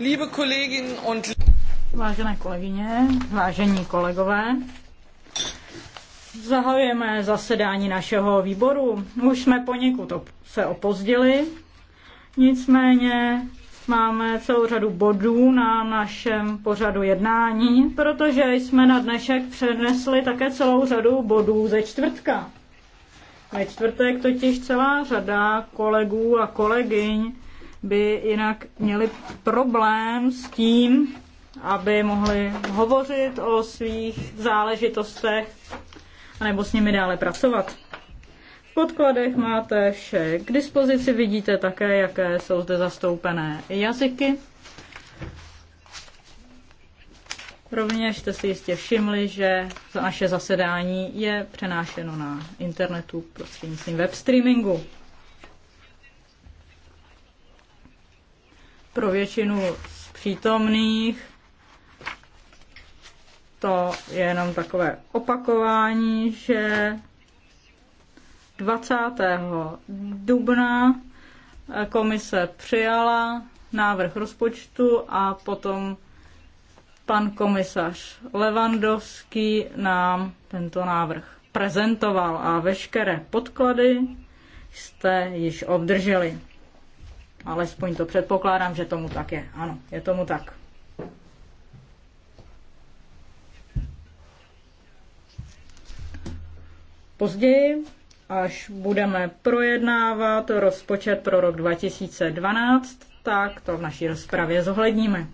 Liebe Kolleginnen und Vážené kolegyně, vážení kolegové, zahajujeme zasedání našeho výboru. Už jsme poněkud se opozdili, nicméně máme celou řadu bodů na našem pořadu jednání, protože jsme na dnešek přenesli také celou řadu bodů ze čtvrtka. Ve čtvrtek totiž celá řada kolegů a kolegyň by jinak měli problém s tím, aby mohli hovořit o svých záležitostech nebo s nimi dále pracovat. V podkladech máte vše. K dispozici vidíte také, jaké jsou zde zastoupené jazyky. Rovněž jste si jistě všimli, že naše zasedání je přenášeno na internetu prostřednictvím web streamingu. pro většinu z přítomných to je jenom takové opakování, že 20. dubna komise přijala návrh rozpočtu a potom pan komisař Levandovský nám tento návrh prezentoval a veškeré podklady jste již obdrželi. Alespoň to předpokládám, že tomu tak je. Ano, je tomu tak. Později, až budeme projednávat rozpočet pro rok 2012, tak to v naší rozpravě zohledníme.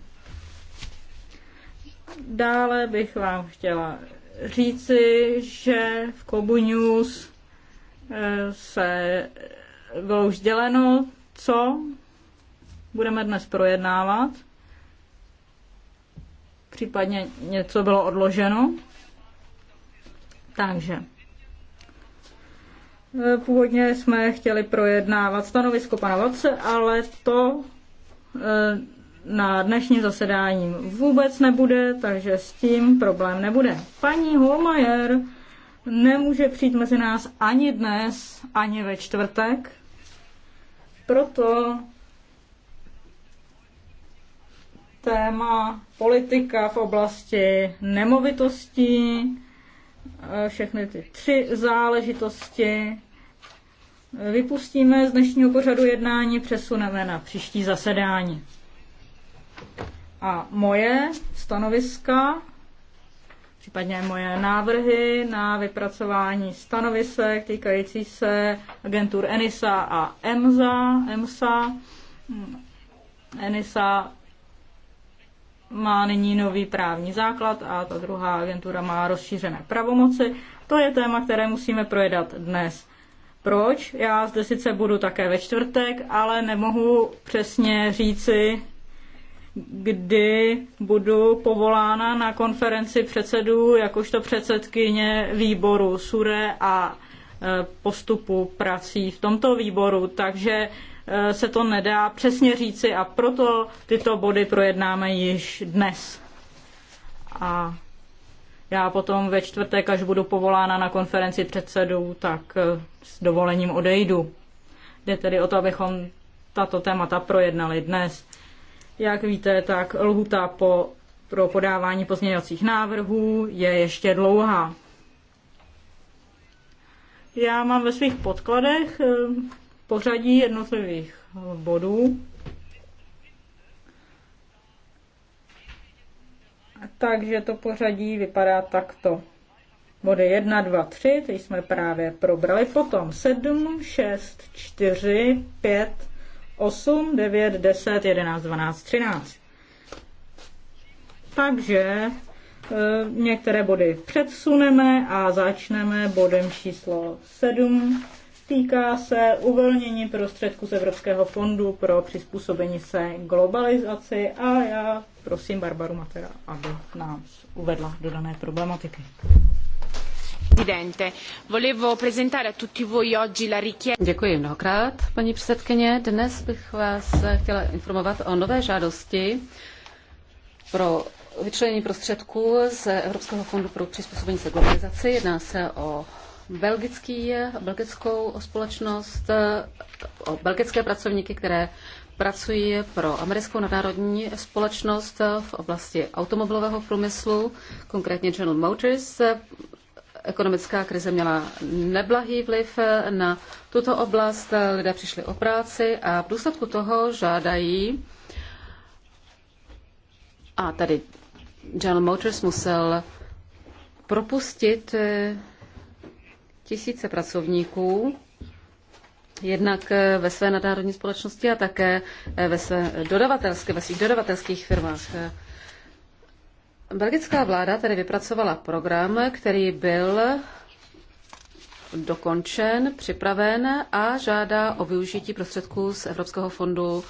Dále bych vám chtěla říci, že v Kobu News eh, se bylo už děleno, co budeme dnes projednávat. Případně něco bylo odloženo. Takže e, Původně jsme chtěli projednávat stanovisko pana Vace, ale to e, na dnešní zasedání vůbec nebude, takže s tím problém nebude. Paní Holmajer nemůže přijít mezi nás ani dnes, ani ve čtvrtek, proto téma politika v oblasti nemovitostí, eh, všechny ty tři záležitosti. Vypustíme z dnešního pořadu jednání, přesuneme na příští zasedání. A moje stanoviska, případně moje návrhy na vypracování stanovisek týkající se agentur ENISA a EMSA, EMSA ENISA má nyní nový právní základ a ta druhá agentura má rozšířené pravomoci. To je téma, které musíme projedat dnes. Proč? Já zde sice budu také ve čtvrtek, ale nemohu přesně říci, kdy budu povolána na konferenci předsedů jakožto předsedkyně výboru SURE a e, postupu prací v tomto výboru. Takže Eh, se to nedá přesně říci a proto tyto body projednáme již dnes. A já potom ve čtvrtek, až budu povolána na konferenci předsedů, tak eh, s dovolením odejdu. Jde tedy o to, abychom tato témata projednali dnes. Jak víte, tak lhuta po, pro podávání pozměňovacích návrhů je ještě dlouhá. Já mám ve svých podkladech eh, pořadí jednotlivých bodů. Takže to pořadí vypadá takto. Body 1, 2, 3, teď jsme právě probrali, potom 7, 6, 4, 5, 8, 9, 10, 11, 12, 13. Takže eh, některé body předsuneme a začneme bodem číslo 7, Týká se uvolnění prostředků z Evropského fondu pro přizpůsobení se globalizaci a já prosím Barbaru Matera, aby nám uvedla do dané problematiky. Děkuji mnohokrát, paní předsedkyně. Dnes bych vás chtěla informovat o nové žádosti pro vyčlenění prostředků z Evropského fondu pro přizpůsobení se globalizaci. Jedná se o belgický, belgickou společnost, o eh, belgické pracovníky, které pracují pro americkou nadnárodní společnost v oblasti automobilového průmyslu, konkrétně General Motors. Ekonomická krize měla neblahý vliv na tuto oblast, lidé přišli o práci a v důsledku toho žádají, a tady General Motors musel propustit eh, tisíce pracovníků, jednak eh, ve své nadnárodní společnosti a také eh, ve, své dodavatelské, ve svých dodavatelských firmách. Eh, belgická vláda tedy vypracovala program, který byl dokončen, připraven a žádá o využití prostředků z Evropského fondu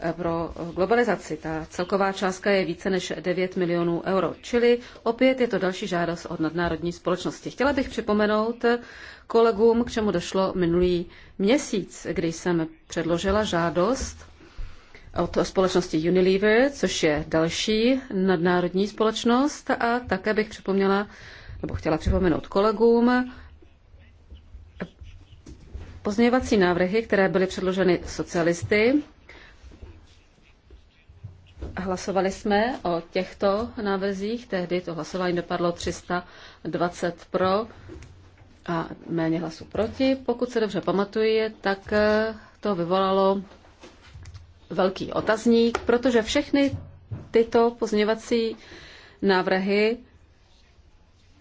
Eh, pro globalizaci. Ta celková částka je více než 9 milionů euro, čili opět je to další žádost od nadnárodní společnosti. Chtěla bych připomenout kolegům, k čemu došlo minulý měsíc, kdy jsem předložila žádost od společnosti Unilever, což je další nadnárodní společnost a také bych připomněla, nebo chtěla připomenout kolegům, eh, pozměňovací návrhy, které byly předloženy socialisty, Hlasovali jsme o těchto návrzích, tehdy to hlasování dopadlo 320 pro a méně hlasů proti. Pokud se dobře pamatuje, tak eh, to vyvolalo velký otazník, protože všechny tyto pozměňovací návrhy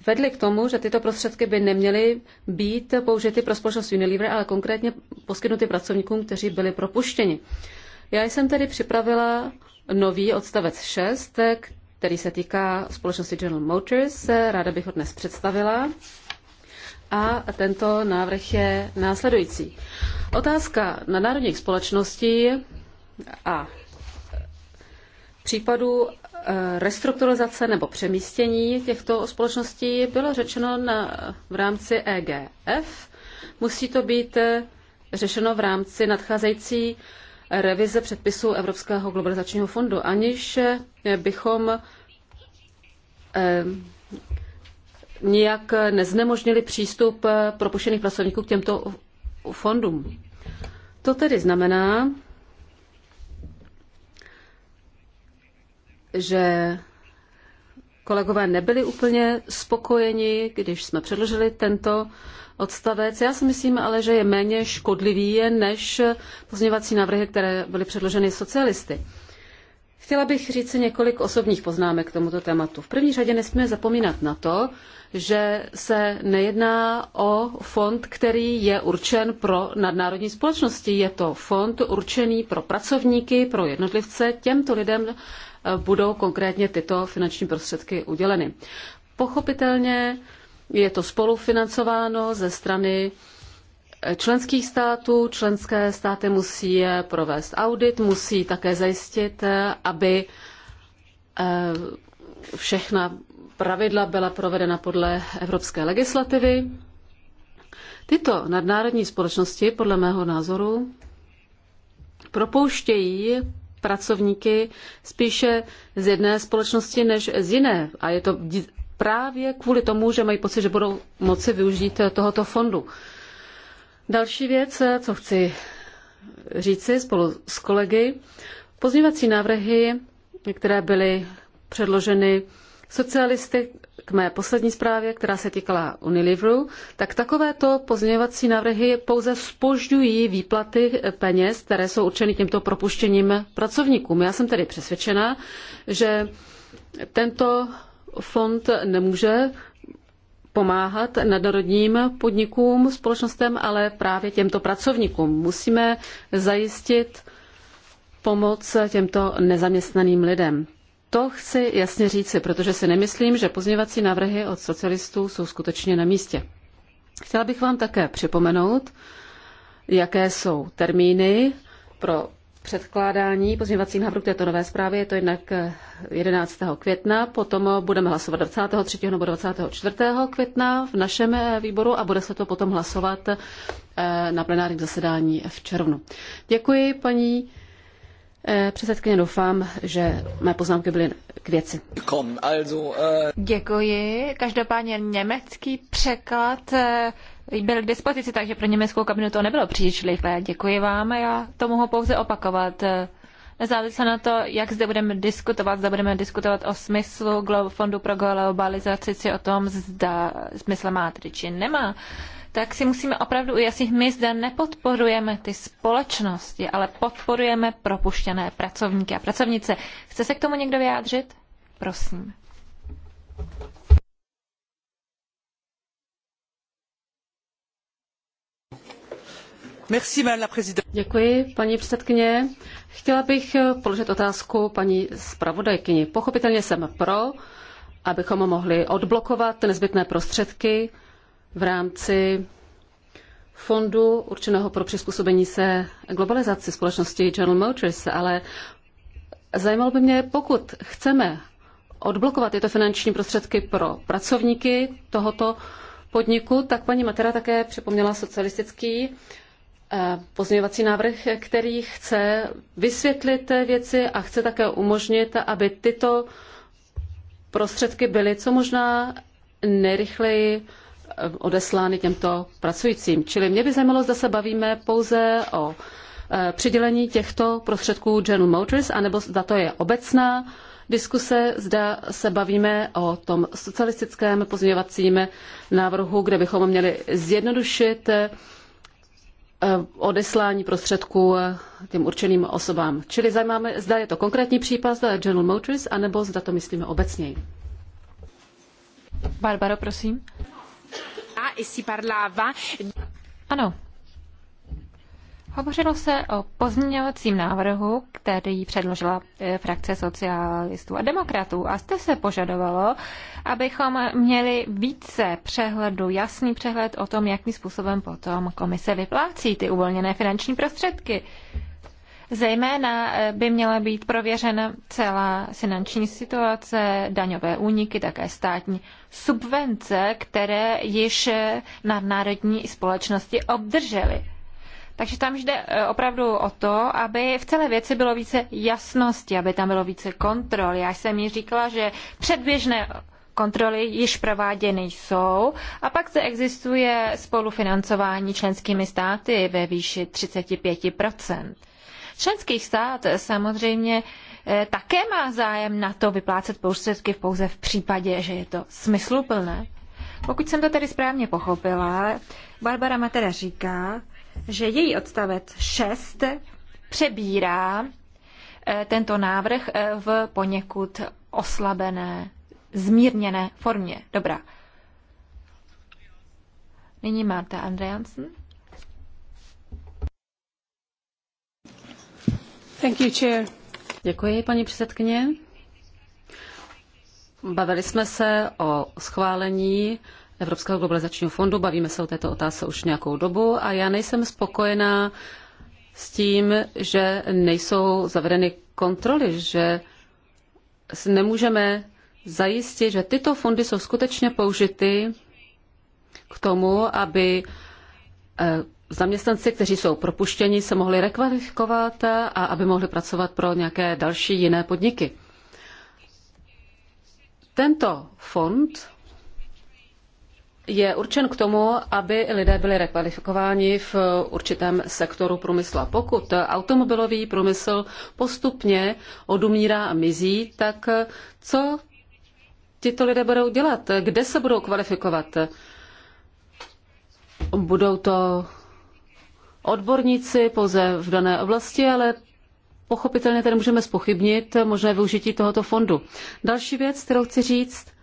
vedly k tomu, že tyto prostředky by neměly být použity pro společnost Unilever, ale konkrétně poskytnuty pracovníkům, kteří byli propuštěni. Já jsem tedy připravila nový odstavec 6, který se týká společnosti General Motors. Ráda bych ho dnes představila. A tento návrh je následující. Otázka na národních společností a případů eh, restrukturalizace nebo přemístění těchto společností bylo řečeno na, v rámci EGF. Musí to být eh, řešeno v rámci nadcházející revize předpisů Evropského globalizačního fondu, aniž bychom eh, nijak neznemožnili přístup propuštěných pracovníků k těmto fondům. To tedy znamená, že kolegové nebyli úplně spokojeni, když jsme předložili tento odstavec. Já si myslím ale, že je méně škodlivý než pozměňovací návrhy, které byly předloženy socialisty. Chtěla bych říct několik osobních poznámek k tomuto tématu. V první řadě nesmíme zapomínat na to, že se nejedná o fond, který je určen pro nadnárodní společnosti. Je to fond určený pro pracovníky, pro jednotlivce. Těmto lidem eh, budou konkrétně tyto finanční prostředky uděleny. Pochopitelně je to spolufinancováno ze strany členských států. Členské státy musí provést audit, musí také zajistit, aby eh, všechna pravidla byla provedena podle evropské legislativy. Tyto nadnárodní společnosti, podle mého názoru, propouštějí pracovníky spíše z jedné společnosti než z jiné. A je to právě kvůli tomu, že mají pocit, že budou moci využít tohoto fondu. Další věc, co chci říci spolu s kolegy, pozměňovací návrhy, které byly předloženy socialisty k mé poslední zprávě, která se týkala Unileveru, tak takovéto pozměňovací návrhy pouze spožďují výplaty peněz, které jsou určeny těmto propuštěním pracovníkům. Já jsem tedy přesvědčena, že tento fond nemůže pomáhat nadnárodním podnikům, společnostem, ale právě těmto pracovníkům. Musíme zajistit pomoc těmto nezaměstnaným lidem. To chci jasně říci, protože si nemyslím, že pozměvací návrhy od socialistů jsou skutečně na místě. Chtěla bych vám také připomenout, jaké jsou termíny pro předkládání pozměňovacím návrhů k této nové zprávě, je to jednak 11. Eh, května, potom budeme hlasovat 23. nebo 24. května v našem eh, výboru a bude se to potom hlasovat eh, na plenárním zasedání v červnu. Děkuji, paní předsedkyně, doufám, že mé poznámky byly k věci. Děkuji. Každopádně německý překlad byl k dispozici, takže pro německou kabinu to nebylo příliš rychlé. Děkuji vám a já to mohu pouze opakovat. Nezávisle na to, jak zde budeme diskutovat, zda budeme diskutovat o smyslu Fondu pro globalizaci, či o tom, zda smysl má tedy či nemá, tak si musíme opravdu ujasnit, my zde nepodporujeme ty společnosti, ale podporujeme propuštěné pracovníky a pracovnice. Chce se k tomu někdo vyjádřit? Prosím. Děkuji, paní předsedkyně. Chtěla bych položit otázku paní zpravodajkyni. Pochopitelně jsem pro, abychom mohli odblokovat nezbytné prostředky v rámci fondu určeného pro přizpůsobení se globalizaci společnosti General Motors, ale zajímalo by mě, pokud chceme odblokovat tyto finanční prostředky pro pracovníky tohoto podniku, tak paní Matera také připomněla socialistický Eh, pozměňovací návrh, který chce vysvětlit věci a chce také umožnit, aby tyto prostředky byly co možná nejrychleji eh, odeslány těmto pracujícím. Čili mě by zajímalo, zda se bavíme pouze o eh, přidělení těchto prostředků General Motors, anebo zda to je obecná diskuse, zda se bavíme o tom socialistickém pozměňovacím návrhu, kde bychom měli zjednodušit Eh, odeslání prostředků eh, těm určeným osobám. Čili zajímáme, zda je to konkrétní případ, zda je General Motors, anebo zda to myslíme obecněji. Barbaro, prosím. Ano, Hovořilo se o pozměňovacím návrhu, který předložila eh, frakce socialistů a demokratů a zde se požadovalo, abychom měli více přehledu, jasný přehled o tom, jakým způsobem potom komise vyplácí ty uvolněné finanční prostředky. Zejména eh, by měla být prověřena celá finanční situace, daňové úniky, také státní subvence, které již eh, nadnárodní společnosti obdržely. Takže tam jde eh, opravdu o to, aby v celé věci bylo více jasnosti, aby tam bylo více kontrol. Já jsem ji říkala, že předběžné kontroly již prováděny jsou a pak se existuje spolufinancování členskými státy ve výši 35 Členský stát samozřejmě eh, také má zájem na to vyplácet prostředky pouze v případě, že je to smysluplné. Pokud jsem to tedy správně pochopila, Barbara Matera říká, že její odstavec 6 přebírá eh, tento návrh eh, v poněkud oslabené, zmírněné formě. Dobrá. Nyní máte, Andreansen. Thank you, chair. Děkuji, paní předsedkyně. Bavili jsme se o schválení Evropského globalizačního fondu. Bavíme se o této otázce už nějakou dobu a já nejsem spokojená s tím, že nejsou zavedeny kontroly, že nemůžeme zajistit, že tyto fondy jsou skutečně použity k tomu, aby eh, zaměstnanci, kteří jsou propuštěni, se mohli rekvalifikovat a aby mohli pracovat pro nějaké další jiné podniky. Tento fond je určen k tomu, aby lidé byli rekvalifikováni v určitém sektoru průmyslu. A pokud automobilový průmysl postupně odumírá a mizí, tak co tito lidé budou dělat? Kde se budou kvalifikovat? Budou to odborníci pouze v dané oblasti, ale pochopitelně tady můžeme spochybnit možné využití tohoto fondu. Další věc, kterou chci říct,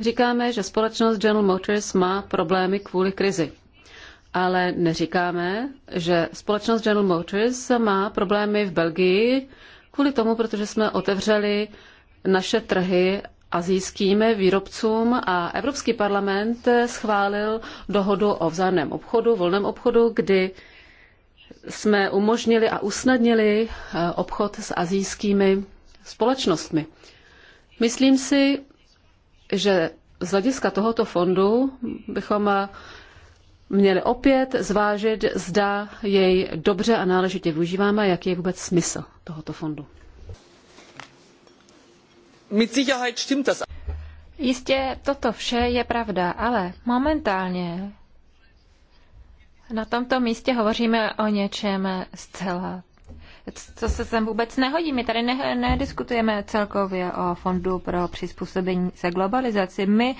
Říkáme, že společnost General Motors má problémy kvůli krizi. Ale neříkáme, že společnost General Motors má problémy v Belgii kvůli tomu, protože jsme otevřeli naše trhy azijským výrobcům a Evropský parlament schválil dohodu o vzájemném obchodu, volném obchodu, kdy jsme umožnili a usnadnili eh, obchod s azijskými společnostmi. Myslím si, že z hlediska tohoto fondu bychom měli opět zvážit, zda jej dobře a náležitě využíváme jaký je vůbec smysl tohoto fondu. Jistě toto vše je pravda, ale momentálně na tomto místě hovoříme o něčem zcela co se sem vůbec nehodí. My tady ne, nediskutujeme celkově o fondu pro přizpůsobení se globalizaci. My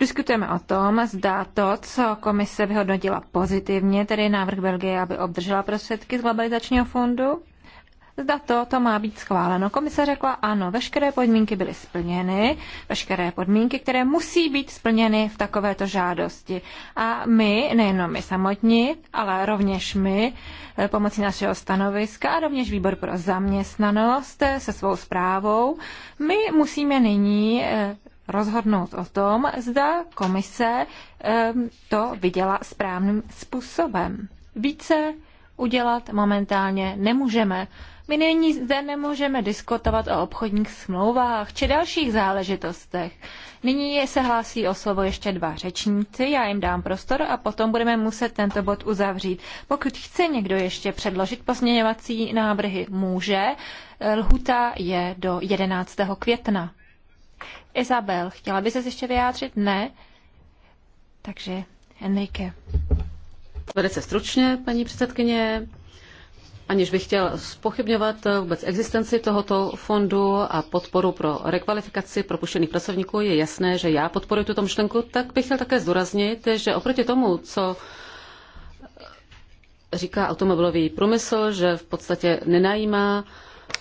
Diskutujeme o tom, zda to, co komise vyhodnotila pozitivně, tedy návrh Belgie, aby obdržela prostředky z globalizačního fondu, zda to, to má být schváleno. Komise řekla ano, veškeré podmínky byly splněny, veškeré podmínky, které musí být splněny v takovéto žádosti. A my, nejenom my samotní, ale rovněž my, eh, pomocí našeho stanoviska a rovněž výbor pro zaměstnanost eh, se svou zprávou, my musíme nyní eh, rozhodnout o tom, zda komise to viděla správným způsobem. Více udělat momentálně nemůžeme. My nyní zde nemůžeme diskutovat o obchodních smlouvách či dalších záležitostech. Nyní se hlásí o slovo ještě dva řečníci, já jim dám prostor a potom budeme muset tento bod uzavřít. Pokud chce někdo ještě předložit pozměňovací návrhy, může. Lhuta je do 11. května. Izabel, chtěla by se ještě vyjádřit? Ne? Takže Enrique. Velice stručně, paní předsedkyně aniž bych chtěl spochybňovat eh, vůbec existenci tohoto fondu a podporu pro rekvalifikaci propuštěných pracovníků, je jasné, že já podporuji tuto myšlenku, tak bych chtěl také zdůraznit, že oproti tomu, co eh, říká automobilový průmysl, že v podstatě nenajímá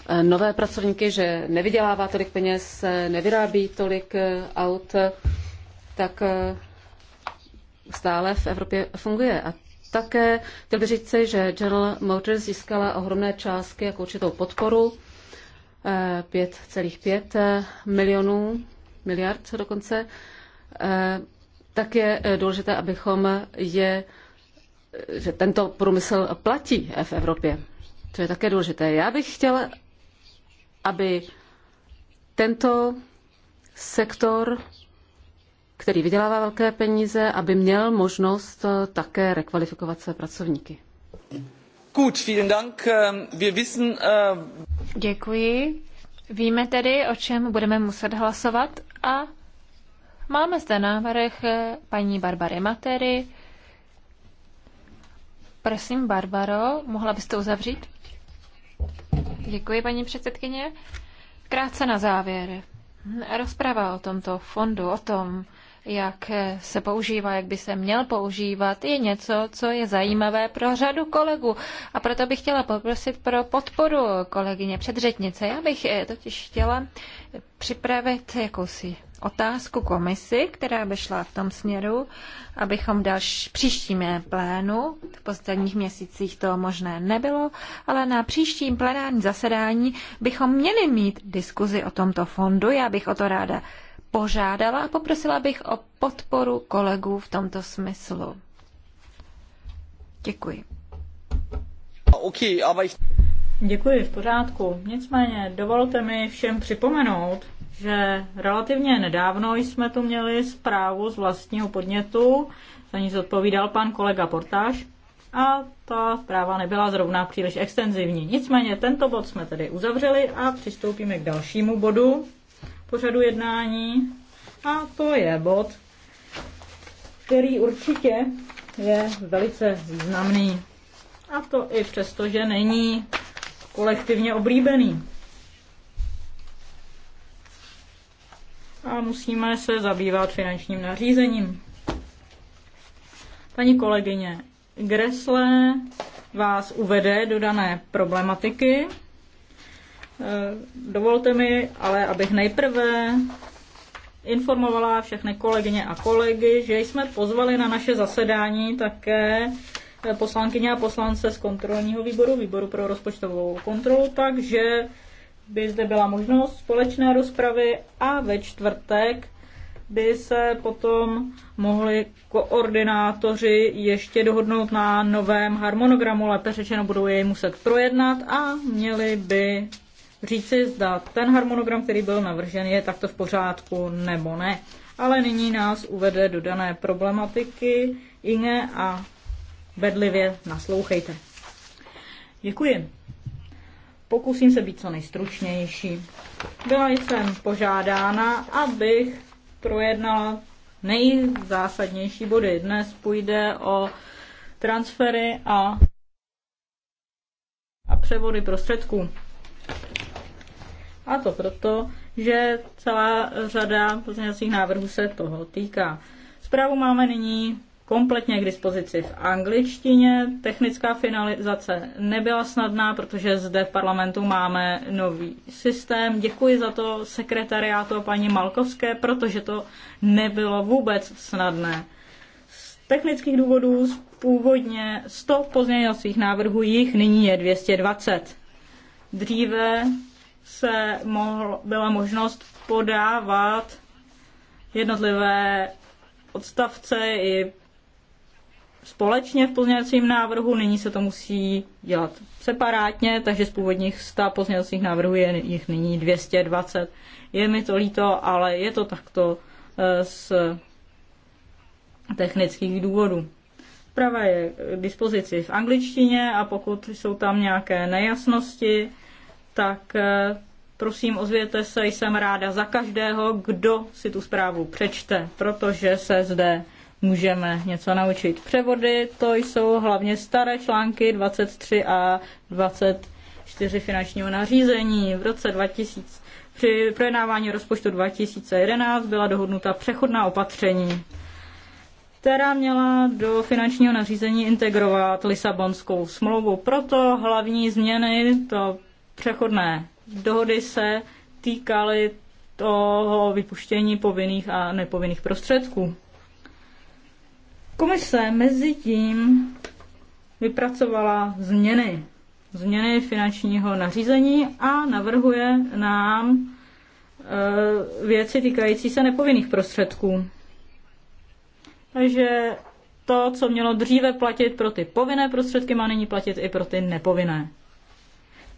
eh, nové pracovníky, že nevydělává tolik peněz, nevyrábí tolik aut, tak stále v Evropě funguje. A také chtěl bych říct, že General Motors získala ohromné částky jako určitou podporu 5,5 eh, eh, milionů, miliard dokonce. Eh, tak je důležité, abychom je, že tento průmysl platí v Evropě. To je také důležité. Já bych chtěla, aby tento sektor který vydělává velké peníze, aby měl možnost eh, také rekvalifikovat své pracovníky. Gut, vielen Dank. Ähm, wir wissen, äh, Děkuji. Víme tedy, o čem budeme muset hlasovat a máme zde návrh eh, paní Barbary Matery. Prosím, Barbaro, mohla byste uzavřít? Děkuji, paní předsedkyně. Krátce na závěr. Rozprava o tomto fondu, o tom, jak se používá, jak by se měl používat, je něco, co je zajímavé pro řadu kolegů. A proto bych chtěla poprosit pro podporu kolegyně předřetnice. Já bych eh, totiž chtěla připravit jakousi otázku komisi, která by šla v tom směru, abychom v další, příštím plénu, v posledních měsících to možné nebylo, ale na příštím plenární zasedání bychom měli mít diskuzi o tomto fondu. Já bych o to ráda požádala a poprosila bych o podporu kolegů v tomto smyslu. Děkuji. Děkuji, v pořádku. Nicméně dovolte mi všem připomenout, že relativně nedávno jsme tu měli zprávu z vlastního podnětu, za ní zodpovídal pan kolega Portáž a ta zpráva nebyla zrovna příliš extenzivní. Nicméně tento bod jsme tedy uzavřeli a přistoupíme k dalšímu bodu, pořadu jednání a to je bod, který určitě je velice významný. A to i přesto, že není kolektivně oblíbený. A musíme se zabývat finančním nařízením. Paní kolegyně Gresle vás uvede do dané problematiky. Eh, dovolte mi ale, abych nejprve informovala všechny kolegyně a kolegy, že jsme pozvali na naše zasedání také eh, poslankyně a poslance z kontrolního výboru, výboru pro rozpočtovou kontrolu, takže by zde byla možnost společné rozpravy a ve čtvrtek by se potom mohli koordinátoři ještě dohodnout na novém harmonogramu, lépe řečeno budou jej muset projednat a měli by říci, zda ten harmonogram, který byl navržen, je takto v pořádku nebo ne. Ale nyní nás uvede do dané problematiky Inge a bedlivě naslouchejte. Děkuji. Pokusím se být co nejstručnější. Byla jsem požádána, abych projednala nejzásadnější body. Dnes půjde o transfery a, a převody prostředků. A to proto, že celá řada pozměňovacích návrhů se toho týká. Zprávu máme nyní kompletně k dispozici v angličtině. Technická finalizace nebyla snadná, protože zde v parlamentu máme nový systém. Děkuji za to sekretariátu paní Malkovské, protože to nebylo vůbec snadné. Z technických důvodů z původně 100 pozměňovacích návrhů, jich nyní je 220. Dříve se mohl, byla možnost podávat jednotlivé odstavce i společně v pozměňovacím návrhu, nyní se to musí dělat separátně, takže z původních 100 pozměňovacích návrhů je jich nyní 220. Je mi to líto, ale je to takto eh, z technických důvodů. Prava je k dispozici v angličtině a pokud jsou tam nějaké nejasnosti, tak eh, prosím ozvěte se, jsem ráda za každého, kdo si tu zprávu přečte, protože se zde můžeme něco naučit. Převody to jsou hlavně staré články 23 a 24 finančního nařízení. V roce 2000 při projednávání rozpočtu 2011 byla dohodnuta přechodná opatření, která měla do finančního nařízení integrovat Lisabonskou smlouvu. Proto hlavní změny to přechodné dohody se týkaly toho vypuštění povinných a nepovinných prostředků. Komise mezi tím vypracovala změny, změny finančního nařízení a navrhuje nám e, věci týkající se nepovinných prostředků. Takže to, co mělo dříve platit pro ty povinné prostředky, má nyní platit i pro ty nepovinné.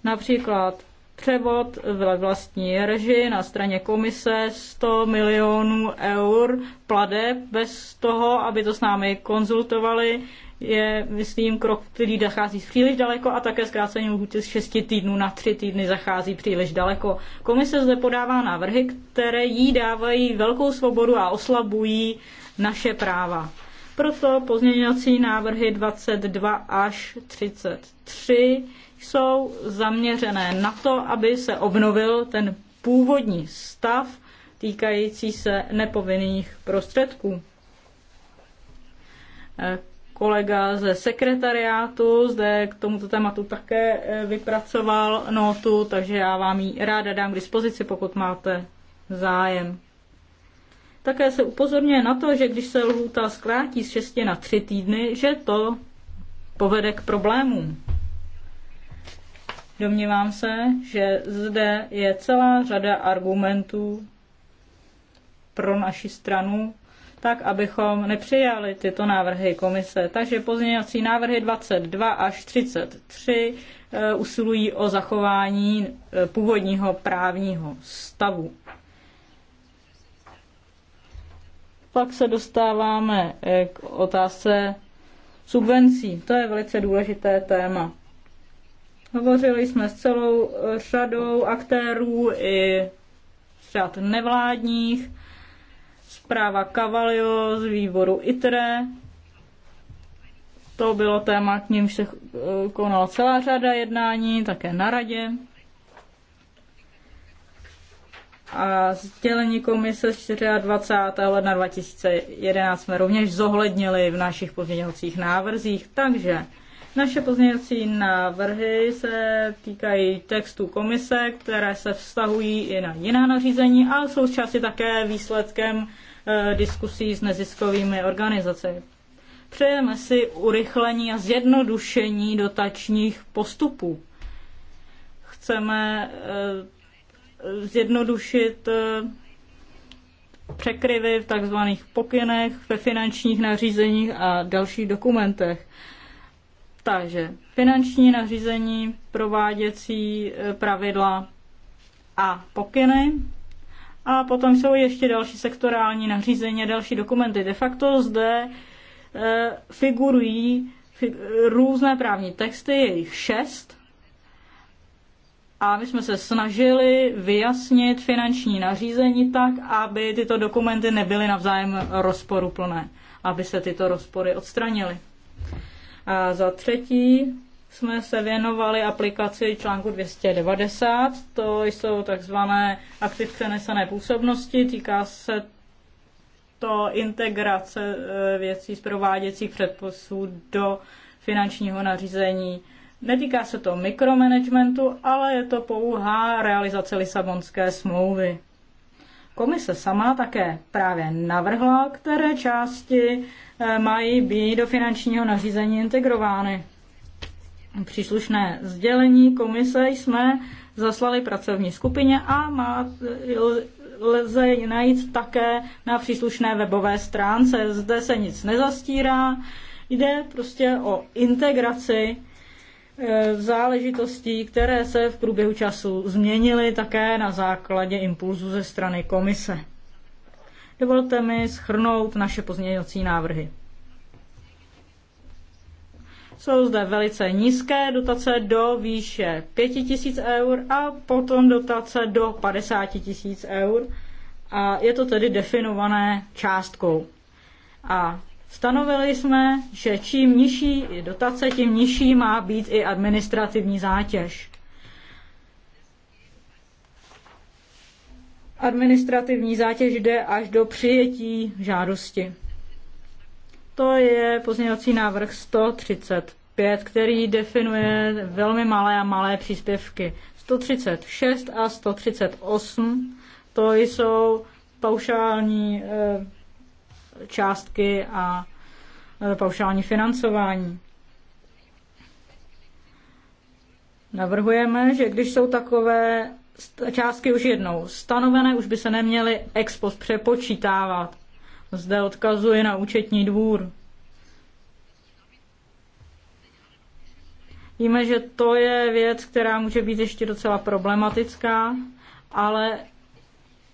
Například převod ve vlastní režii na straně komise 100 milionů eur pladeb bez toho, aby to s námi konzultovali, je, myslím, krok, který zachází příliš daleko a také zkrácení lhůty z 6 týdnů na 3 týdny zachází příliš daleko. Komise zde podává návrhy, které jí dávají velkou svobodu a oslabují naše práva. Proto pozměňovací návrhy 22 až 33 jsou zaměřené na to, aby se obnovil ten původní stav týkající se nepovinných prostředků. Eh, kolega ze sekretariátu zde k tomuto tématu také eh, vypracoval notu, takže já vám ji ráda dám k dispozici, pokud máte zájem. Také se upozorňuje na to, že když se lhůta zkrátí z 6 na 3 týdny, že to povede k problémům. Domnívám se, že zde je celá řada argumentů pro naši stranu, tak abychom nepřijali tyto návrhy komise. Takže pozměňovací návrhy 22 až 33 eh, usilují o zachování eh, původního právního stavu. Pak se dostáváme eh, k otázce subvencí. To je velice důležité téma. Hovořili jsme s celou eh, řadou aktérů i z řad nevládních, zpráva Cavalio z výboru ITRE, to bylo téma, k ním se eh, konala celá řada jednání, také na radě. A sdělení komise 24. ledna 2011 jsme rovněž zohlednili v našich pozměňovacích návrzích, takže naše pozměňovací návrhy se týkají textů komise, které se vztahují i na jiná nařízení a jsou části také výsledkem eh, diskusí s neziskovými organizacemi. Přejeme si urychlení a zjednodušení dotačních postupů. Chceme eh, zjednodušit eh, překryvy v takzvaných pokynech, ve finančních nařízeních a dalších dokumentech že finanční nařízení, prováděcí e, pravidla a pokyny. A potom jsou ještě další sektorální nařízení a další dokumenty. De facto zde e, figurují různé právní texty, je jich šest. A my jsme se snažili vyjasnit finanční nařízení tak, aby tyto dokumenty nebyly navzájem rozporuplné, aby se tyto rozpory odstranily. A za třetí jsme se věnovali aplikaci článku 290, to jsou takzvané aktiv přenesené působnosti, týká se to integrace eh, věcí z prováděcích předpisů do finančního nařízení. Netýká se to mikromanagementu, ale je to pouhá realizace Lisabonské smlouvy. Komise sama také právě navrhla, které části eh, mají být do finančního nařízení integrovány. Příslušné sdělení komise jsme zaslali pracovní skupině a má, eh, lze ji najít také na příslušné webové stránce. Zde se nic nezastírá, jde prostě o integraci E, záležitostí, které se v průběhu času změnily také na základě impulzu ze strany komise. Dovolte mi schrnout naše pozměňovací návrhy. Jsou zde velice nízké dotace do výše 5000 eur a potom dotace do 50 000 eur a je to tedy definované částkou. A Stanovili jsme, že čím nižší je dotace, tím nižší má být i administrativní zátěž. Administrativní zátěž jde až do přijetí žádosti. To je pozměňovací návrh 135, který definuje velmi malé a malé příspěvky. 136 a 138 to jsou paušální eh, částky a e, paušální financování. Navrhujeme, že když jsou takové částky už jednou stanovené, už by se neměly ex post přepočítávat. Zde odkazuje na účetní dvůr. Víme, že to je věc, která může být ještě docela problematická, ale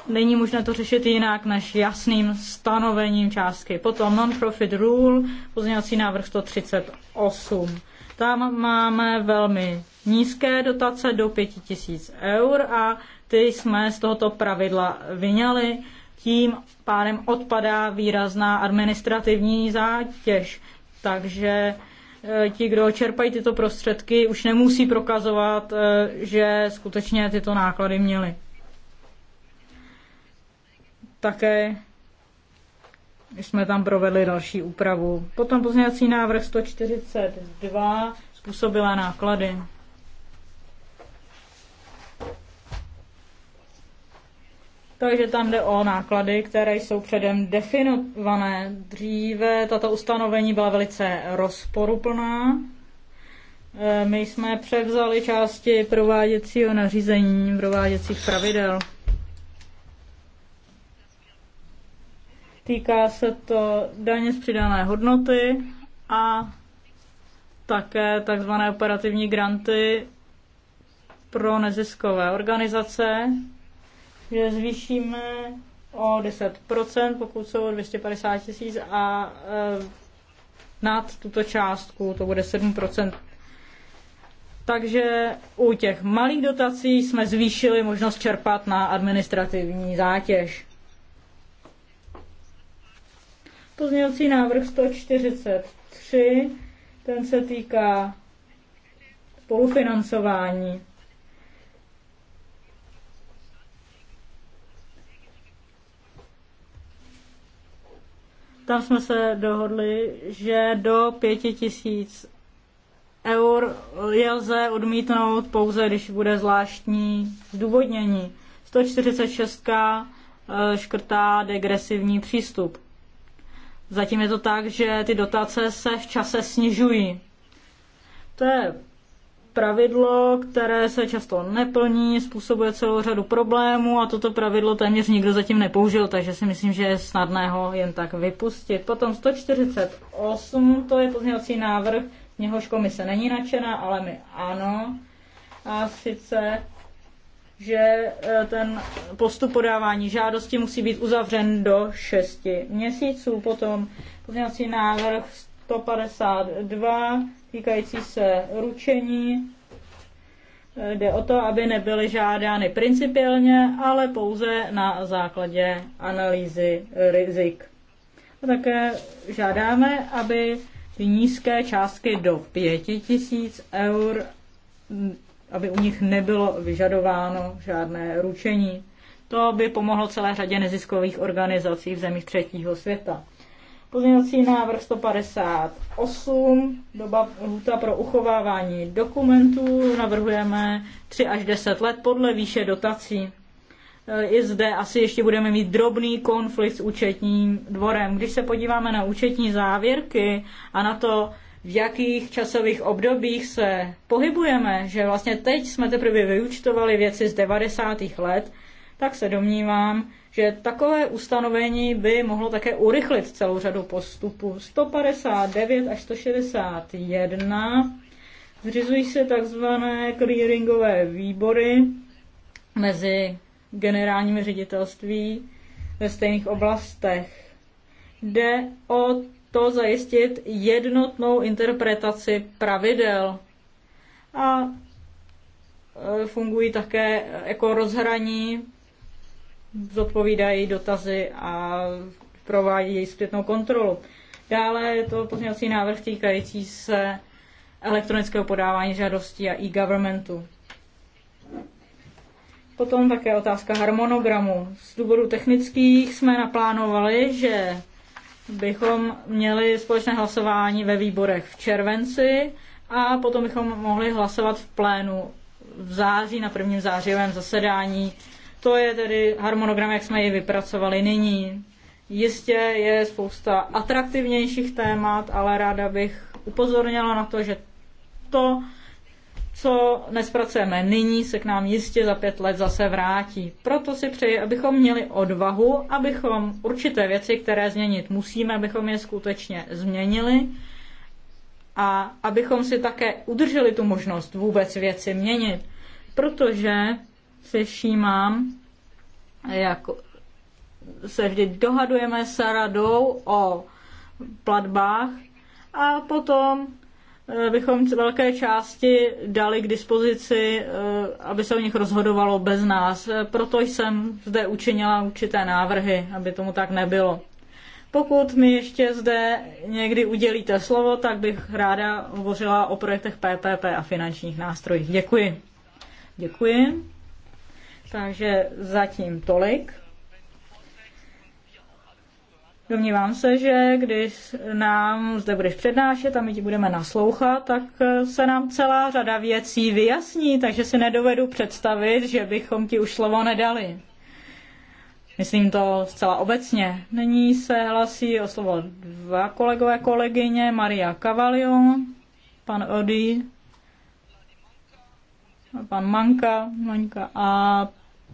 není možné to řešit jinak než jasným stanovením částky. Potom non-profit rule, pozměňovací návrh 138. Tam máme velmi nízké dotace do 5000 eur a ty jsme z tohoto pravidla vyňali. Tím pádem odpadá výrazná administrativní zátěž. Takže eh, ti, kdo čerpají tyto prostředky, už nemusí prokazovat, eh, že skutečně tyto náklady měli také jsme tam provedli další úpravu. Potom pozměňovací návrh 142 způsobila náklady. Takže tam jde o náklady, které jsou předem definované. Dříve tato ustanovení byla velice rozporuplná. E, my jsme převzali části prováděcího nařízení, prováděcích pravidel. Týká se to daně z přidané hodnoty a také takzvané operativní granty pro neziskové organizace, že zvýšíme o 10%, pokud jsou 250 tisíc a e, nad tuto částku to bude 7%. Takže u těch malých dotací jsme zvýšili možnost čerpat na administrativní zátěž. Pozměňovací návrh 143, ten se týká spolufinancování. Tam jsme se dohodli, že do 5000 eur je lze odmítnout pouze, když bude zvláštní zdůvodnění. 146 škrtá degresivní přístup. Zatím je to tak, že ty dotace se v čase snižují. To je pravidlo, které se často neplní, způsobuje celou řadu problémů a toto pravidlo téměř nikdo zatím nepoužil, takže si myslím, že je snadné ho jen tak vypustit. Potom 148, to je pozměňovací návrh, něhož komise není nadšená, ale my ano. A sice že eh, ten postup podávání žádosti musí být uzavřen do 6 měsíců. Potom pozměňovací návrh 152 týkající se ručení. Eh, jde o to, aby nebyly žádány principiálně, ale pouze na základě analýzy rizik. A také žádáme, aby ty nízké částky do 5000 eur aby u nich nebylo vyžadováno žádné ručení. To by pomohlo celé řadě neziskových organizací v zemích třetího světa. Pozměňovací návrh 158, doba lhuta pro uchovávání dokumentů, navrhujeme 3 až 10 let podle výše dotací. I zde asi ještě budeme mít drobný konflikt s účetním dvorem. Když se podíváme na účetní závěrky a na to, v jakých časových obdobích se pohybujeme, že vlastně teď jsme teprve vyučtovali věci z 90. let, tak se domnívám, že takové ustanovení by mohlo také urychlit celou řadu postupů. 159 až 161 zřizují se takzvané clearingové výbory mezi generálními ředitelství ve stejných oblastech. Jde o to zajistit jednotnou interpretaci pravidel. A e, fungují také e, jako rozhraní, zodpovídají dotazy a provádějí zpětnou kontrolu. Dále je to pozměňovací návrh týkající se elektronického podávání žádostí a e-governmentu. Potom také otázka harmonogramu. Z důvodu technických jsme naplánovali, že bychom měli společné hlasování ve výborech v červenci a potom bychom mohli hlasovat v plénu v září na prvním zářivém zasedání. To je tedy harmonogram, jak jsme ji vypracovali nyní. Jistě je spousta atraktivnějších témat, ale ráda bych upozornila na to, že to, co nespracujeme nyní, se k nám jistě za pět let zase vrátí. Proto si přeji, abychom měli odvahu, abychom určité věci, které změnit musíme, abychom je skutečně změnili a abychom si také udrželi tu možnost vůbec věci měnit. Protože se všímám, jak se vždy dohadujeme s radou o platbách a potom Eh, bychom velké části dali k dispozici, eh, aby se o nich rozhodovalo bez nás. Eh, proto jsem zde učinila určité návrhy, aby tomu tak nebylo. Pokud mi ještě zde někdy udělíte slovo, tak bych ráda hovořila o projektech PPP a finančních nástrojích. Děkuji. Děkuji. Takže zatím tolik. Domnívám se, že když nám zde budeš přednášet a my ti budeme naslouchat, tak eh, se nám celá řada věcí vyjasní, takže si nedovedu představit, že bychom ti už slovo nedali. Myslím to zcela obecně. Nyní se hlasí o slovo dva kolegové kolegyně, Maria Cavalio, pan Odi, pan Manka, Manka a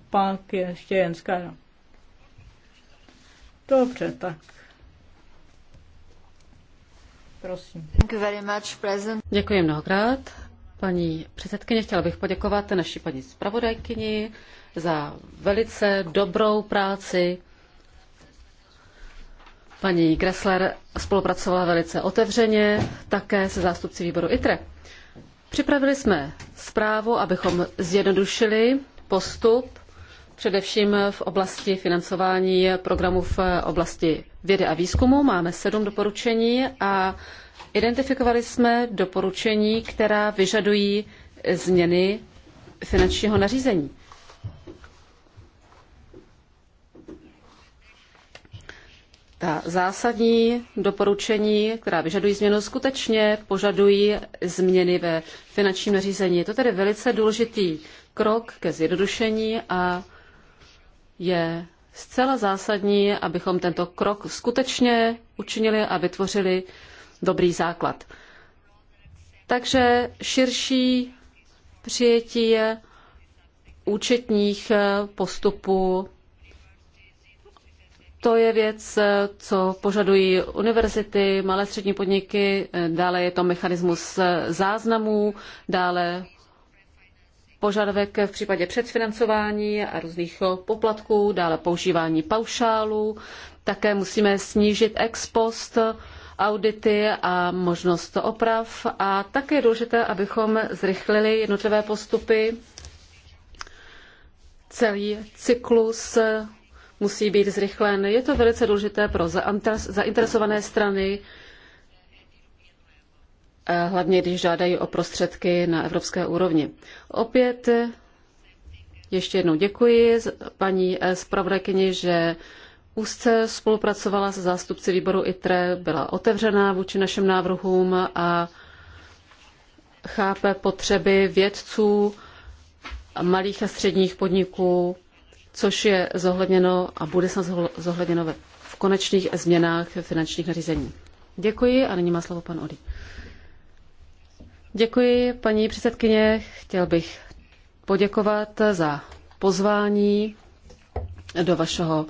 pak ještě Jenská. Dobře, tak. Prosím. Thank you very much, Děkuji mnohokrát. Paní předsedkyně, chtěla bych poděkovat naší paní zpravodajkyni za velice dobrou práci. Paní Gressler spolupracovala velice otevřeně, také se zástupci výboru ITRE. Připravili jsme zprávu, abychom zjednodušili postup především v oblasti financování programů v oblasti vědy a výzkumu. Máme sedm doporučení a identifikovali jsme doporučení, která vyžadují změny finančního nařízení. Ta zásadní doporučení, která vyžadují změnu, skutečně požadují změny ve finančním nařízení. Je to tedy velice důležitý krok ke zjednodušení a je zcela zásadní, abychom tento krok skutečně učinili a vytvořili dobrý základ. Takže širší přijetí účetních postupů, to je věc, co požadují univerzity, malé střední podniky, dále je to mechanismus záznamů, dále požadavek v případě předfinancování a různých poplatků, dále používání paušálů. Také musíme snížit ex post audity a možnost oprav. A také je důležité, abychom zrychlili jednotlivé postupy. Celý cyklus musí být zrychlen. Je to velice důležité pro zainteresované strany, Eh, hlavně když žádají o prostředky na evropské úrovni. Opět eh, ještě jednou děkuji paní eh, zpravodajkyni, že úzce spolupracovala se zástupci výboru ITRE, byla otevřená vůči našim návrhům a chápe potřeby vědců, malých a středních podniků, což je zohledněno a bude se zohledněno v konečných změnách finančních nařízení. Děkuji a nyní má slovo pan Odí. Děkuji, paní předsedkyně. Chtěl bych poděkovat za pozvání do vašeho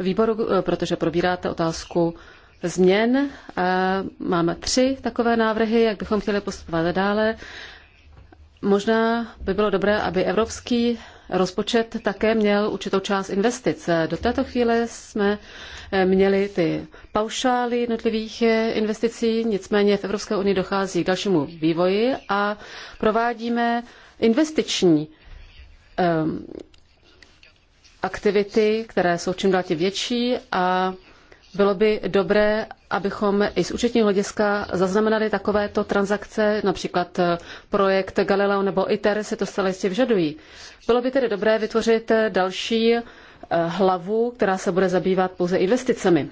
výboru, protože probíráte otázku změn. Máme tři takové návrhy, jak bychom chtěli postupovat dále. Možná by bylo dobré, aby evropský rozpočet také měl určitou část investic. Do této chvíle jsme měli ty paušály jednotlivých investicí, nicméně v Evropské unii dochází k dalšímu vývoji a provádíme investiční um, aktivity, které jsou čím dál tím větší a bylo by dobré, abychom i z účetního hlediska zaznamenali takovéto transakce, například eh, projekt Galileo nebo ITER se to stále jistě vyžadují. Bylo by tedy dobré vytvořit eh, další Eh, hlavu, která se bude zabývat pouze investicemi.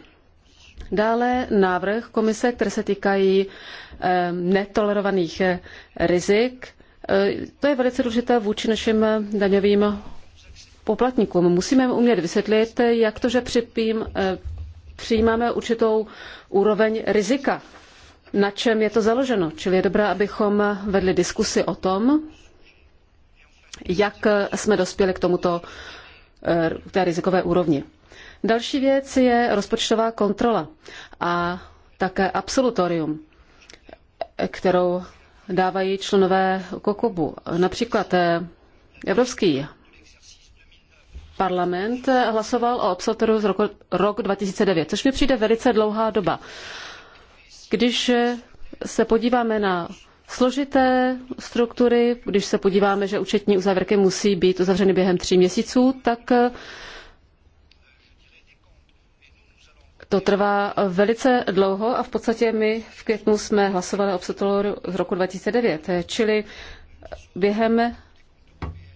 Dále návrh komise, které se týkají eh, netolerovaných eh, rizik. To je velice důležité vůči našim daňovým poplatníkům. Musíme umět vysvětlit, jak to, že připím, přijímáme určitou úroveň rizika, na čem je to založeno. Čili je dobré, abychom vedli diskusi o tom, jak jsme dospěli k tomuto k eh, té rizikové úrovni. Další věc je rozpočtová kontrola a také absolutorium, kterou dávají členové Kokobu. Například eh, Evropský parlament hlasoval o absolutoriu z roku, rok 2009, což mi přijde velice dlouhá doba. Když se podíváme na složité struktury, když se podíváme, že účetní uzávěrky musí být uzavřeny během tří měsíců, tak eh, to trvá velice dlouho a v podstatě my v květnu jsme hlasovali o z roku 2009, čili během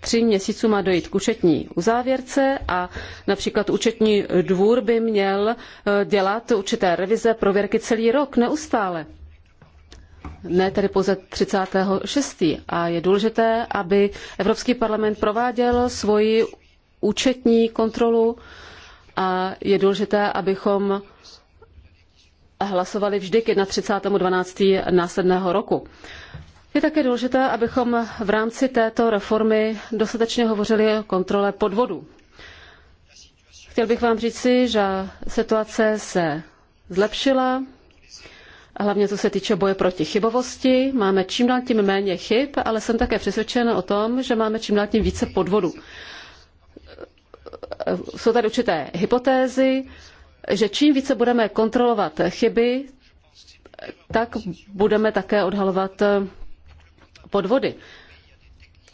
tří měsíců má dojít k účetní uzávěrce a například účetní dvůr by měl eh, dělat určité revize, prověrky celý rok neustále ne tedy pouze 36. A je důležité, aby Evropský parlament prováděl svoji účetní kontrolu a je důležité, abychom hlasovali vždy k 31.12. následného roku. Je také důležité, abychom v rámci této reformy dostatečně hovořili o kontrole podvodu. Chtěl bych vám říci, že situace se zlepšila, hlavně co se týče boje proti chybovosti. Máme čím dál tím méně chyb, ale jsem také přesvědčena o tom, že máme čím dál tím více podvodů. Jsou tady určité hypotézy, že čím více budeme kontrolovat chyby, tak budeme také odhalovat podvody.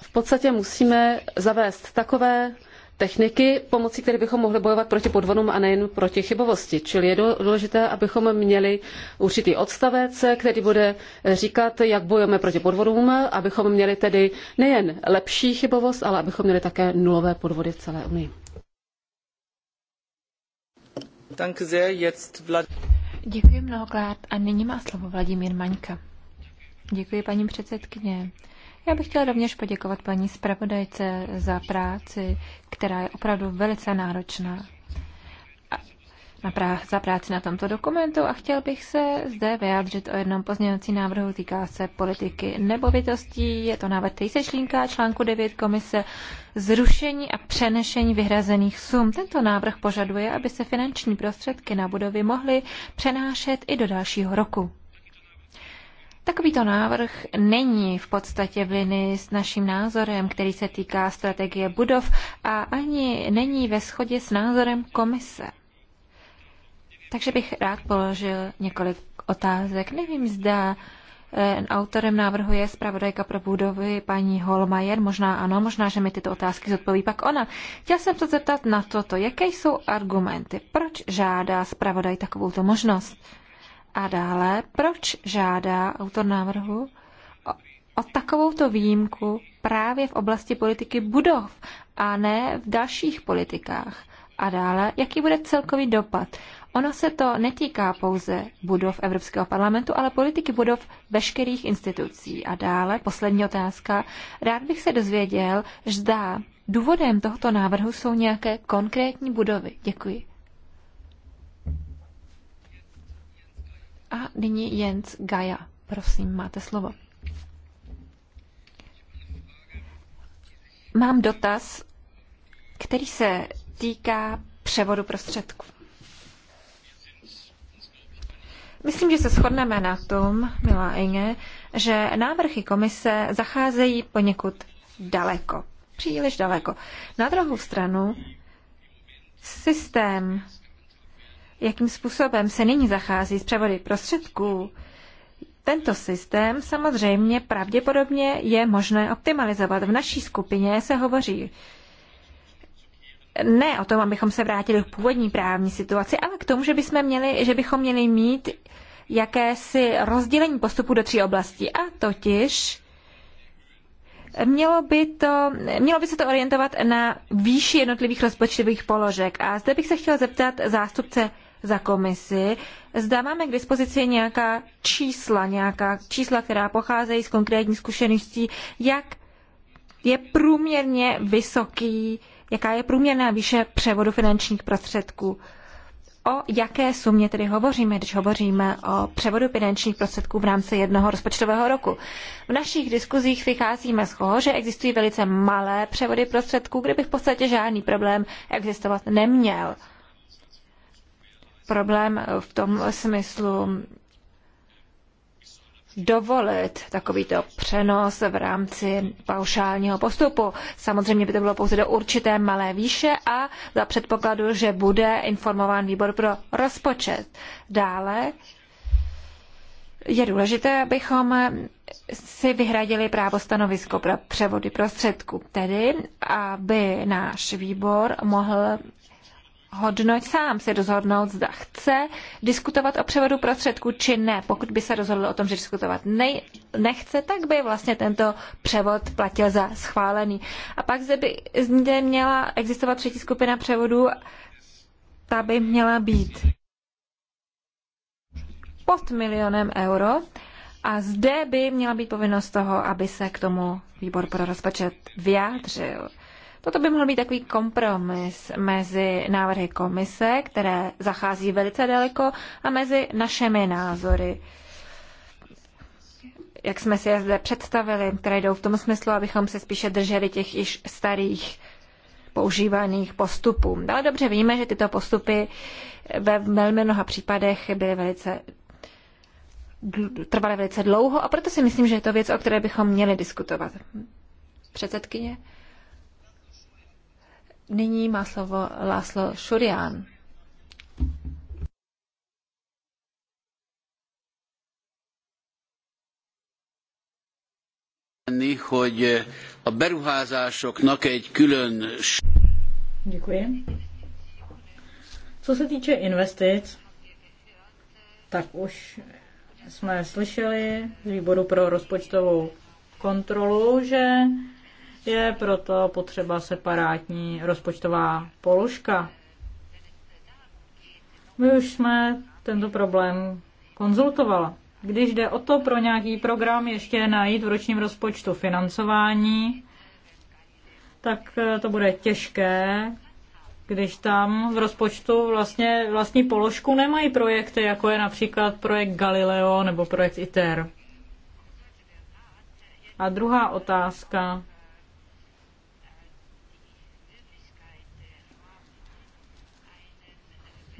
V podstatě musíme zavést takové techniky, pomocí které bychom mohli bojovat proti podvodům a nejen proti chybovosti. Čili je důležité, abychom měli určitý odstavec, který bude říkat, jak bojujeme proti podvodům, abychom měli tedy nejen lepší chybovost, ale abychom měli také nulové podvody v celé Unii. Děkuji mnohokrát a nyní má slovo Vladimír Maňka. Děkuji paní předsedkyně. Já bych chtěla rovněž poděkovat paní zpravodajce za práci, která je opravdu velice náročná na prá- za práci na tomto dokumentu a chtěl bych se zde vyjádřit o jednom pozměňovacím návrhu týká se politiky nebovitostí. Je to návrh, který se článku 9 komise zrušení a přenešení vyhrazených sum. Tento návrh požaduje, aby se finanční prostředky na budovy mohly přenášet i do dalšího roku. Takovýto návrh není v podstatě v linii s naším názorem, který se týká strategie budov a ani není ve shodě s názorem komise. Takže bych rád položil několik otázek. Nevím, zda eh, Autorem návrhu je zpravodajka pro budovy paní Holmajer. Možná ano, možná, že mi tyto otázky zodpoví pak ona. Chtěl jsem se zeptat na toto. Jaké jsou argumenty? Proč žádá zpravodaj takovouto možnost? A dále, proč žádá autor návrhu o, o takovouto výjimku právě v oblasti politiky budov a ne v dalších politikách? A dále, jaký bude celkový dopad? Ono se to netýká pouze budov Evropského parlamentu, ale politiky budov veškerých institucí. A dále, poslední otázka. Rád bych se dozvěděl, zda důvodem tohoto návrhu jsou nějaké konkrétní budovy. Děkuji. A nyní Jens Gaja. Prosím, máte slovo. Mám dotaz, který se týká převodu prostředků. Myslím, že se shodneme na tom, milá Inge, že návrhy komise zacházejí poněkud daleko. Příliš daleko. Na druhou stranu, systém jakým způsobem se nyní zachází s převody prostředků, tento systém samozřejmě pravděpodobně je možné optimalizovat. V naší skupině se hovoří ne o tom, abychom se vrátili k původní právní situaci, ale k tomu, že, bychom měli, že bychom měli mít jakési rozdělení postupu do tří oblastí. A totiž Mělo by, to, mělo by se to orientovat na výši jednotlivých rozpočtových položek. A zde bych se chtěla zeptat zástupce za komisi, zda máme k dispozici nějaká čísla, nějaká čísla, která pocházejí z konkrétní zkušeností, jak je průměrně vysoký, jaká je průměrná výše převodu finančních prostředků. O jaké sumě tedy hovoříme, když hovoříme o převodu finančních prostředků v rámci jednoho rozpočtového roku? V našich diskuzích vycházíme z toho, že existují velice malé převody prostředků, kde by v podstatě žádný problém existovat neměl problém v tom smyslu dovolit takovýto přenos v rámci paušálního postupu. Samozřejmě by to bylo pouze do určité malé výše a za předpokladu, že bude informován výbor pro rozpočet. Dále je důležité, abychom si vyhradili právo stanovisko pro převody prostředků, tedy aby náš výbor mohl hodnoť sám se rozhodnout, zda chce diskutovat o převodu prostředků či ne. Pokud by se rozhodl o tom, že diskutovat nej, nechce, tak by vlastně tento převod platil za schválený. A pak zde by zde měla existovat třetí skupina převodů, ta by měla být pod milionem euro. A zde by měla být povinnost toho, aby se k tomu výbor pro rozpočet vyjádřil. Toto by mohl být takový kompromis mezi návrhy komise, které zachází velice daleko, a mezi našemi názory jak jsme si je zde představili, které jdou v tom smyslu, abychom se spíše drželi těch již starých používaných postupů. Ale dobře víme, že tyto postupy ve velmi mnoha případech byly velice trvaly velice dlouho a proto si myslím, že je to věc, o které bychom měli diskutovat. Předsedkyně? Nyní má slovo Láslo Šurián. hogy eh, a beruházásoknak egy külön... Děkuji. Co se týče investic, tak už jsme slyšeli z výboru pro rozpočtovou kontrolu, že je proto potřeba separátní rozpočtová položka. My už jsme tento problém konzultovala. Když jde o to pro nějaký program ještě najít v ročním rozpočtu financování, tak eh, to bude těžké, když tam v rozpočtu vlastně vlastní položku nemají projekty, jako je například projekt Galileo nebo projekt ITER. A druhá otázka.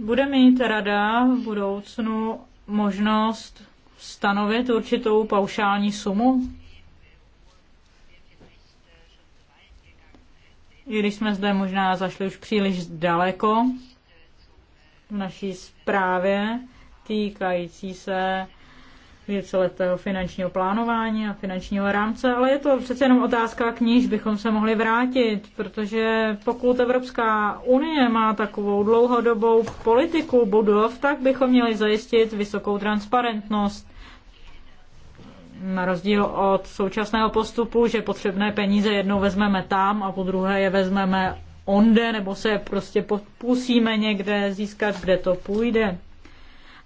Bude mít rada v budoucnu možnost stanovit určitou paušální sumu? I když jsme zde možná zašli už příliš daleko v naší zprávě týkající se víceletého finančního plánování a finančního rámce, ale je to přece jenom otázka, k níž bychom se mohli vrátit, protože pokud Evropská unie má takovou dlouhodobou politiku budov, tak bychom měli zajistit vysokou transparentnost. Na rozdíl od současného postupu, že potřebné peníze jednou vezmeme tam a po druhé je vezmeme onde, nebo se prostě pusíme někde získat, kde to půjde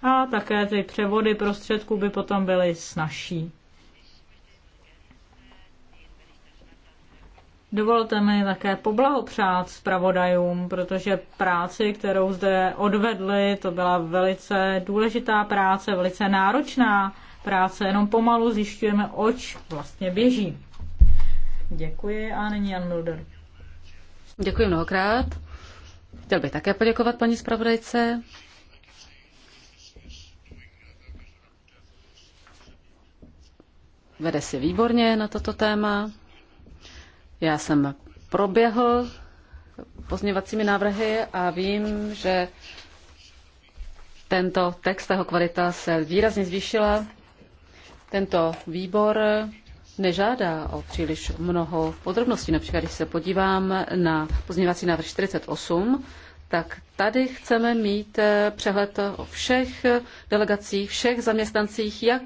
a také ty převody prostředků by potom byly snažší. Dovolte mi také poblahopřát zpravodajům, protože práci, kterou zde odvedli, to byla velice důležitá práce, velice náročná práce, jenom pomalu zjišťujeme, oč vlastně běží. Děkuji a nyní Jan Mulder. Děkuji mnohokrát. Chtěl bych také poděkovat paní zpravodajce Vede si výborně na toto téma. Já jsem proběhl pozměvacími návrhy a vím, že tento text, jeho kvalita se výrazně zvýšila. Tento výbor nežádá o příliš mnoho podrobností. Například, když se podívám na pozměvací návrh 48, tak tady chceme mít eh, přehled o všech delegacích, všech zaměstnancích, jak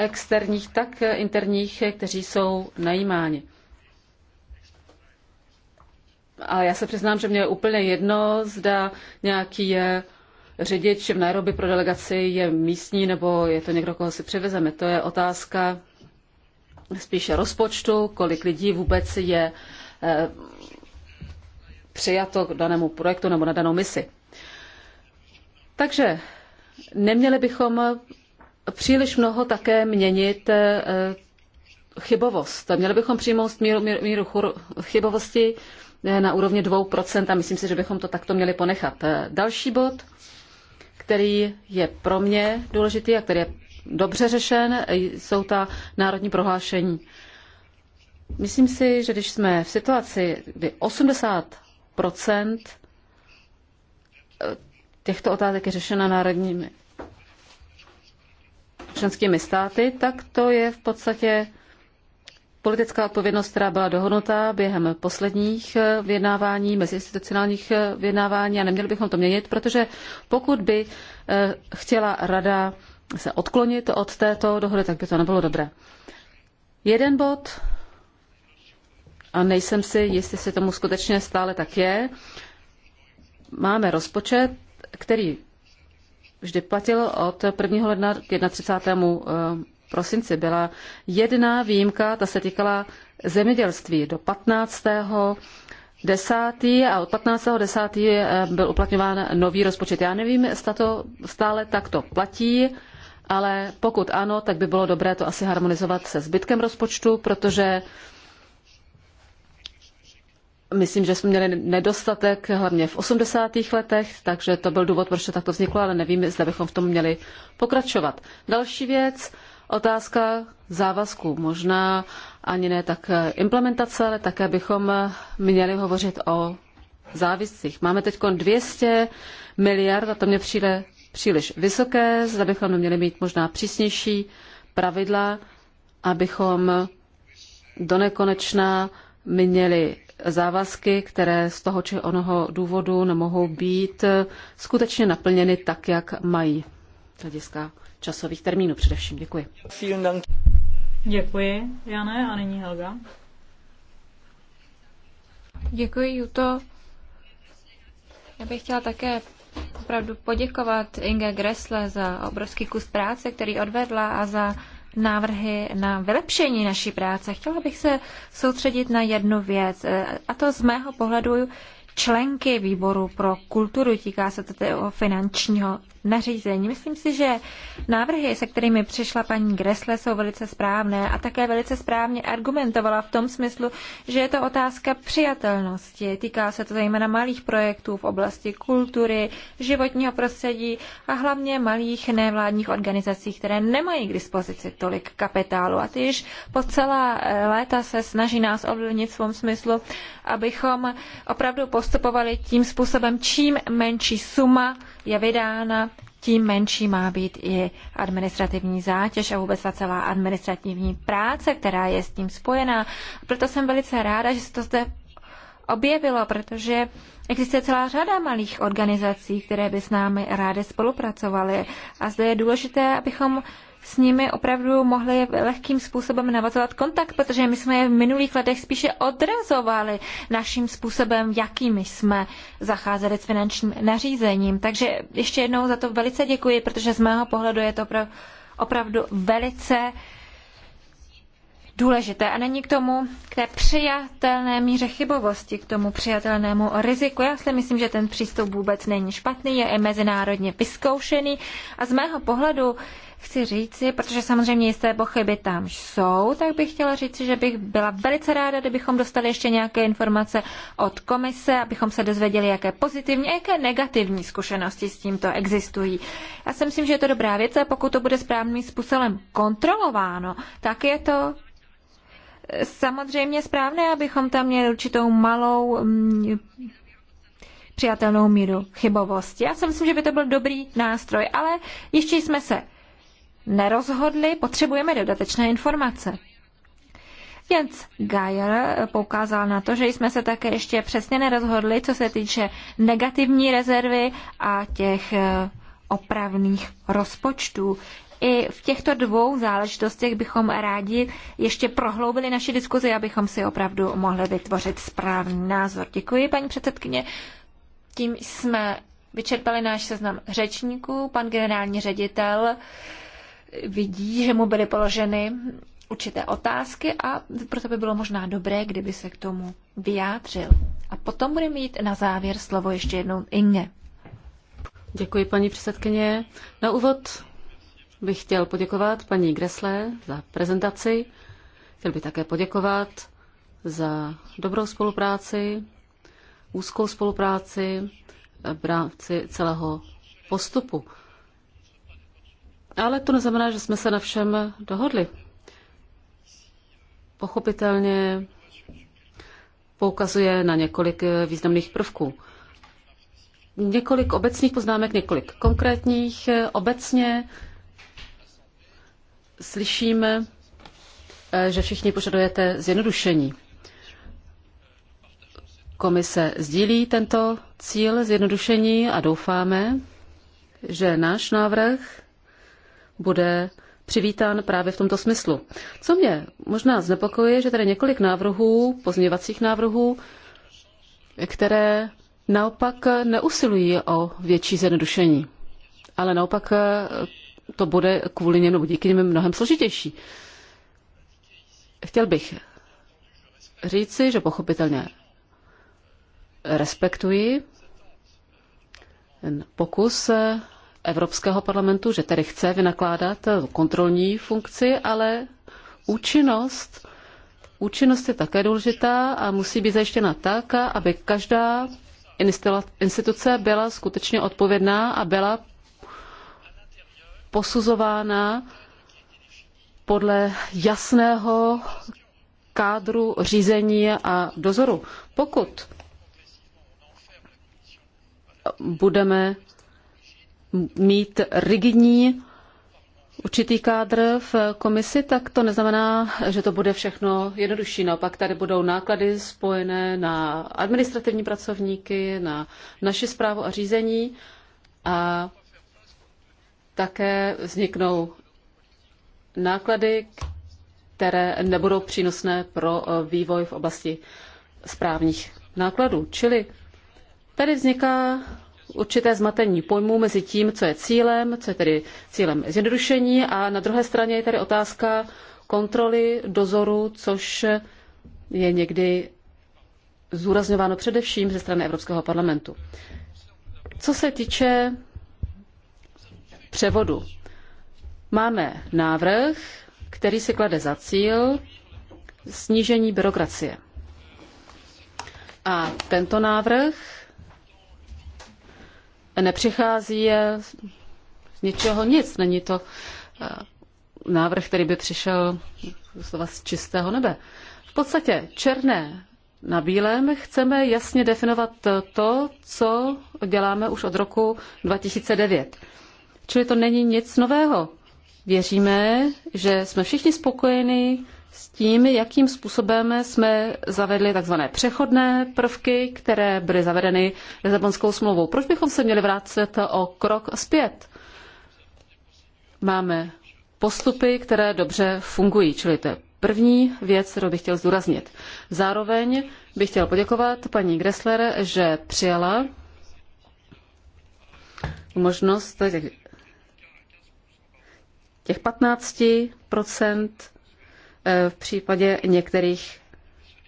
externích, tak interních, kteří jsou najímáni. Ale já se přiznám, že mě je úplně jedno, zda nějaký je řidič v Nairobi pro delegaci je místní nebo je to někdo, koho si přivezeme. To je otázka spíše rozpočtu, kolik lidí vůbec je eh, přijato k danému projektu nebo na danou misi. Takže neměli bychom příliš mnoho také měnit eh, chybovost. Měli bychom přijmout míru, míru, míru chybovosti eh, na úrovni 2% a myslím si, že bychom to takto měli ponechat. Eh, další bod, který je pro mě důležitý a který je dobře řešen, jsou ta národní prohlášení. Myslím si, že když jsme v situaci, kdy 80 těchto otázek je řešena národními členskými státy, tak to je v podstatě politická odpovědnost, která byla dohodnuta během posledních eh, vyjednávání, meziinstitucionálních eh, vyjednávání a neměli bychom to měnit, protože pokud by eh, chtěla rada se odklonit od této dohody, tak by to nebylo dobré. Jeden bod, a nejsem si jestli se tomu skutečně stále tak je, máme rozpočet, který vždy platil od 1. ledna k 31. Eh, prosinci. Byla jedna výjimka, ta se týkala zemědělství do 15. 10. a od 15. 10. Eh, byl uplatňován nový rozpočet. Já nevím, jestli to stále takto platí, ale pokud ano, tak by bylo dobré to asi harmonizovat se zbytkem rozpočtu, protože Myslím, že jsme měli nedostatek hlavně v 80. letech, takže to byl důvod, proč to takto vzniklo, ale nevím, zda bychom v tom měli pokračovat. Další věc, otázka závazků. Možná ani ne tak implementace, ale také bychom měli hovořit o záviscích. Máme teď 200 miliard a to mě přijde příliš vysoké, zda bychom měli mít možná přísnější pravidla, abychom do nekonečna měli závazky, které z toho či onoho důvodu nemohou být skutečně naplněny tak, jak mají. Z hlediska časových termínů především. Děkuji. Děkuji, Jane, a nyní Helga. Děkuji, Juto. Já bych chtěla také opravdu poděkovat Inge Gressle za obrovský kus práce, který odvedla a za návrhy na vylepšení naší práce. Chtěla bych se soustředit na jednu věc, eh, a to z mého pohledu členky výboru pro kulturu, týká se to tedy o finančního nařízení. Myslím si, že návrhy, se kterými přišla paní Gresle, jsou velice správné a také velice správně argumentovala v tom smyslu, že je to otázka přijatelnosti. Týká se to zejména malých projektů v oblasti kultury, životního prostředí a hlavně malých nevládních organizací, které nemají k dispozici tolik kapitálu. A ty již po celá eh, léta se snaží nás ovlivnit v tom smyslu, abychom opravdu postupovali tím způsobem, čím menší suma, je vydána, tím menší má být i administrativní zátěž a vůbec ta celá administrativní práce, která je s tím spojená. Proto jsem velice ráda, že se to zde objevilo, protože existuje celá řada malých organizací, které by s námi rády spolupracovaly. A zde je důležité, abychom s nimi opravdu mohli lehkým způsobem navazovat kontakt, protože my jsme je v minulých letech spíše odrazovali naším způsobem, jakými jsme zacházeli s finančním nařízením. Takže ještě jednou za to velice děkuji, protože z mého pohledu je to opravdu, opravdu velice důležité. A není k tomu, k té přijatelné míře chybovosti, k tomu přijatelnému riziku. Já si myslím, že ten přístup vůbec není špatný, je i mezinárodně vyzkoušený. A z mého pohledu chci říci, protože samozřejmě jisté pochyby tam jsou, tak bych chtěla říci, že bych byla velice ráda, kdybychom dostali ještě nějaké informace od komise, abychom se dozvěděli, jaké pozitivní a jaké negativní zkušenosti s tímto existují. Já si myslím, že je to dobrá věc a pokud to bude správným způsobem kontrolováno, tak je to eh, samozřejmě správné, abychom tam měli určitou malou mm, přijatelnou míru chybovosti. Já si myslím, že by to byl dobrý nástroj, ale ještě jsme se nerozhodli, potřebujeme dodatečné informace. Jens Geier poukázal na to, že jsme se také ještě přesně nerozhodli, co se týče negativní rezervy a těch eh, opravných rozpočtů. I v těchto dvou záležitostech bychom rádi ještě prohloubili naši diskuzi, abychom si opravdu mohli vytvořit správný názor. Děkuji, paní předsedkyně. Tím jsme vyčerpali náš seznam řečníků. Pan generální ředitel vidí, že mu byly položeny určité otázky a proto by bylo možná dobré, kdyby se k tomu vyjádřil. A potom bude mít na závěr slovo ještě jednou Inge. Děkuji, paní předsedkyně. Na úvod bych chtěl poděkovat paní Gresle za prezentaci. Chtěl bych také poděkovat za dobrou spolupráci, úzkou spolupráci v rámci celého postupu. Ale to neznamená, že jsme se na všem dohodli. Pochopitelně poukazuje na několik eh, významných prvků. Několik obecných poznámek, několik konkrétních. Eh, obecně slyšíme, eh, že všichni požadujete zjednodušení. Komise sdílí tento cíl zjednodušení a doufáme, že náš návrh bude přivítán právě v tomto smyslu. Co mě možná znepokojuje, že tady několik návrhů, pozměňovacích návrhů, které naopak neusilují o větší zjednodušení, ale naopak eh, to bude kvůli němu díky němu mnohem složitější. Chtěl bych říci, že pochopitelně respektuji ten pokus eh, Evropského parlamentu, že tedy chce vynakládat kontrolní funkci, ale účinnost, účinnost je také důležitá a musí být zajištěna tak, aby každá instituce byla skutečně odpovědná a byla posuzována podle jasného kádru řízení a dozoru. Pokud budeme mít rigidní určitý kádr v komisi, tak to neznamená, že to bude všechno jednodušší. Naopak tady budou náklady spojené na administrativní pracovníky, na naši zprávu a řízení a také vzniknou náklady, které nebudou přínosné pro eh, vývoj v oblasti správních nákladů. Čili tady vzniká určité zmatení pojmů mezi tím, co je cílem, co je tedy cílem zjednodušení a na druhé straně je tady otázka kontroly, dozoru, což je někdy zúrazňováno především ze strany Evropského parlamentu. Co se týče převodu, máme návrh, který si klade za cíl snížení byrokracie. A tento návrh nepřichází z ničeho nic. Není to eh, návrh, který by přišel slova z čistého nebe. V podstatě černé na bílém chceme jasně definovat to, co děláme už od roku 2009. Čili to není nic nového. Věříme, že jsme všichni spokojeni s tím, jakým způsobem jsme zavedli tzv. přechodné prvky, které byly zavedeny Lisabonskou smlouvou. Proč bychom se měli vrátit o krok zpět? Máme postupy, které dobře fungují, čili to je první věc, kterou bych chtěl zdůraznit. Zároveň bych chtěl poděkovat paní Gressler, že přijala možnost těch 15 E, v případě některých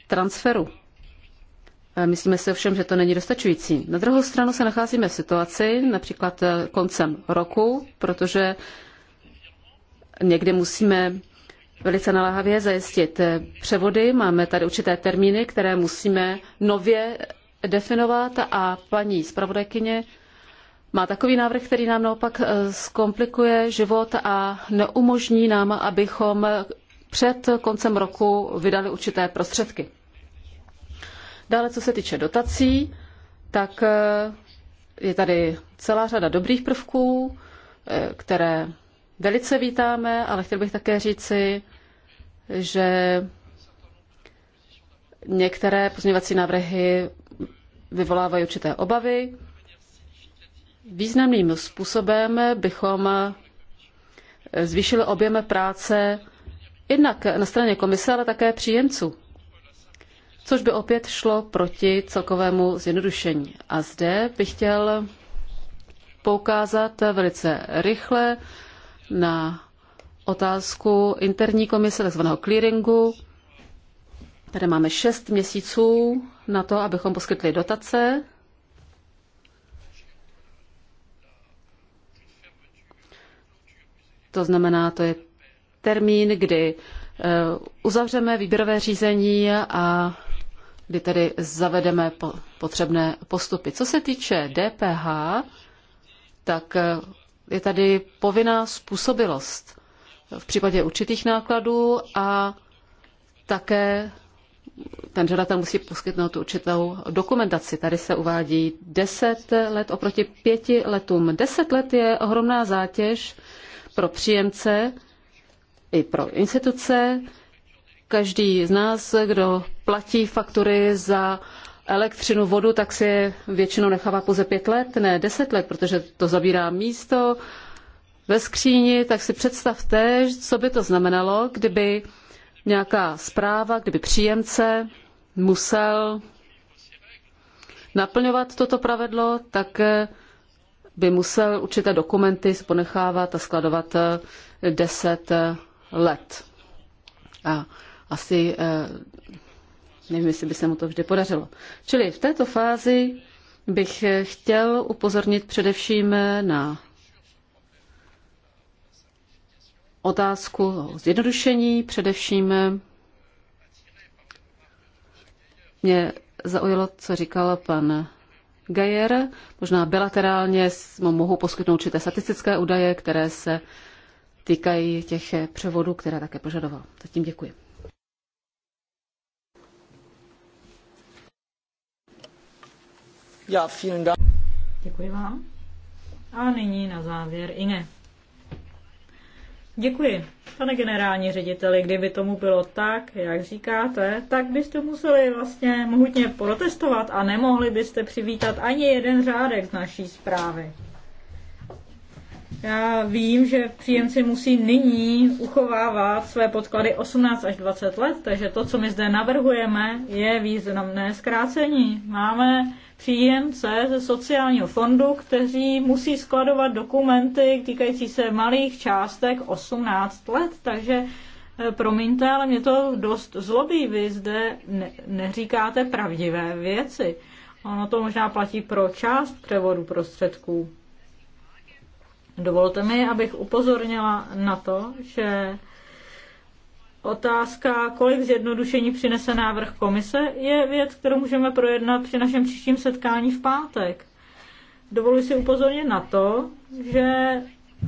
transferů. E, myslíme si ovšem, že to není dostačující. Na druhou stranu se nacházíme v situaci, například e, koncem roku, protože někdy musíme velice naléhavě zajistit převody. Máme tady určité termíny, které musíme nově definovat a paní zpravodajkyně má takový návrh, který nám naopak zkomplikuje život a neumožní nám, abychom před koncem roku vydali určité prostředky. Dále, co se týče dotací, tak eh, je tady celá řada dobrých prvků, eh, které velice vítáme, ale chtěl bych také říci, že některé pozměňovací návrhy vyvolávají určité obavy. Významným způsobem bychom eh, zvýšili objem práce jednak na straně komise, ale také příjemců, což by opět šlo proti celkovému zjednodušení. A zde bych chtěl poukázat velice rychle na otázku interní komise, takzvaného clearingu. Tady máme šest měsíců na to, abychom poskytli dotace. To znamená, to je termín, kdy eh, uzavřeme výběrové řízení a kdy tedy zavedeme potřebné postupy. Co se týče DPH, tak eh, je tady povinná způsobilost v případě určitých nákladů a také ten žadatel musí poskytnout určitou dokumentaci. Tady se uvádí 10 let oproti 5 letům. 10 let je ohromná zátěž pro příjemce, i pro instituce. Každý z nás, kdo platí faktury za elektřinu, vodu, tak si je většinou nechává pouze pět let, ne deset let, protože to zabírá místo ve skříni, tak si představte, co by to znamenalo, kdyby nějaká zpráva, kdyby příjemce musel naplňovat toto pravidlo, tak eh, by musel určité dokumenty ponechávat a skladovat eh, deset eh, let. A asi eh, nevím, jestli by se mu to vždy podařilo. Čili v této fázi bych eh, chtěl upozornit především eh, na otázku o zjednodušení, především mě zaujalo, co říkal pan Gajer. Možná bilaterálně mohu poskytnout určité statistické údaje, které se týkají těch eh, převodů, které také požadoval. Zatím děkuji. Já, vielen Děkuji vám. A nyní na závěr Inge. Děkuji. Pane generální řediteli, kdyby tomu bylo tak, jak říkáte, tak byste museli vlastně mohutně protestovat a nemohli byste přivítat ani jeden řádek z naší zprávy. Já vím, že příjemci musí nyní uchovávat své podklady 18 až 20 let, takže to, co my zde navrhujeme, je významné zkrácení. Máme příjemce ze sociálního fondu, kteří musí skladovat dokumenty týkající se malých částek 18 let, takže eh, promiňte, ale mě to dost zlobí. Vy zde ne- neříkáte pravdivé věci. Ono to možná platí pro část převodu prostředků. Dovolte mi, abych upozornila na to, že otázka, kolik zjednodušení přinese návrh komise, je věc, kterou můžeme projednat při našem příštím setkání v pátek. Dovoluji si upozornit na to, že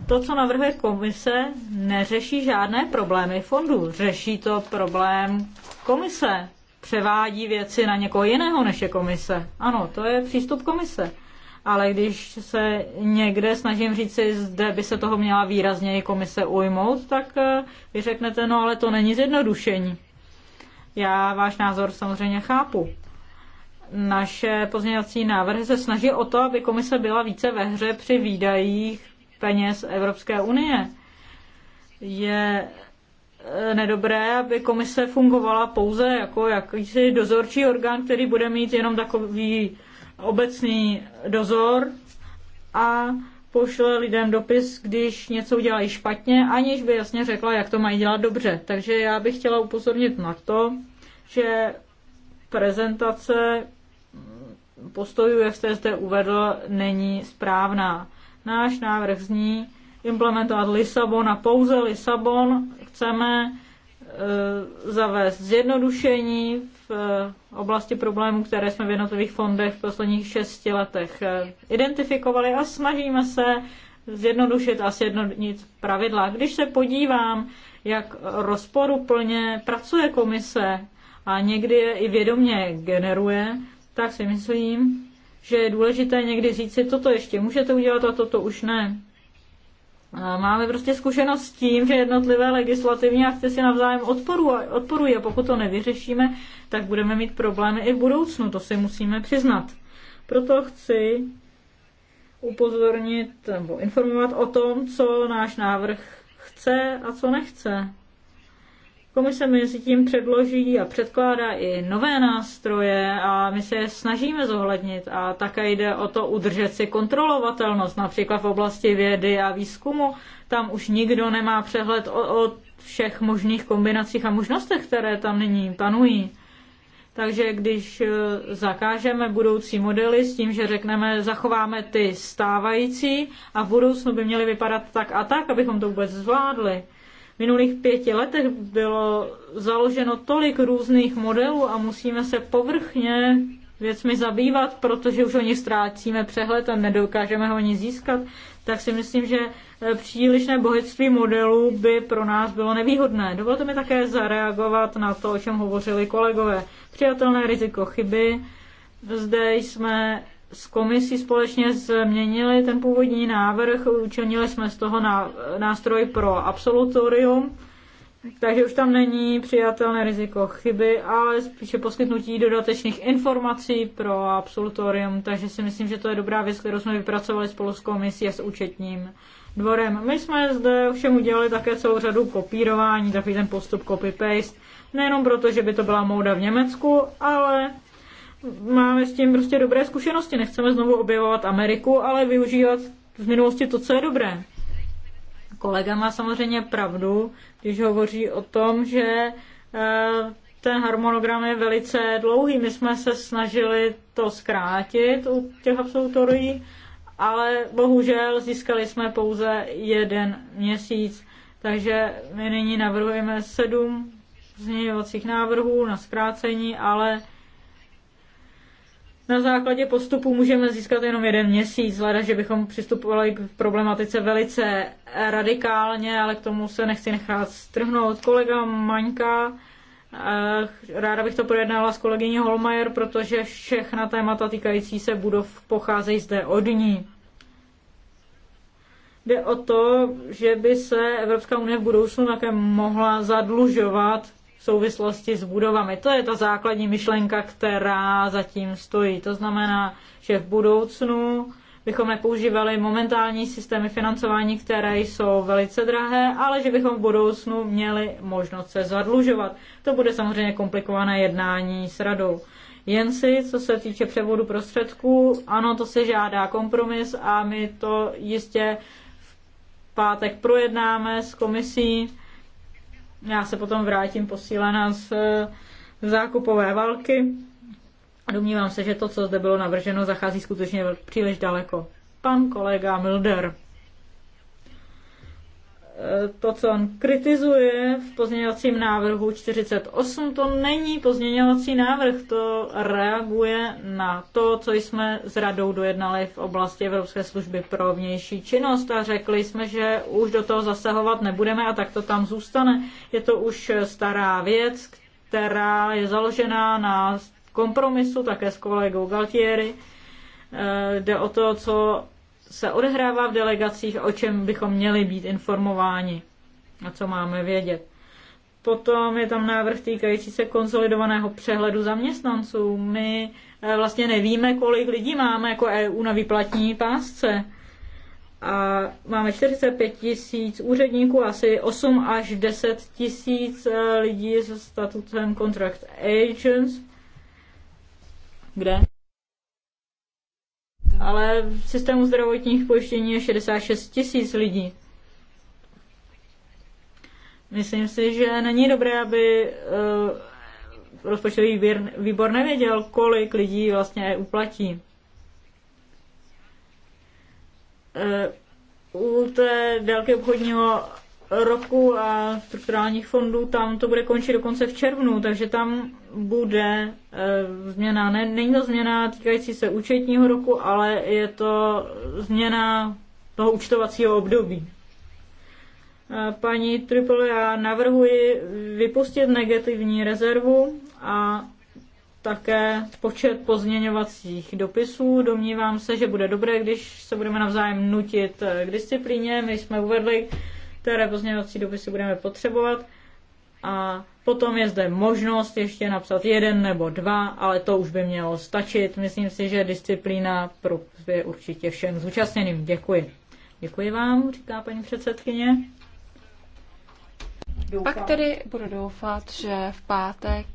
to, co navrhuje komise, neřeší žádné problémy fondů. Řeší to problém komise. Převádí věci na někoho jiného, než je komise. Ano, to je přístup komise ale když se někde snažím říct si, zde by se toho měla výrazněji komise ujmout, tak eh, vy řeknete, no ale to není zjednodušení. Já váš názor samozřejmě chápu. Naše pozměňovací návrhy se snaží o to, aby komise byla více ve hře při výdajích peněz Evropské unie. Je eh, nedobré, aby komise fungovala pouze jako jakýsi dozorčí orgán, který bude mít jenom takový obecný dozor a pošle lidem dopis, když něco udělají špatně, aniž by jasně řekla, jak to mají dělat dobře. Takže já bych chtěla upozornit na to, že prezentace postojů, jak jste zde uvedl, není správná. Náš návrh zní implementovat Lisabon a pouze Lisabon. Chceme e, zavést zjednodušení v eh, oblasti problémů, které jsme v jednotlivých fondech v posledních šesti letech eh, identifikovali a snažíme se zjednodušit a sjednotit pravidla. Když se podívám, jak rozporuplně pracuje komise a někdy je i vědomě generuje, tak si myslím, že je důležité někdy říct si, toto ještě můžete udělat a toto už ne. Máme prostě zkušenost s tím, že jednotlivé legislativní akce si navzájem odporují a pokud to nevyřešíme, tak budeme mít problémy i v budoucnu, to si musíme přiznat. Proto chci upozornit nebo informovat o tom, co náš návrh chce a co nechce. Komise mezi tím předloží a předkládá i nové nástroje a my se je snažíme zohlednit a také jde o to udržet si kontrolovatelnost, například v oblasti vědy a výzkumu. Tam už nikdo nemá přehled o, o všech možných kombinacích a možnostech, které tam nyní panují. Takže když e, zakážeme budoucí modely s tím, že řekneme, zachováme ty stávající a v budoucnu by měly vypadat tak a tak, abychom to vůbec zvládli, minulých pěti letech bylo založeno tolik různých modelů a musíme se povrchně věcmi zabývat, protože už o nich ztrácíme přehled a nedokážeme ho ani získat, tak si myslím, že eh, přílišné bohatství modelů by pro nás bylo nevýhodné. Dovolte mi také zareagovat na to, o čem hovořili kolegové. Přijatelné riziko chyby. Zde jsme s komisí společně změnili ten původní návrh, učinili jsme z toho nástroj pro absolutorium, takže už tam není přijatelné riziko chyby, ale spíše poskytnutí dodatečných informací pro absolutorium, takže si myslím, že to je dobrá věc, kterou jsme vypracovali spolu s komisí a s účetním dvorem. My jsme zde všem udělali také celou řadu kopírování, takový ten postup copy-paste, nejenom proto, že by to byla mouda v Německu, ale máme s tím prostě dobré zkušenosti. Nechceme znovu objevovat Ameriku, ale využívat v minulosti to, co je dobré. Kolega má samozřejmě pravdu, když hovoří o tom, že eh, ten harmonogram je velice dlouhý. My jsme se snažili to zkrátit u těch absolutorií, ale bohužel získali jsme pouze jeden měsíc. Takže my nyní navrhujeme sedm změňovacích návrhů na zkrácení, ale na základě postupu můžeme získat jenom jeden měsíc, leda, že bychom přistupovali k problematice velice radikálně, ale k tomu se nechci nechat strhnout. Kolega Maňka, eh, ráda bych to projednala s kolegyní Holmajer, protože všechna témata týkající se budov pocházejí zde od ní. Jde o to, že by se Evropská unie v budoucnu také mohla zadlužovat souvislosti s budovami. To je ta základní myšlenka, která zatím stojí. To znamená, že v budoucnu bychom nepoužívali momentální systémy financování, které jsou velice drahé, ale že bychom v budoucnu měli možnost se zadlužovat. To bude samozřejmě komplikované jednání s radou. Jen si, co se týče převodu prostředků, ano, to se žádá kompromis a my to jistě v pátek projednáme s komisí já se potom vrátím posílená z eh, zákupové války. A domnívám se, že to, co zde bylo navrženo, zachází skutečně příliš daleko. Pan kolega Milder. Eh, to, co on kritizuje v pozměňovacím návrhu 48, to není pozměňovací návrh, to reaguje na to, co jsme s radou dojednali v oblasti Evropské služby pro vnější činnost a řekli jsme, že už do toho zasahovat nebudeme a tak to tam zůstane. Je to už stará věc, která je založená na kompromisu také s kolegou Galtieri. Eh, jde o to, co se odehrává v delegacích, o čem bychom měli být informováni a co máme vědět. Potom je tam návrh týkající se konsolidovaného přehledu zaměstnanců. My eh, vlastně nevíme, kolik lidí máme jako EU na výplatní pásce. A máme 45 tisíc úředníků, asi 8 až 10 tisíc eh, lidí se statutem Contract Agents. Kde? ale v systému zdravotních pojištění je 66 tisíc lidí. Myslím si, že není dobré, aby eh, rozpočtový výbor nevěděl, kolik lidí vlastně e uplatí. Eh, u té délky obchodního roku a strukturálních fondů, tam to bude končit dokonce v červnu, takže tam bude e, změna. Ne, není to změna týkající se účetního roku, ale je to změna toho účtovacího období. E, paní Triple, já navrhuji vypustit negativní rezervu a také počet pozměňovacích dopisů. Domnívám se, že bude dobré, když se budeme navzájem nutit eh, k disciplíně. My jsme uvedli, které pozměňovací dopisy budeme potřebovat. A potom je zde možnost ještě napsat jeden nebo dva, ale to už by mělo stačit. Myslím si, že disciplína pro je určitě všem zúčastněným. Děkuji. Děkuji vám, říká paní předsedkyně. Doufám. Pak tedy budu doufat, že v pátek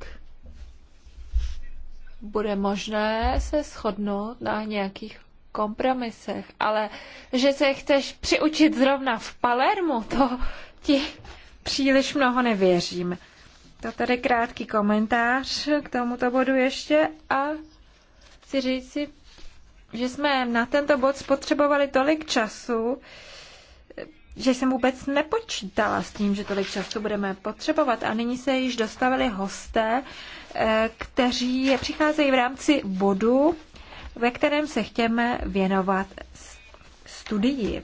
bude možné se shodnout na nějakých kompromisech, ale že se chceš přiučit zrovna v Palermu, to ti příliš mnoho nevěřím. To tady krátký komentář k tomuto bodu ještě a chci říct si, že jsme na tento bod spotřebovali tolik času, že jsem vůbec nepočítala s tím, že tolik času budeme potřebovat. A nyní se již dostavili hosté, eh, kteří přicházejí v rámci bodu ve kterém se chtěme věnovat studii.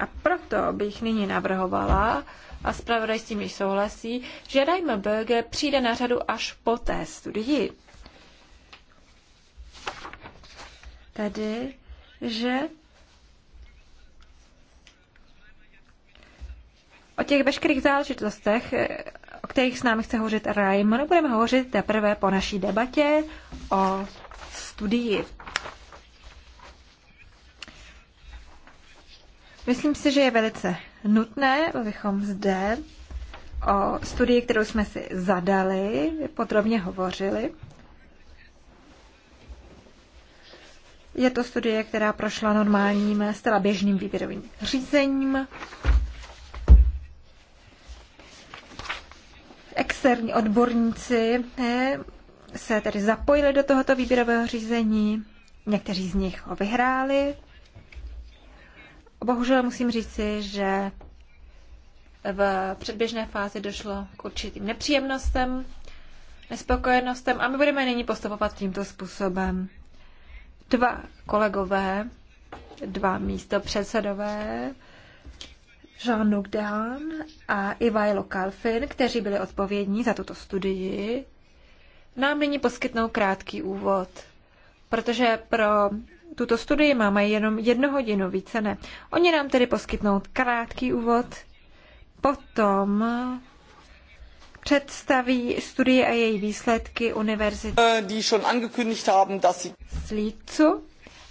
A proto bych nyní navrhovala, a zpravodaj s tím již souhlasí, že Reimerberg přijde na řadu až po té studii. Tedy, že o těch veškerých záležitostech, o kterých s námi chce hovořit Reimer, budeme hovořit teprve po naší debatě o studii. Myslím si, že je velice nutné, abychom zde o studii, kterou jsme si zadali, podrobně hovořili. Je to studie, která prošla normálním, zcela běžným výběrovým řízením. Externí odborníci eh, se tedy zapojili do tohoto výběrového řízení. Někteří z nich ho vyhráli, Bohužel musím říci, že v předběžné fázi došlo k určitým nepříjemnostem, nespokojenostem a my budeme nyní postupovat tímto způsobem. Dva kolegové, dva místo předsedové, Jean-Luc Dehan a Ivaj Lokalfin, kteří byli odpovědní za tuto studii, nám nyní poskytnou krátký úvod, protože pro tuto studii máme jenom jednu hodinu, více ne. Oni nám tedy poskytnou krátký úvod, potom představí studii a její výsledky univerzity äh, Lícu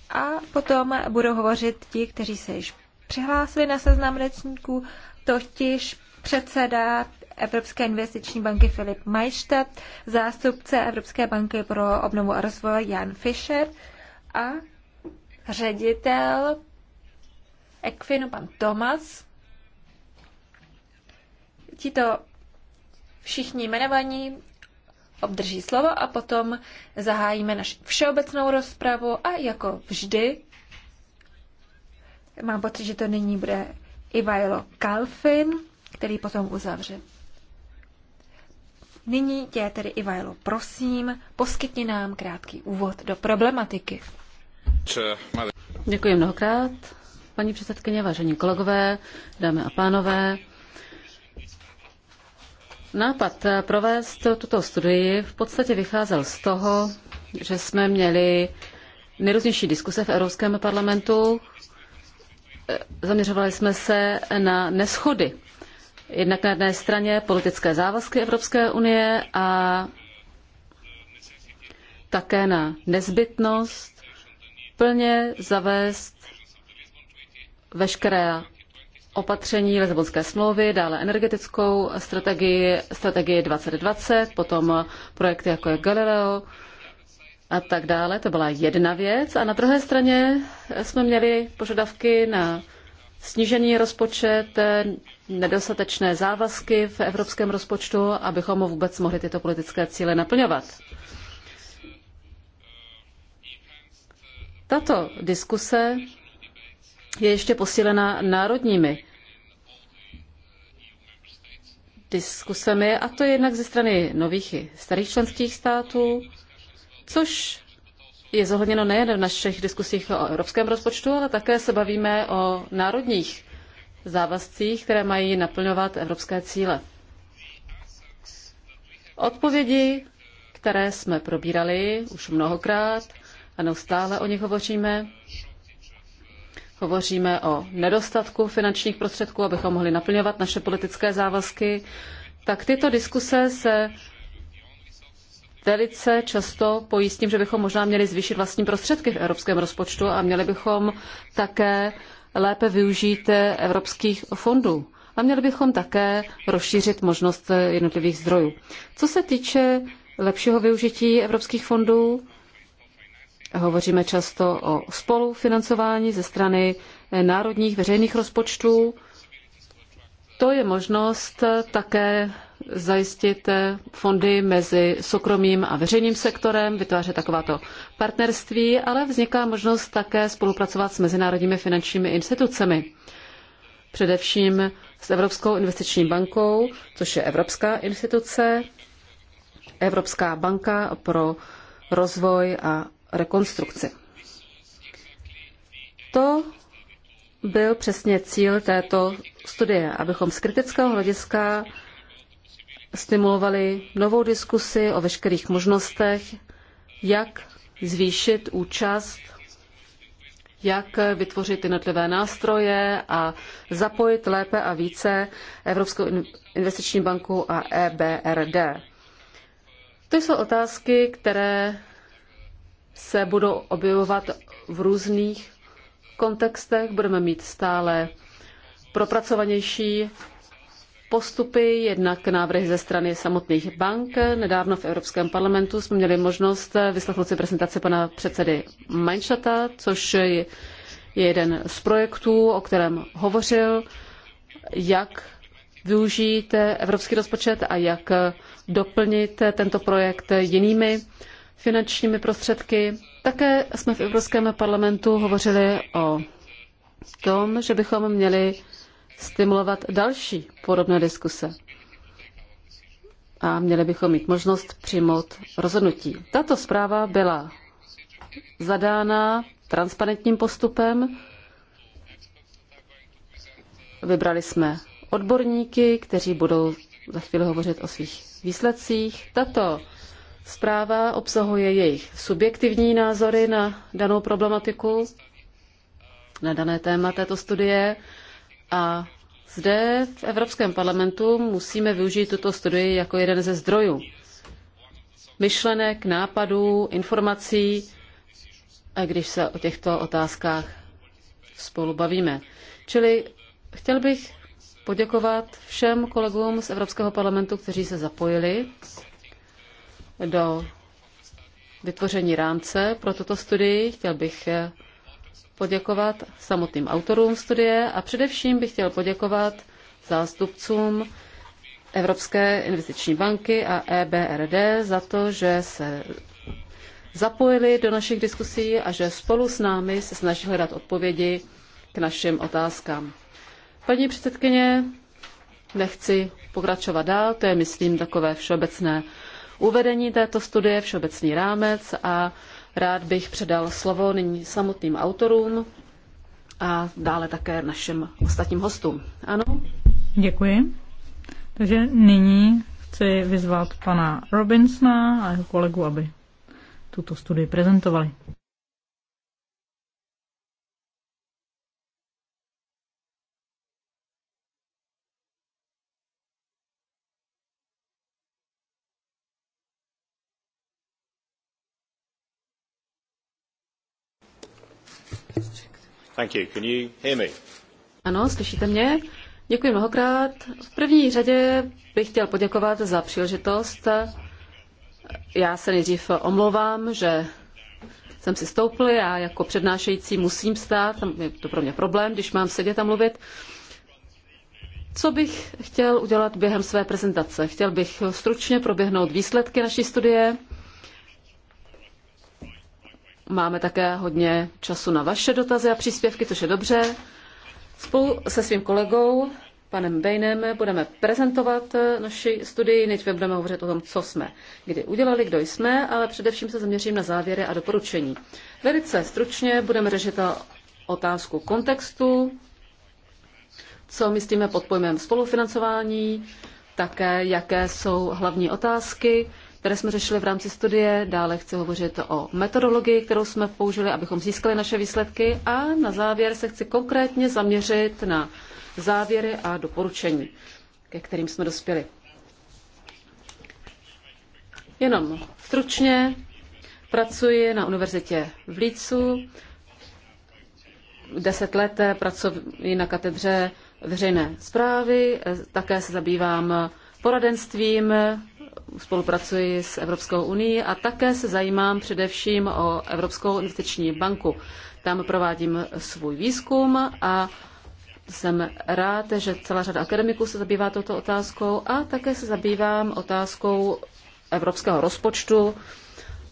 a potom budou hovořit ti, kteří se již přihlásili na seznam řečníků, totiž předseda Evropské investiční banky Filip Majštad, zástupce Evropské banky pro obnovu a rozvoj Jan Fischer a ředitel Equinu, pan Tomas. Tito všichni jmenovaní obdrží slovo a potom zahájíme naši všeobecnou rozpravu a jako vždy mám pocit, že to nyní bude Ivajlo Kalfin, který potom uzavře. Nyní tě tedy, Ivajlo, prosím, poskytni nám krátký úvod do problematiky. Děkuji mnohokrát, paní předsedkyně, vážení kolegové, dámy a pánové. Nápad provést tuto studii v podstatě vycházel z toho, že jsme měli nejrůznější diskuse v Evropském parlamentu. Zaměřovali jsme se na neschody. Jednak na jedné straně politické závazky Evropské unie a také na nezbytnost plně zavést veškeré opatření Lisabonské smlouvy, dále energetickou strategii, strategii 2020, potom projekty jako je Galileo a tak dále. To byla jedna věc. A na druhé straně jsme měli požadavky na snížený rozpočet, nedostatečné závazky v evropském rozpočtu, abychom vůbec mohli tyto politické cíle naplňovat. Tato diskuse je ještě posílena národními diskusemi, a to jednak ze strany nových i starých členských států, což je zohledněno nejen v našich diskusích o evropském rozpočtu, ale také se bavíme o národních závazcích, které mají naplňovat evropské cíle. Odpovědi, které jsme probírali už mnohokrát, ano, stále o nich hovoříme. Hovoříme o nedostatku finančních prostředků, abychom mohli naplňovat naše politické závazky. Tak tyto diskuse se velice často pojí s tím, že bychom možná měli zvýšit vlastní prostředky v evropském rozpočtu a měli bychom také lépe využít evropských fondů. A měli bychom také rozšířit možnost jednotlivých zdrojů. Co se týče lepšího využití evropských fondů, Hovoříme často o spolufinancování ze strany národních veřejných rozpočtů. To je možnost také zajistit fondy mezi soukromým a veřejným sektorem, vytvářet takováto partnerství, ale vzniká možnost také spolupracovat s mezinárodními finančními institucemi. Především s Evropskou investiční bankou, což je evropská instituce, Evropská banka pro rozvoj a rekonstrukci. To byl přesně cíl této studie, abychom z kritického hlediska stimulovali novou diskusi o veškerých možnostech, jak zvýšit účast, jak vytvořit jednotlivé nástroje a zapojit lépe a více Evropskou investiční banku a EBRD. To jsou otázky, které se budou objevovat v různých kontextech, budeme mít stále propracovanější postupy, jednak návrhy ze strany samotných bank. Nedávno v Evropském parlamentu jsme měli možnost vyslechnout si prezentaci pana předsedy Mainšata, což je jeden z projektů, o kterém hovořil, jak využít evropský rozpočet a jak doplnit tento projekt jinými finančními prostředky. Také jsme v Evropském parlamentu hovořili o tom, že bychom měli stimulovat další podobné diskuse a měli bychom mít možnost přijmout rozhodnutí. Tato zpráva byla zadána transparentním postupem. Vybrali jsme odborníky, kteří budou za chvíli hovořit o svých výsledcích. Tato Zpráva obsahuje jejich subjektivní názory na danou problematiku, na dané téma této studie a zde v Evropském parlamentu musíme využít tuto studii jako jeden ze zdrojů myšlenek, nápadů, informací, a když se o těchto otázkách spolu bavíme. Čili chtěl bych poděkovat všem kolegům z Evropského parlamentu, kteří se zapojili do vytvoření rámce pro tuto studii. Chtěl bych poděkovat samotným autorům studie a především bych chtěl poděkovat zástupcům Evropské investiční banky a EBRD za to, že se zapojili do našich diskusí a že spolu s námi se snaží hledat odpovědi k našim otázkám. Paní předsedkyně, nechci pokračovat dál, to je, myslím, takové všeobecné uvedení této studie, všeobecný rámec a rád bych předal slovo nyní samotným autorům a dále také našim ostatním hostům. Ano? Děkuji. Takže nyní chci vyzvat pana Robinsona a jeho kolegu, aby tuto studii prezentovali. Ano, slyšíte mě? Děkuji mnohokrát. V první řadě bych chtěl poděkovat za příležitost. Já se nejdřív omlouvám, že jsem si stoupl, já jako přednášející musím stát, je to pro mě problém, když mám sedět a mluvit. Co bych chtěl udělat během své prezentace? Chtěl bych stručně proběhnout výsledky naší studie, Máme také hodně času na vaše dotazy a příspěvky, což je dobře. Spolu se svým kolegou, panem Bejnem, budeme prezentovat naši studii. Nejdříve budeme hovořit o tom, co jsme kdy udělali, kdo jsme, ale především se zaměřím na závěry a doporučení. Velice stručně budeme řešit otázku kontextu, co myslíme pod pojmem spolufinancování, také jaké jsou hlavní otázky, které jsme řešili v rámci studie. Dále chci hovořit o metodologii, kterou jsme použili, abychom získali naše výsledky. A na závěr se chci konkrétně zaměřit na závěry a doporučení, ke kterým jsme dospěli. Jenom stručně pracuji na univerzitě v Lícu. Deset let pracuji na katedře veřejné zprávy, také se zabývám poradenstvím spolupracuji s Evropskou unii a také se zajímám především o Evropskou investiční banku. Tam provádím svůj výzkum a jsem rád, že celá řada akademiků se zabývá touto otázkou a také se zabývám otázkou evropského rozpočtu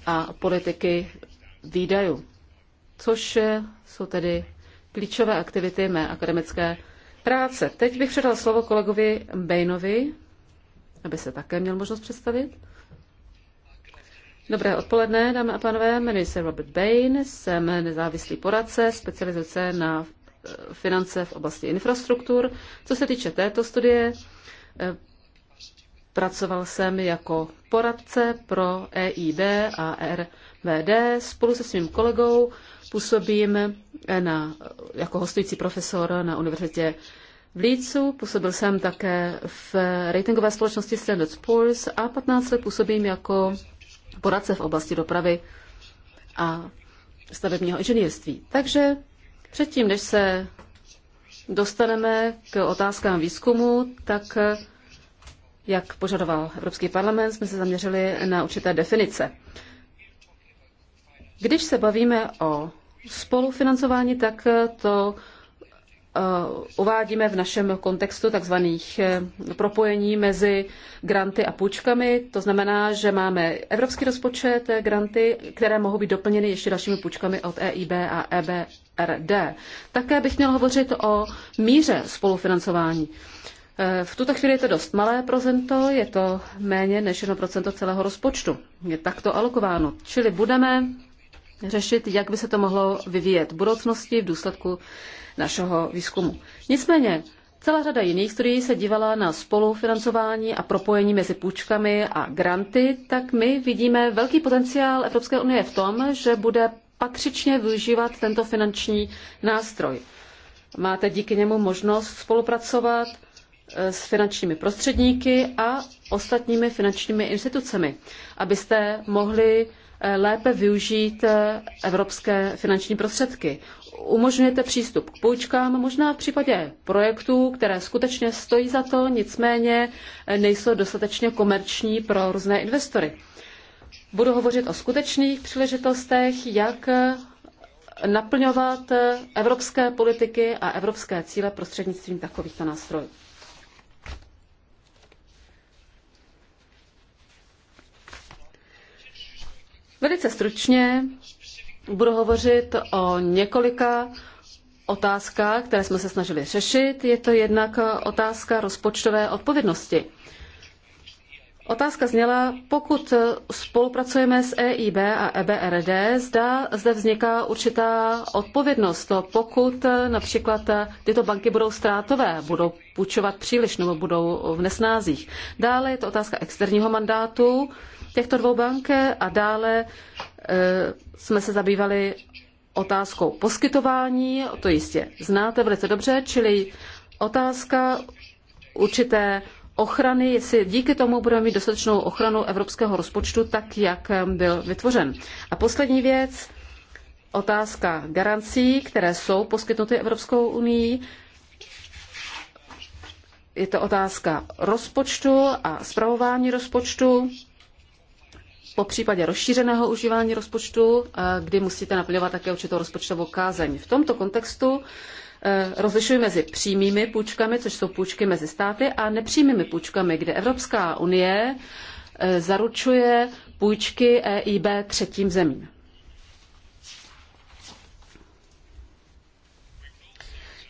a politiky výdajů, což jsou tedy klíčové aktivity mé akademické práce. Teď bych předal slovo kolegovi Bejnovi, aby se také měl možnost představit. Dobré odpoledne, dámy a pánové. Jmenuji se Robert Bain, jsem nezávislý poradce, specializace na eh, finance v oblasti infrastruktur. Co se týče této studie, eh, pracoval jsem jako poradce pro EIB a e RVD. Spolu se svým kolegou působím eh, na, jako hostující profesor na univerzitě v Lícu, působil jsem také v ratingové společnosti Standard Poor's a 15 let působím jako poradce v oblasti dopravy a stavebního inženýrství. Takže předtím, než se dostaneme k otázkám výzkumu, tak jak požadoval Evropský parlament, jsme se zaměřili na určité definice. Když se bavíme o spolufinancování, tak to Eh, uvádíme v našem kontextu takzvaných eh, propojení mezi granty a půjčkami. To znamená, že máme evropský rozpočet eh, granty, které mohou být doplněny ještě dalšími půjčkami od EIB a EBRD. Také bych měl hovořit o míře spolufinancování. V tuto chvíli je to dost malé procento, je to méně než 1% celého rozpočtu. Je takto alokováno. Čili budeme řešit, jak by se to mohlo vyvíjet v budoucnosti v důsledku našeho výzkumu. Nicméně celá řada jiných studií se dívala na spolufinancování a propojení mezi půjčkami a granty, tak my vidíme velký potenciál Evropské unie v tom, že bude patřičně využívat tento finanční nástroj. Máte díky němu možnost spolupracovat eh, s finančními prostředníky a ostatními finančními institucemi, abyste mohli eh, lépe využít eh, evropské finanční prostředky umožňujete přístup k půjčkám, možná v případě projektů, které skutečně stojí za to, nicméně nejsou dostatečně komerční pro různé investory. Budu hovořit o skutečných příležitostech, jak naplňovat evropské politiky a evropské cíle prostřednictvím takovýchto nástrojů. Velice stručně budu hovořit o několika otázkách, které jsme se snažili řešit. Je to jednak otázka rozpočtové odpovědnosti. Otázka zněla, pokud spolupracujeme s EIB a EBRD, zda zde vzniká určitá odpovědnost, pokud například tyto banky budou ztrátové, budou půjčovat příliš nebo budou v nesnázích. Dále je to otázka externího mandátu těchto dvou bank a dále Eh, jsme se zabývali otázkou poskytování, to jistě znáte velice dobře, čili otázka určité ochrany, jestli díky tomu budeme mít dostatečnou ochranu evropského rozpočtu, tak jak eh, byl vytvořen. A poslední věc, otázka garancí, které jsou poskytnuty Evropskou unii. Je to otázka rozpočtu a zpravování rozpočtu po případě rozšířeného užívání rozpočtu, eh, kdy musíte naplňovat také určitou rozpočtovou kázeň. V tomto kontextu eh, rozlišuji mezi přímými půjčkami, což jsou půjčky mezi státy, a nepřímými půjčkami, kde Evropská unie eh, zaručuje půjčky EIB třetím zemím.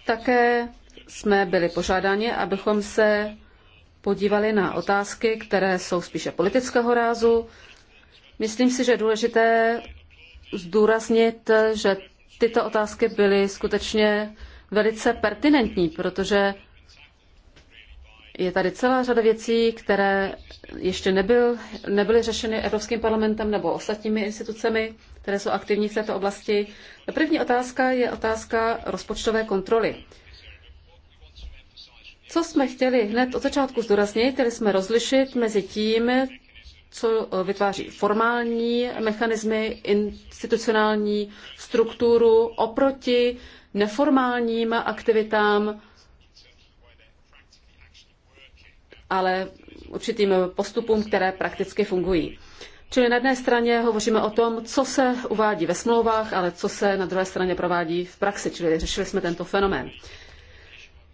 Také jsme byli požádáni, abychom se podívali na otázky, které jsou spíše politického rázu, Myslím si, že je důležité zdůraznit, že tyto otázky byly skutečně velice pertinentní, protože je tady celá řada věcí, které ještě nebyl, nebyly řešeny Evropským parlamentem nebo ostatními institucemi, které jsou aktivní v této oblasti. Ta první otázka je otázka rozpočtové kontroly. Co jsme chtěli hned od začátku zdůraznit, chtěli jsme rozlišit mezi tím, co eh, vytváří formální mechanismy, institucionální strukturu oproti neformálním aktivitám, ale určitým postupům, které prakticky fungují. Čili na jedné straně hovoříme o tom, co se uvádí ve smlouvách, ale co se na druhé straně provádí v praxi, čili řešili jsme tento fenomén.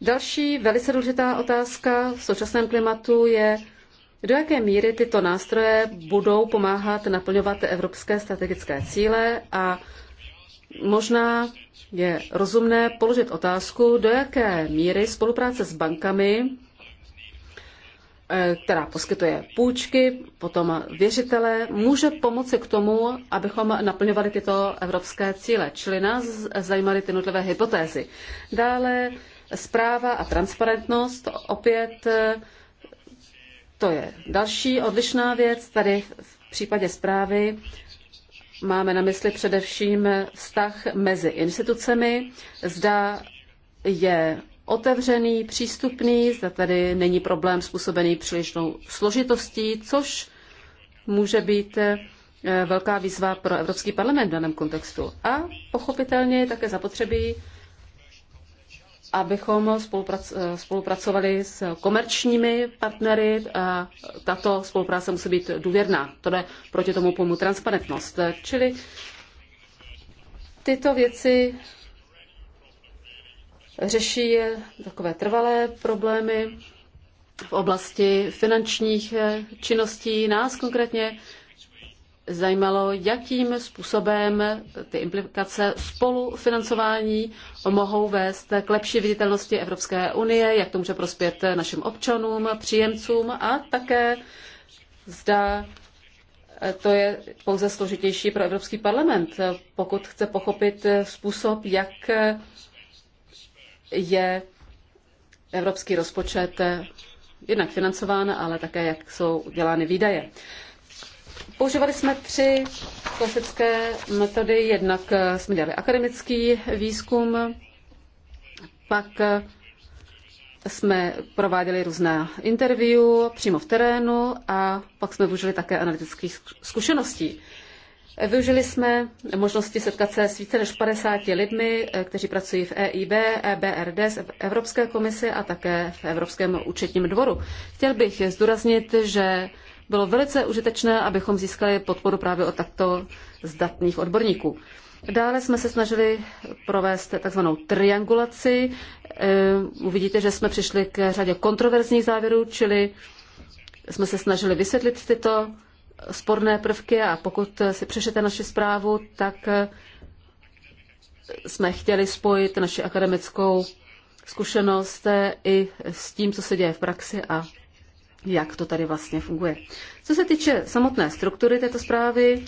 Další velice důležitá otázka v současném klimatu je do jaké míry tyto nástroje budou pomáhat naplňovat evropské strategické cíle a možná je rozumné položit otázku, do jaké míry spolupráce s bankami, eh, která poskytuje půjčky, potom věřitele, může pomoci k tomu, abychom naplňovali tyto evropské cíle. Čili nás zajímaly ty nutlivé hypotézy. Dále zpráva a transparentnost. Opět eh, to je další odlišná věc. Tady v případě zprávy máme na mysli především vztah mezi institucemi. Zda je otevřený, přístupný, zda tady není problém způsobený přílišnou složitostí, což může být eh, velká výzva pro Evropský parlament v daném kontextu. A pochopitelně je také zapotřebí abychom eh, spolupracovali s komerčními partnery. A tato spolupráce musí být důvěrná. To jde proti tomu pomu transparentnost. Čili tyto věci řeší takové trvalé problémy v oblasti finančních eh, činností nás konkrétně zajímalo, jakým způsobem ty implikace spolufinancování mohou vést k lepší viditelnosti Evropské unie, jak to může prospět našim občanům, příjemcům a také zda to je pouze složitější pro Evropský parlament, pokud chce pochopit způsob, jak je evropský rozpočet jednak financován, ale také jak jsou dělány výdaje. Používali jsme tři klasické metody. Jednak eh, jsme dělali akademický výzkum, pak eh, jsme prováděli různá interview přímo v terénu a pak jsme využili také analytických zkušeností. Využili jsme možnosti setkat se s více než 50 lidmi, eh, kteří pracují v EIB, EBRD, v Evropské komisi a také v Evropském účetním dvoru. Chtěl bych zdůraznit, že bylo velice užitečné, abychom získali podporu právě od takto zdatných odborníků. Dále jsme se snažili provést takzvanou triangulaci. Eh, uvidíte, že jsme přišli k řadě kontroverzních závěrů, čili jsme se snažili vysvětlit tyto sporné prvky a pokud si přešete naši zprávu, tak eh, jsme chtěli spojit naši akademickou zkušenost eh, i s tím, co se děje v praxi a jak to tady vlastně funguje. Co se týče samotné struktury této zprávy,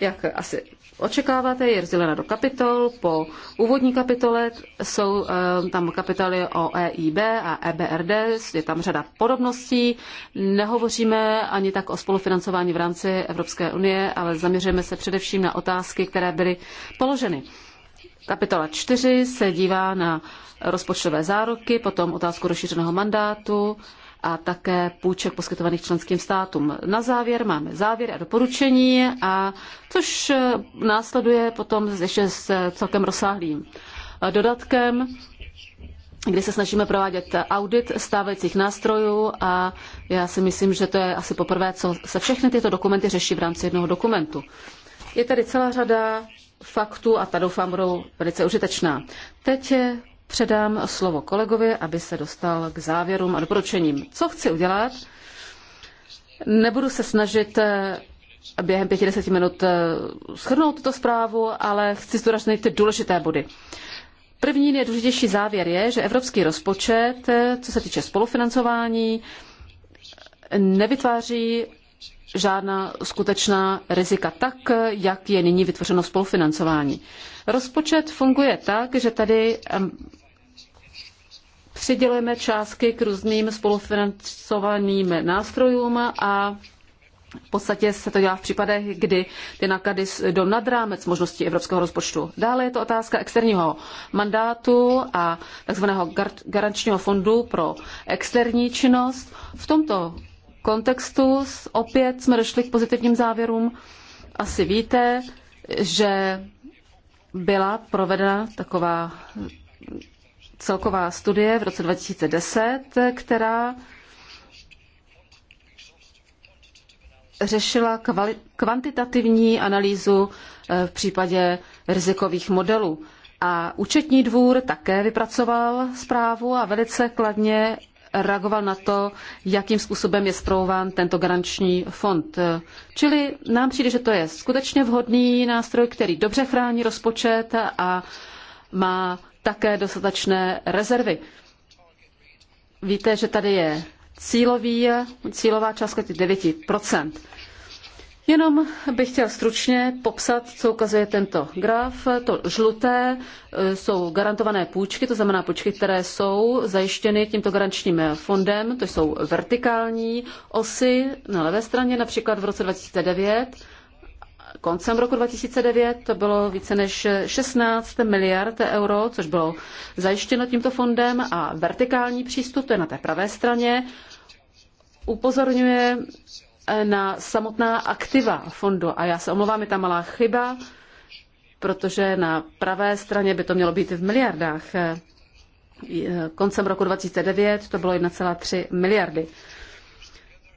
jak asi očekáváte, je rozdělena do kapitol. Po úvodní kapitole jsou eh, tam kapitoly o EIB a EBRD, je tam řada podobností. Nehovoříme ani tak o spolufinancování v rámci Evropské unie, ale zaměřujeme se především na otázky, které byly položeny. Kapitola 4 se dívá na rozpočtové záruky, potom otázku rozšířeného mandátu, a také půjček poskytovaných členským státům. Na závěr máme závěr a doporučení, a což eh, následuje potom ještě s eh, celkem rozsáhlým eh, dodatkem, kdy se snažíme provádět audit stávajících nástrojů a já si myslím, že to je asi poprvé, co se všechny tyto dokumenty řeší v rámci jednoho dokumentu. Je tady celá řada faktů a ta doufám budou velice užitečná. Teď předám slovo kolegovi, aby se dostal k závěrům a doporučením. Co chci udělat? Nebudu se snažit eh, během pěti deseti minut eh, shrnout tuto zprávu, ale chci zdůraznit ty důležité body. První nejdůležitější závěr je, že evropský rozpočet, eh, co se týče spolufinancování, nevytváří žádná skutečná rizika, tak jak je nyní vytvořeno spolufinancování. Rozpočet funguje tak, že tady přidělujeme částky k různým spolufinancovaným nástrojům a v podstatě se to dělá v případech, kdy ty náklady jdou nad rámec možností evropského rozpočtu. Dále je to otázka externího mandátu a tzv. garančního fondu pro externí činnost. V tomto kontextu opět jsme došli k pozitivním závěrům. Asi víte, že byla provedena taková celková studie v roce 2010, která řešila kvantitativní analýzu eh, v případě rizikových modelů. A účetní dvůr také vypracoval zprávu a velice kladně reagoval na to, jakým způsobem je zpravován tento garanční fond. Čili nám přijde, že to je skutečně vhodný nástroj, který dobře chrání rozpočet a má také dostatečné rezervy. Víte, že tady je cílový, cílová částka těch 9%. Jenom bych chtěl stručně popsat, co ukazuje tento graf. To žluté e, jsou garantované půjčky, to znamená půjčky, které jsou zajištěny tímto garančním fondem. To jsou vertikální osy na levé straně, například v roce 2009 koncem roku 2009 to bylo více než 16 miliard euro, což bylo zajištěno tímto fondem a vertikální přístup, to je na té pravé straně, upozorňuje eh, na samotná aktiva fondu. A já se omlouvám, je tam malá chyba, protože na pravé straně by to mělo být v miliardách. Eh, koncem roku 2009 to bylo 1,3 miliardy.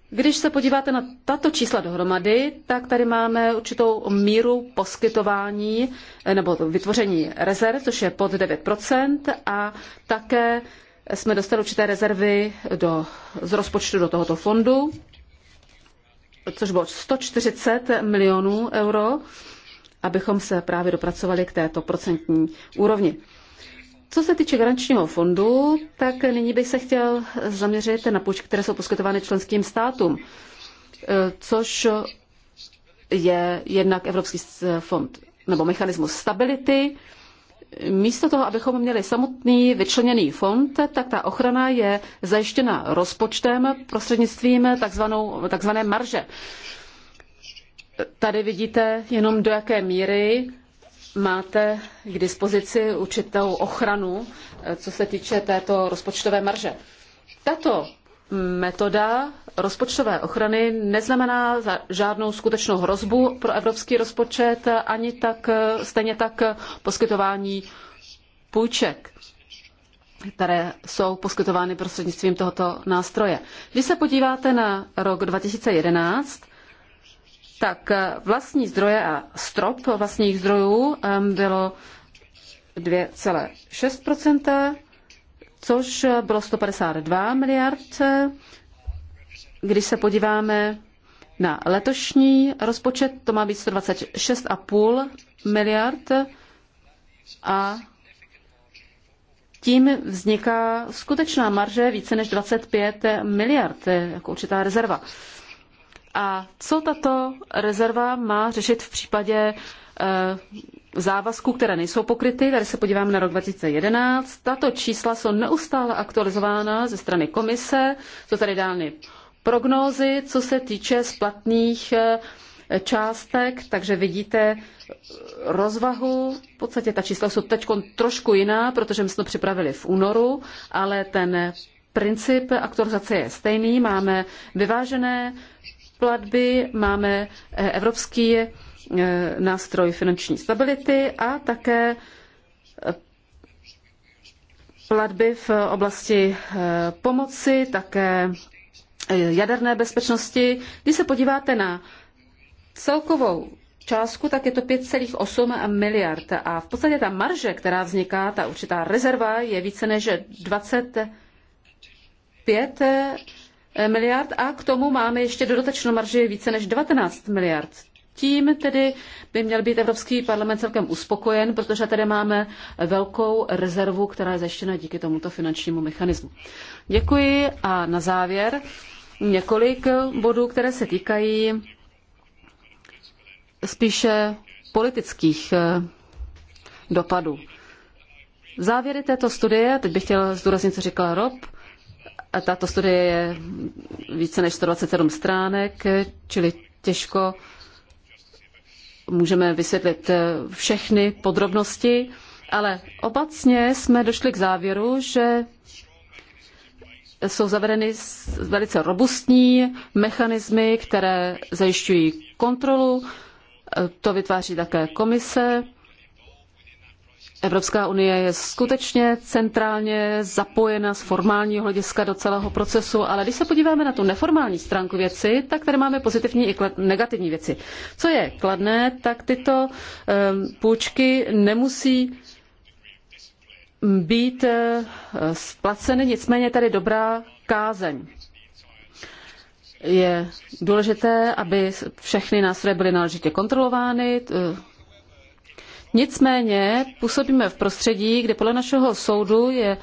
Když se podíváte na tato čísla dohromady, tak tady máme určitou míru poskytování eh, nebo vytvoření rezerv, což je pod 9%, a také jsme dostali určité rezervy do, z rozpočtu do tohoto fondu, což bylo 140 milionů euro, abychom se právě dopracovali k této procentní úrovni. Co se týče garančního fondu, tak nyní bych se chtěl zaměřit na půjčky, které jsou poskytovány členským státům, eh, což je jednak Evropský fond nebo mechanismus stability. Místo toho, abychom měli samotný vyčleněný fond, tak ta ochrana je zajištěna rozpočtem prostřednictvím takzvané marže. Tady vidíte jenom do jaké míry máte k dispozici určitou ochranu, eh, co se týče této rozpočtové marže. Tato metoda rozpočtové ochrany neznamená žádnou skutečnou hrozbu pro evropský rozpočet, ani tak, eh, stejně tak poskytování půjček které jsou poskytovány prostřednictvím tohoto nástroje. Když se podíváte na rok 2011, tak eh, vlastní zdroje a strop vlastních zdrojů bylo 2,6%, což bylo 152 miliard. Když se podíváme na letošní rozpočet, to má být 126,5 miliard a tím vzniká skutečná marže více než 25 miliard, jako určitá rezerva. A co tato rezerva má řešit v případě eh, závazků, které nejsou pokryty. Tady se podíváme na rok 2011. Tato čísla jsou neustále aktualizována ze strany komise. Jsou tady dány prognózy, co se týče splatných eh, částek, takže vidíte eh, rozvahu. V podstatě ta čísla jsou teď trošku jiná, protože my jsme to připravili v únoru, ale ten princip aktualizace je stejný. Máme vyvážené platby, máme eh, evropský eh, nástroj finanční stability a také eh, platby v oblasti pomoci, také jaderné bezpečnosti. Když se podíváte na celkovou částku, tak je to 5,8 miliard. A v podstatě ta marže, která vzniká, ta určitá rezerva, je více než 25 Eh, miliard a k tomu máme ještě dodatečnou marži více než 19 miliard. Tím tedy by měl být Evropský parlament celkem uspokojen, protože tady máme velkou rezervu, která je zajištěna díky tomuto finančnímu mechanismu. Děkuji a na závěr několik bodů, které se týkají spíše politických eh, dopadů. Závěry této studie, teď bych chtěl zdůraznit, co říkal Rob, tato studie je více než 127 stránek, čili těžko můžeme vysvětlit všechny podrobnosti, ale obecně jsme došli k závěru, že jsou zavedeny velice robustní mechanismy, které zajišťují kontrolu. To vytváří také komise Evropská unie je skutečně centrálně zapojena z formálního hlediska do celého procesu, ale když se podíváme na tu neformální stránku věci, tak tady máme pozitivní i negativní věci. Co je kladné, tak tyto ehm, půjčky nemusí být eh, splaceny, nicméně tady dobrá kázeň. Je důležité, aby všechny nástroje byly náležitě kontrolovány, Nicméně působíme v prostředí, kde podle našeho soudu je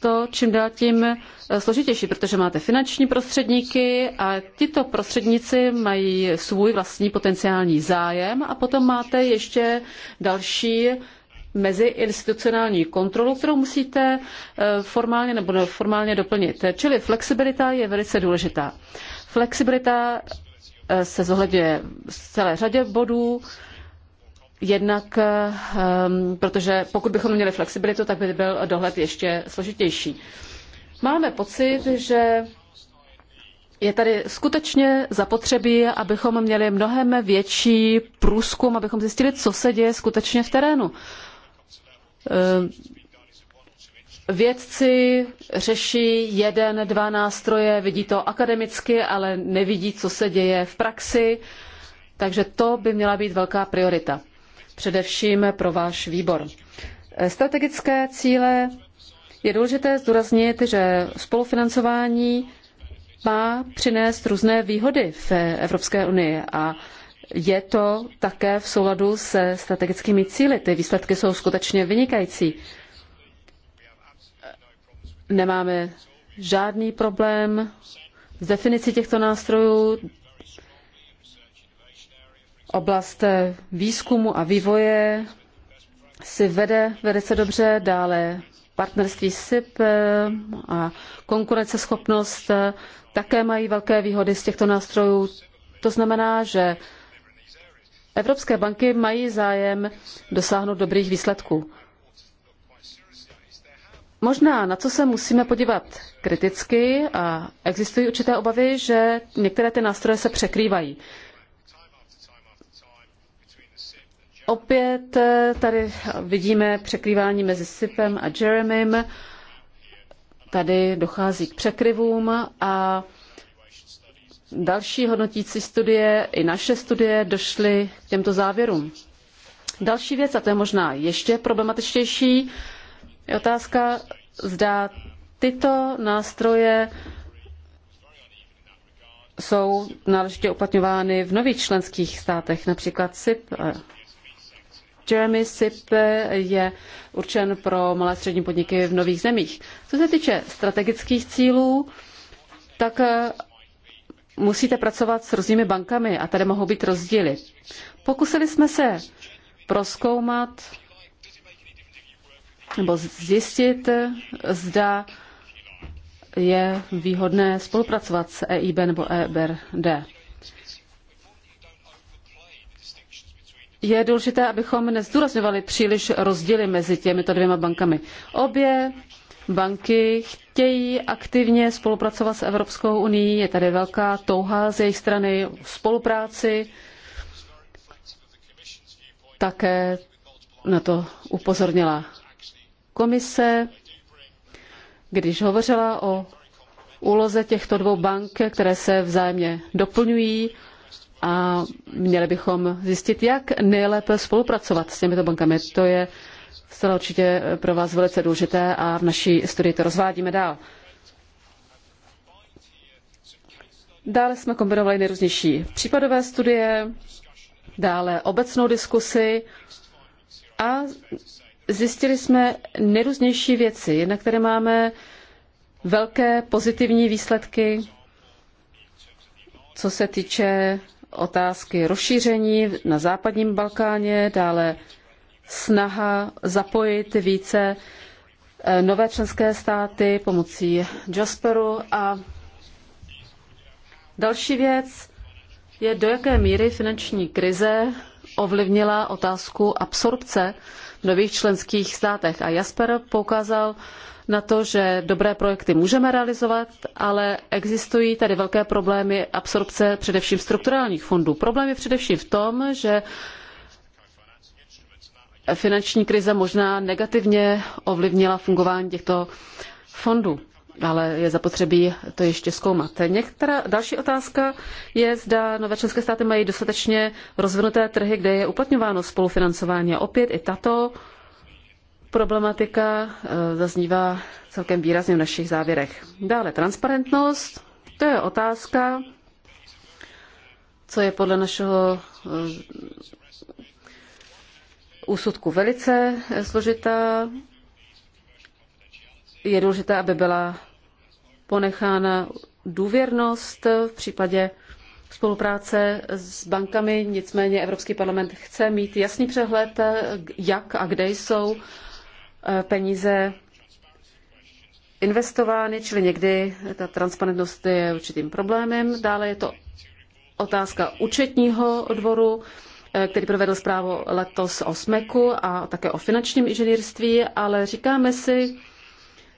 to čím dál tím eh, složitější, protože máte finanční prostředníky a tito prostředníci mají svůj vlastní potenciální zájem a potom máte ještě další meziinstitucionální kontrolu, kterou musíte eh, formálně nebo neformálně doplnit. Čili flexibilita je velice důležitá. Flexibilita eh, se zohledňuje v celé řadě bodů, Jednak, ehm, protože pokud bychom měli flexibilitu, tak by byl dohled ještě složitější. Máme pocit, že je tady skutečně zapotřebí, abychom měli mnohem větší průzkum, abychom zjistili, co se děje skutečně v terénu. Ehm, vědci řeší jeden, dva nástroje, vidí to akademicky, ale nevidí, co se děje v praxi, takže to by měla být velká priorita především pro váš výbor. Strategické cíle je důležité zdůraznit, že spolufinancování má přinést různé výhody v Evropské unii a je to také v souladu se strategickými cíly. Ty výsledky jsou skutečně vynikající. Nemáme žádný problém s definicí těchto nástrojů. Oblast eh, výzkumu a vývoje si vede velice dobře, dále partnerství SIP eh, a konkurenceschopnost eh, také mají velké výhody z těchto nástrojů. To znamená, že evropské banky mají zájem dosáhnout dobrých výsledků. Možná na co se musíme podívat kriticky a existují určité obavy, že některé ty nástroje se překrývají. Opět eh, tady vidíme překrývání mezi Sipem a Jeremym. Tady dochází k překryvům a další hodnotící studie i naše studie došly k těmto závěrům. Další věc, a to je možná ještě problematičtější, je otázka, zda tyto nástroje jsou náležitě uplatňovány v nových členských státech, například SIP, Jeremy SIP je určen pro malé střední podniky v nových zemích. Co se týče strategických cílů, tak eh, musíte pracovat s různými bankami a tady mohou být rozdíly. Pokusili jsme se proskoumat nebo zjistit, zda je výhodné spolupracovat s EIB nebo EBRD. je důležité, abychom nezdůrazňovali příliš rozdíly mezi těmito dvěma bankami. Obě banky chtějí aktivně spolupracovat s Evropskou unii, je tady velká touha z jejich strany spolupráci. Také na to upozornila komise, když hovořila o úloze těchto dvou bank, které se vzájemně doplňují, a měli bychom zjistit, jak nejlépe spolupracovat s těmito bankami. To je zcela určitě pro vás velice důležité a v naší studii to rozvádíme dál. Dále jsme kombinovali nejrůznější případové studie, dále obecnou diskusi a zjistili jsme nejrůznější věci, na které máme velké pozitivní výsledky, co se týče otázky rozšíření na západním Balkáně, dále snaha zapojit více eh, nové členské státy pomocí Jasperu a další věc je, do jaké míry finanční krize ovlivnila otázku absorpce v nových členských státech. A Jasper poukázal na to, že dobré projekty můžeme realizovat, ale existují tady velké problémy absorpce především strukturálních fondů. Problém je především v tom, že finanční krize možná negativně ovlivnila fungování těchto fondů, ale je zapotřebí to ještě zkoumat. Některá další otázka je, zda nové členské státy mají dostatečně rozvinuté trhy, kde je uplatňováno spolufinancování. A opět i tato problematika eh, zaznívá celkem výrazně v našich závěrech. Dále transparentnost, to je otázka, co je podle našeho eh, úsudku velice eh, složitá. Je důležité, aby byla ponechána důvěrnost v případě spolupráce s bankami, nicméně Evropský parlament chce mít jasný přehled, jak a kde jsou Eh, peníze investovány, čili někdy ta transparentnost je určitým problémem. Dále je to otázka účetního odboru, eh, který provedl zprávu letos o SMECu a také o finančním inženýrství, ale říkáme si,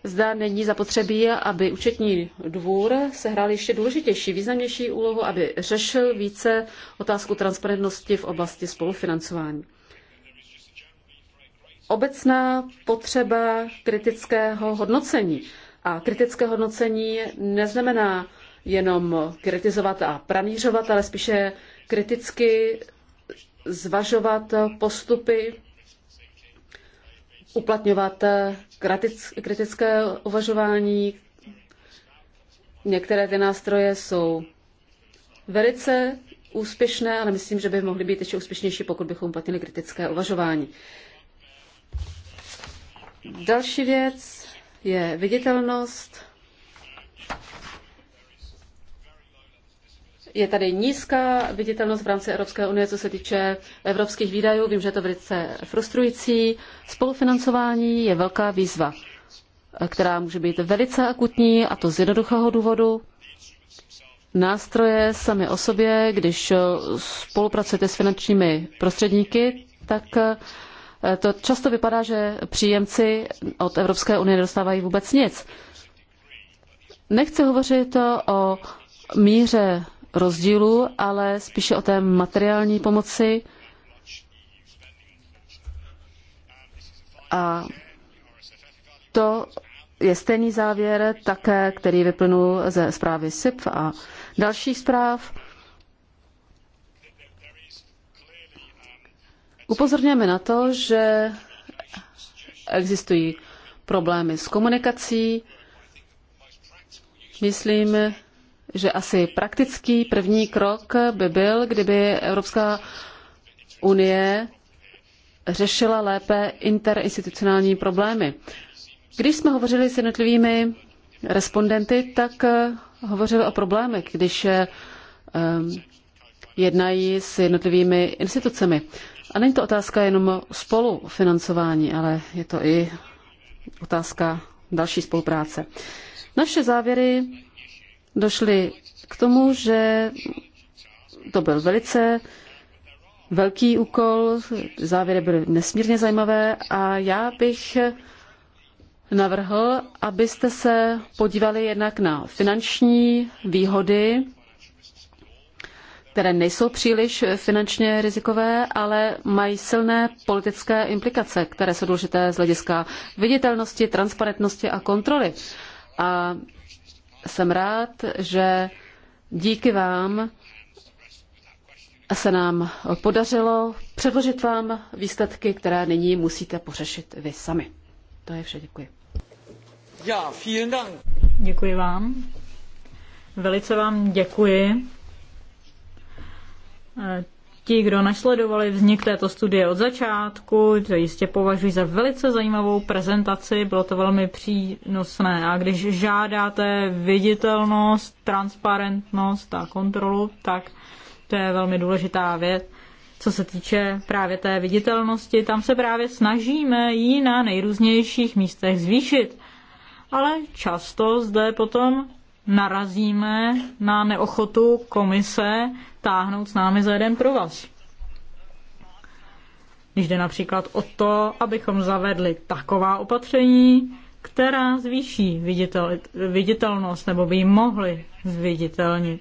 zda není zapotřebí, aby účetní dvůr sehrál ještě důležitější, významnější úlohu, aby řešil více otázku transparentnosti v oblasti spolufinancování obecná potřeba kritického hodnocení. A kritické hodnocení neznamená jenom kritizovat a pranířovat, ale spíše kriticky zvažovat postupy, uplatňovat kritické uvažování. Některé ty nástroje jsou velice úspěšné, ale myslím, že by mohly být ještě úspěšnější, pokud bychom uplatnili kritické uvažování. Další věc je viditelnost. Je tady nízká viditelnost v rámci Evropské unie, co se týče evropských výdajů. Vím, že je to velice frustrující. Spolufinancování je velká výzva, která může být velice akutní, a to z jednoduchého důvodu. Nástroje sami o sobě, když spolupracujete s finančními prostředníky, tak Eh, to často vypadá, že příjemci od Evropské unie nedostávají vůbec nic. Nechci hovořit o míře rozdílu, ale spíše o té materiální pomoci. A to je stejný závěr také, který vyplynul ze zprávy SIP a dalších zpráv. Upozorňujeme na to, že existují problémy s komunikací. Myslím, že asi praktický první krok by byl, kdyby Evropská unie řešila lépe interinstitucionální problémy. Když jsme hovořili s jednotlivými respondenty, tak eh, hovořili o problémech, když eh, eh, jednají s jednotlivými institucemi. A není to otázka jenom spolufinancování, ale je to i otázka další spolupráce. Naše závěry došly k tomu, že to byl velice velký úkol, závěry byly nesmírně zajímavé a já bych navrhl, abyste se podívali jednak na finanční výhody které nejsou příliš finančně rizikové, ale mají silné politické implikace, které jsou důležité z hlediska viditelnosti, transparentnosti a kontroly. A jsem rád, že díky vám se nám podařilo předložit vám výsledky, které nyní musíte pořešit vy sami. To je vše, děkuji. Ja, vielen Dank. Děkuji vám. Velice vám děkuji Eh, ti, kdo nesledovali vznik této studie od začátku, to jistě považuji za velice zajímavou prezentaci, bylo to velmi přínosné. A když žádáte viditelnost, transparentnost a kontrolu, tak to je velmi důležitá věc. Co se týče právě té viditelnosti, tam se právě snažíme ji na nejrůznějších místech zvýšit. Ale často zde potom narazíme na neochotu komise táhnout s námi za jeden provaz. Když jde například o to, abychom zavedli taková opatření, která zvýší viditel, viditelnost nebo by ji mohli zviditelnit.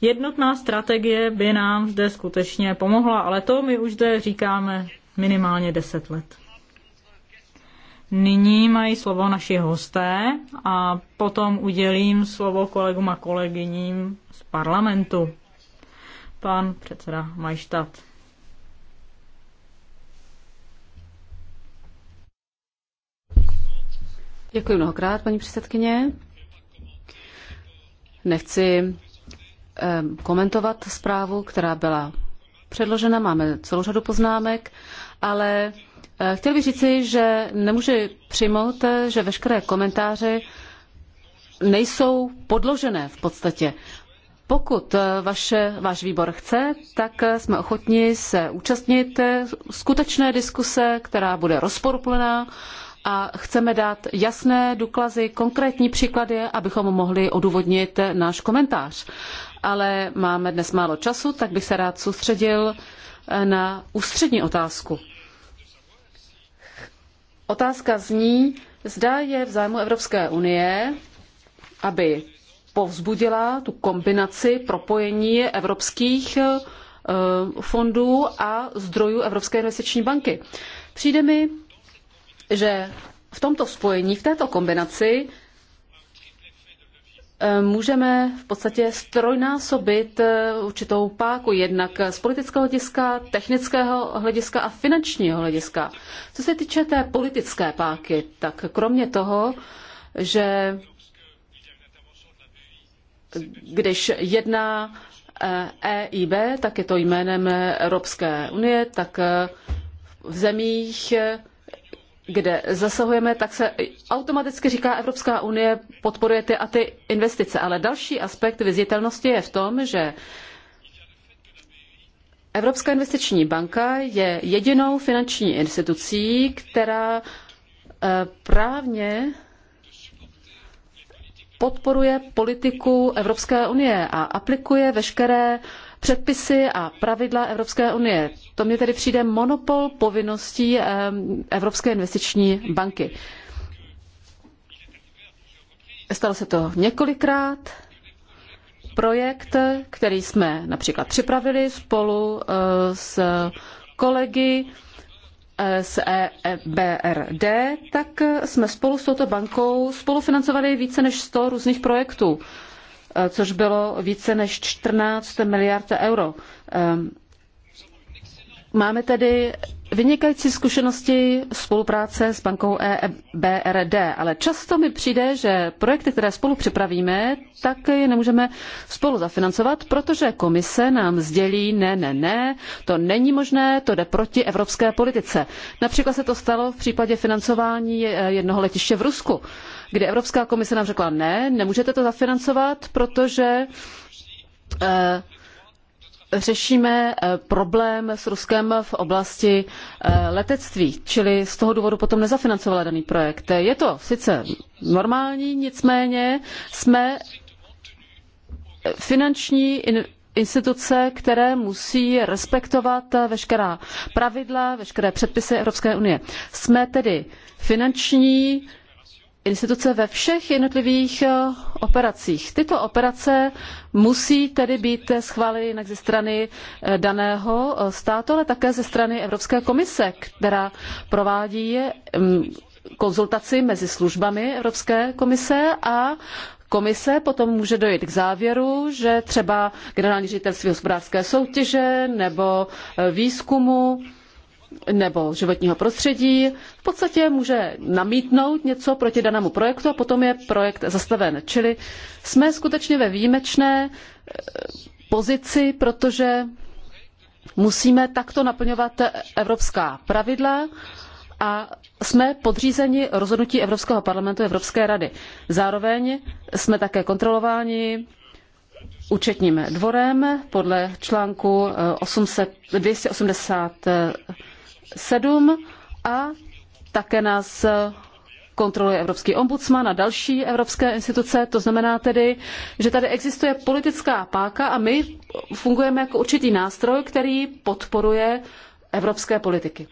Jednotná strategie by nám zde skutečně pomohla, ale to my už zde říkáme minimálně 10 let. Nyní mají slovo naši hosté a potom udělím slovo kolegům a kolegyním z parlamentu. Pan předseda Majštat. Děkuji mnohokrát, paní předsedkyně. Nechci eh, komentovat zprávu, která byla předložena. Máme celou řadu poznámek, ale Eh, chtěl bych říci, že nemůžu přijmout, eh, že veškeré komentáře nejsou podložené v podstatě. Pokud eh, vaše, váš výbor chce, tak jsme ochotni se účastnit skutečné diskuse, která bude rozporuplná a chceme dát jasné důkazy, konkrétní příklady, abychom mohli odůvodnit náš komentář. Ale máme dnes málo času, tak bych se rád soustředil na ústřední otázku. Otázka zní, zda je v zájmu Evropské unie, aby povzbudila tu kombinaci propojení evropských eh, fondů a zdrojů Evropské investiční banky. Přijde mi, že v tomto spojení, v této kombinaci Eh, můžeme v podstatě strojnásobit eh, určitou páku jednak z politického hlediska, technického hlediska a finančního hlediska. Co se týče té politické páky, tak kromě toho, že když jedná EIB, eh, e tak je to jménem Evropské unie, tak v zemích kde zasahujeme, tak se automaticky říká, Evropská unie podporuje ty a ty investice. Ale další aspekt vizitelnosti je v tom, že Evropská investiční banka je jedinou finanční institucí, která eh, právně podporuje politiku Evropské unie a aplikuje veškeré uh, předpisy a pravidla Evropské unie. To mě tedy přijde monopol povinností eh, Evropské investiční banky. Stalo se to několikrát. Projekt, který jsme například připravili spolu eh, s kolegy eh, z EBRD, e tak jsme spolu s touto bankou spolufinancovali více než 100 různých projektů. Eh, což bylo více než 14 miliard euro. Ehm, máme tedy vynikající zkušenosti spolupráce s bankou EBRD, ale často mi přijde, že projekty, které spolu připravíme, tak je nemůžeme spolu zafinancovat, protože komise nám sdělí, ne, ne, ne, to není možné, to jde proti evropské politice. Například se to stalo v případě financování eh, jednoho letiště v Rusku, kdy Evropská komise nám řekla, ne, nemůžete to zafinancovat, protože eh, řešíme eh, problém s Ruskem v oblasti eh, letectví, čili z toho důvodu potom nezafinancovala daný projekt. Je to sice normální, nicméně jsme finanční instituce, které musí respektovat eh, veškerá pravidla, veškeré předpisy Evropské unie. Jsme tedy finanční instituce ve všech jednotlivých eh, operacích. Tyto operace musí tedy být schváleny jinak ze strany eh, daného eh, státu, ale také ze strany Evropské komise, která provádí mm, konzultaci mezi službami Evropské komise a komise potom může dojít k závěru, že třeba generální ředitelství hospodářské soutěže nebo výzkumu nebo životního prostředí v podstatě může namítnout něco proti danému projektu a potom je projekt zastaven. Čili jsme skutečně ve výjimečné eh, pozici, protože musíme takto naplňovat evropská pravidla a jsme podřízeni rozhodnutí Evropského parlamentu a Evropské rady. Zároveň jsme také kontrolováni účetním dvorem podle článku 800, eh, 280 7 a také nás kontroluje Evropský ombudsman a další evropské instituce. To znamená tedy, že tady existuje politická páka a my fungujeme jako určitý nástroj, který podporuje evropské politiky.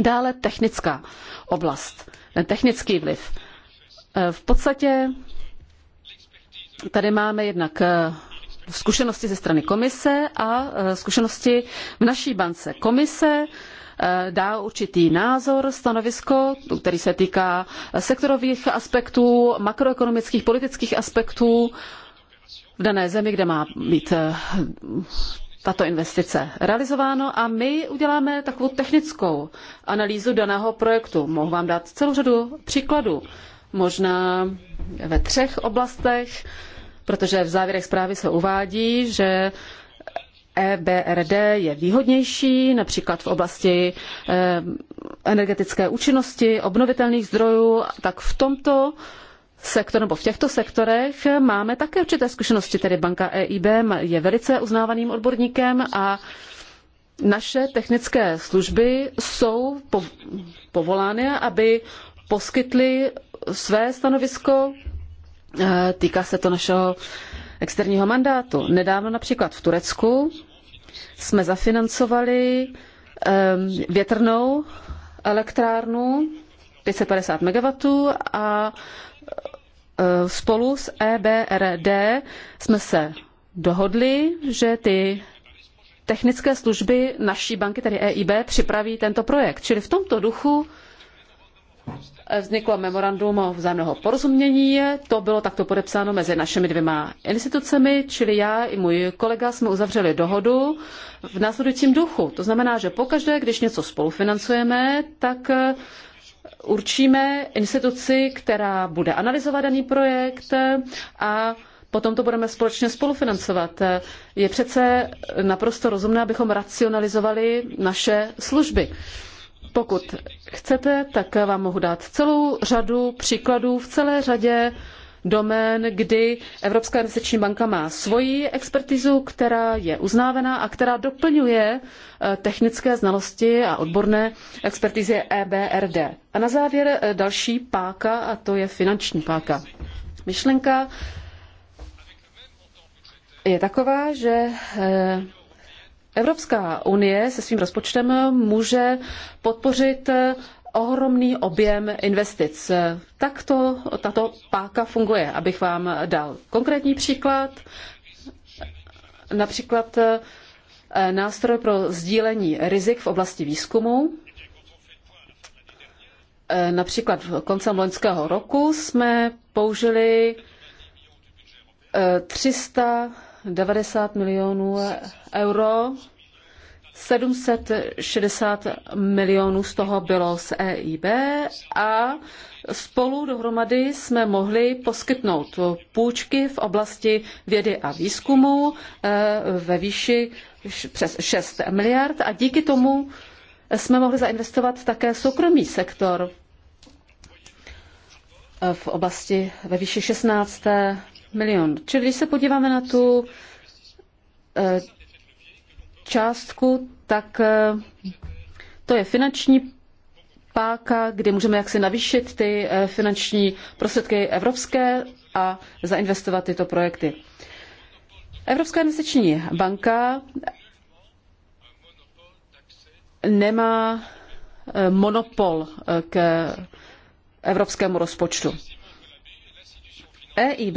Dále technická oblast, ten technický vliv. V podstatě tady máme jednak eh, zkušenosti ze strany komise a eh, zkušenosti v naší bance. Komise Eh, dá určitý názor, stanovisko, který se týká sektorových aspektů, makroekonomických, politických aspektů v dané zemi, kde má být eh, tato investice realizováno a my uděláme takovou technickou analýzu daného projektu. Mohu vám dát celou řadu příkladů, možná ve třech oblastech, protože v závěrech zprávy se uvádí, že EBRD je výhodnější, například v oblasti eh, energetické účinnosti, obnovitelných zdrojů, tak v tomto sektoru, nebo v těchto sektorech máme také určité zkušenosti, tedy banka EIB je velice uznávaným odborníkem a naše technické služby jsou povolány, aby poskytly své stanovisko. Eh, týká se to našeho externího mandátu. Nedávno například v Turecku jsme zafinancovali ehm, větrnou elektrárnu 550 MW a eh, spolu s EBRD jsme se dohodli, že ty technické služby naší banky, tedy EIB, připraví tento projekt. Čili v tomto duchu vzniklo memorandum vzájemného porozumění. To bylo takto podepsáno mezi našimi dvěma institucemi, čili já i můj kolega jsme uzavřeli dohodu v následujícím duchu. To znamená, že pokaždé, když něco spolufinancujeme, tak eh, určíme instituci, která bude analyzovat daný projekt eh, a potom to budeme společně spolufinancovat. Eh, je přece naprosto rozumné, abychom racionalizovali naše služby. Pokud chcete, tak vám mohu dát celou řadu příkladů v celé řadě domén, kdy Evropská investiční banka má svoji expertizu, která je uznávená a která doplňuje eh, technické znalosti a odborné expertizy EBRD. A na závěr eh, další páka, a to je finanční páka. Myšlenka je taková, že eh, Evropská unie se svým rozpočtem může podpořit ohromný objem investic. Takto tato páka funguje. Abych vám dal konkrétní příklad, například eh, nástroj pro sdílení rizik v oblasti výzkumu. Eh, například koncem loňského roku jsme použili 300 eh, 90 milionů euro, 760 milionů z toho bylo z EIB a spolu dohromady jsme mohli poskytnout půjčky v oblasti vědy a výzkumu eh, ve výši přes 6 miliard a díky tomu jsme mohli zainvestovat také soukromý sektor eh, v oblasti ve výši 16 milion. Čili když se podíváme na tu eh, částku, tak eh, to je finanční páka, kde můžeme jaksi navýšit ty eh, finanční prostředky evropské a zainvestovat tyto projekty. Evropská investiční banka nemá monopol k evropskému rozpočtu. EIB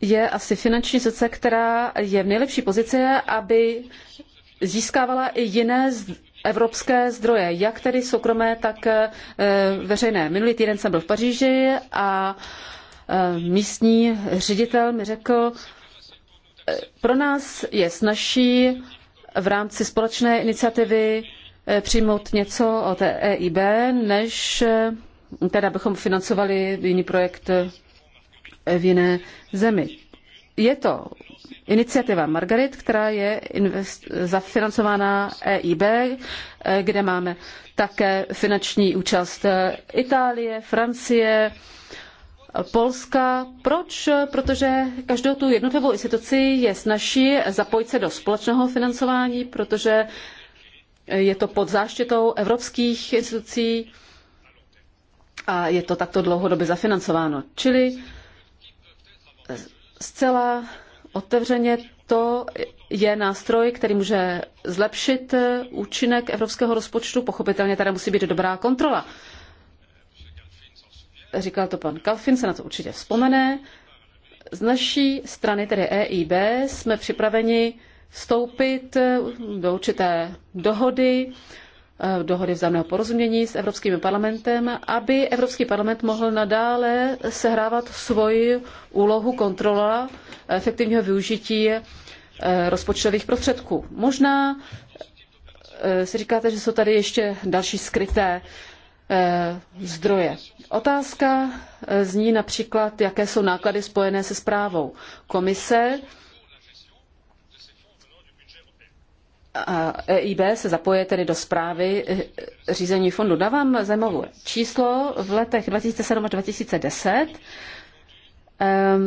je asi finanční instituce, která je v nejlepší pozici, aby získávala i jiné evropské zdroje, jak tedy soukromé, tak e, veřejné. Minulý týden jsem byl v Paříži a e, místní ředitel mi řekl, e, pro nás je snažší v rámci společné iniciativy přijmout něco od EIB, než teda bychom financovali jiný projekt v jiné zemi. Je to iniciativa Margarit, která je zafinancována EIB, kde máme také finanční účast Itálie, Francie, Polska. Proč? Protože každou tu jednotlivou instituci je snaží zapojit se do společného financování, protože je to pod záštitou evropských institucí a je to takto dlouhodobě zafinancováno. Čili zcela otevřeně to je nástroj, který může zlepšit eh, účinek evropského rozpočtu. Pochopitelně tady musí být dobrá kontrola. Říkal to pan Kalfin, se na to určitě vzpomene. Z naší strany, tedy EIB, jsme připraveni vstoupit eh, do určité dohody Eh, dohody vzájemného porozumění s Evropským parlamentem, aby Evropský parlament mohl nadále sehrávat svoji úlohu kontrola efektivního využití eh, rozpočtových prostředků. Možná eh, si říkáte, že jsou tady ještě další skryté zdroje. Otázka zní například, jaké jsou náklady spojené se zprávou. Komise A EIB se zapoje tedy do zprávy eh, řízení fondu. Dávám zajímavé číslo. V letech 2007 až 2010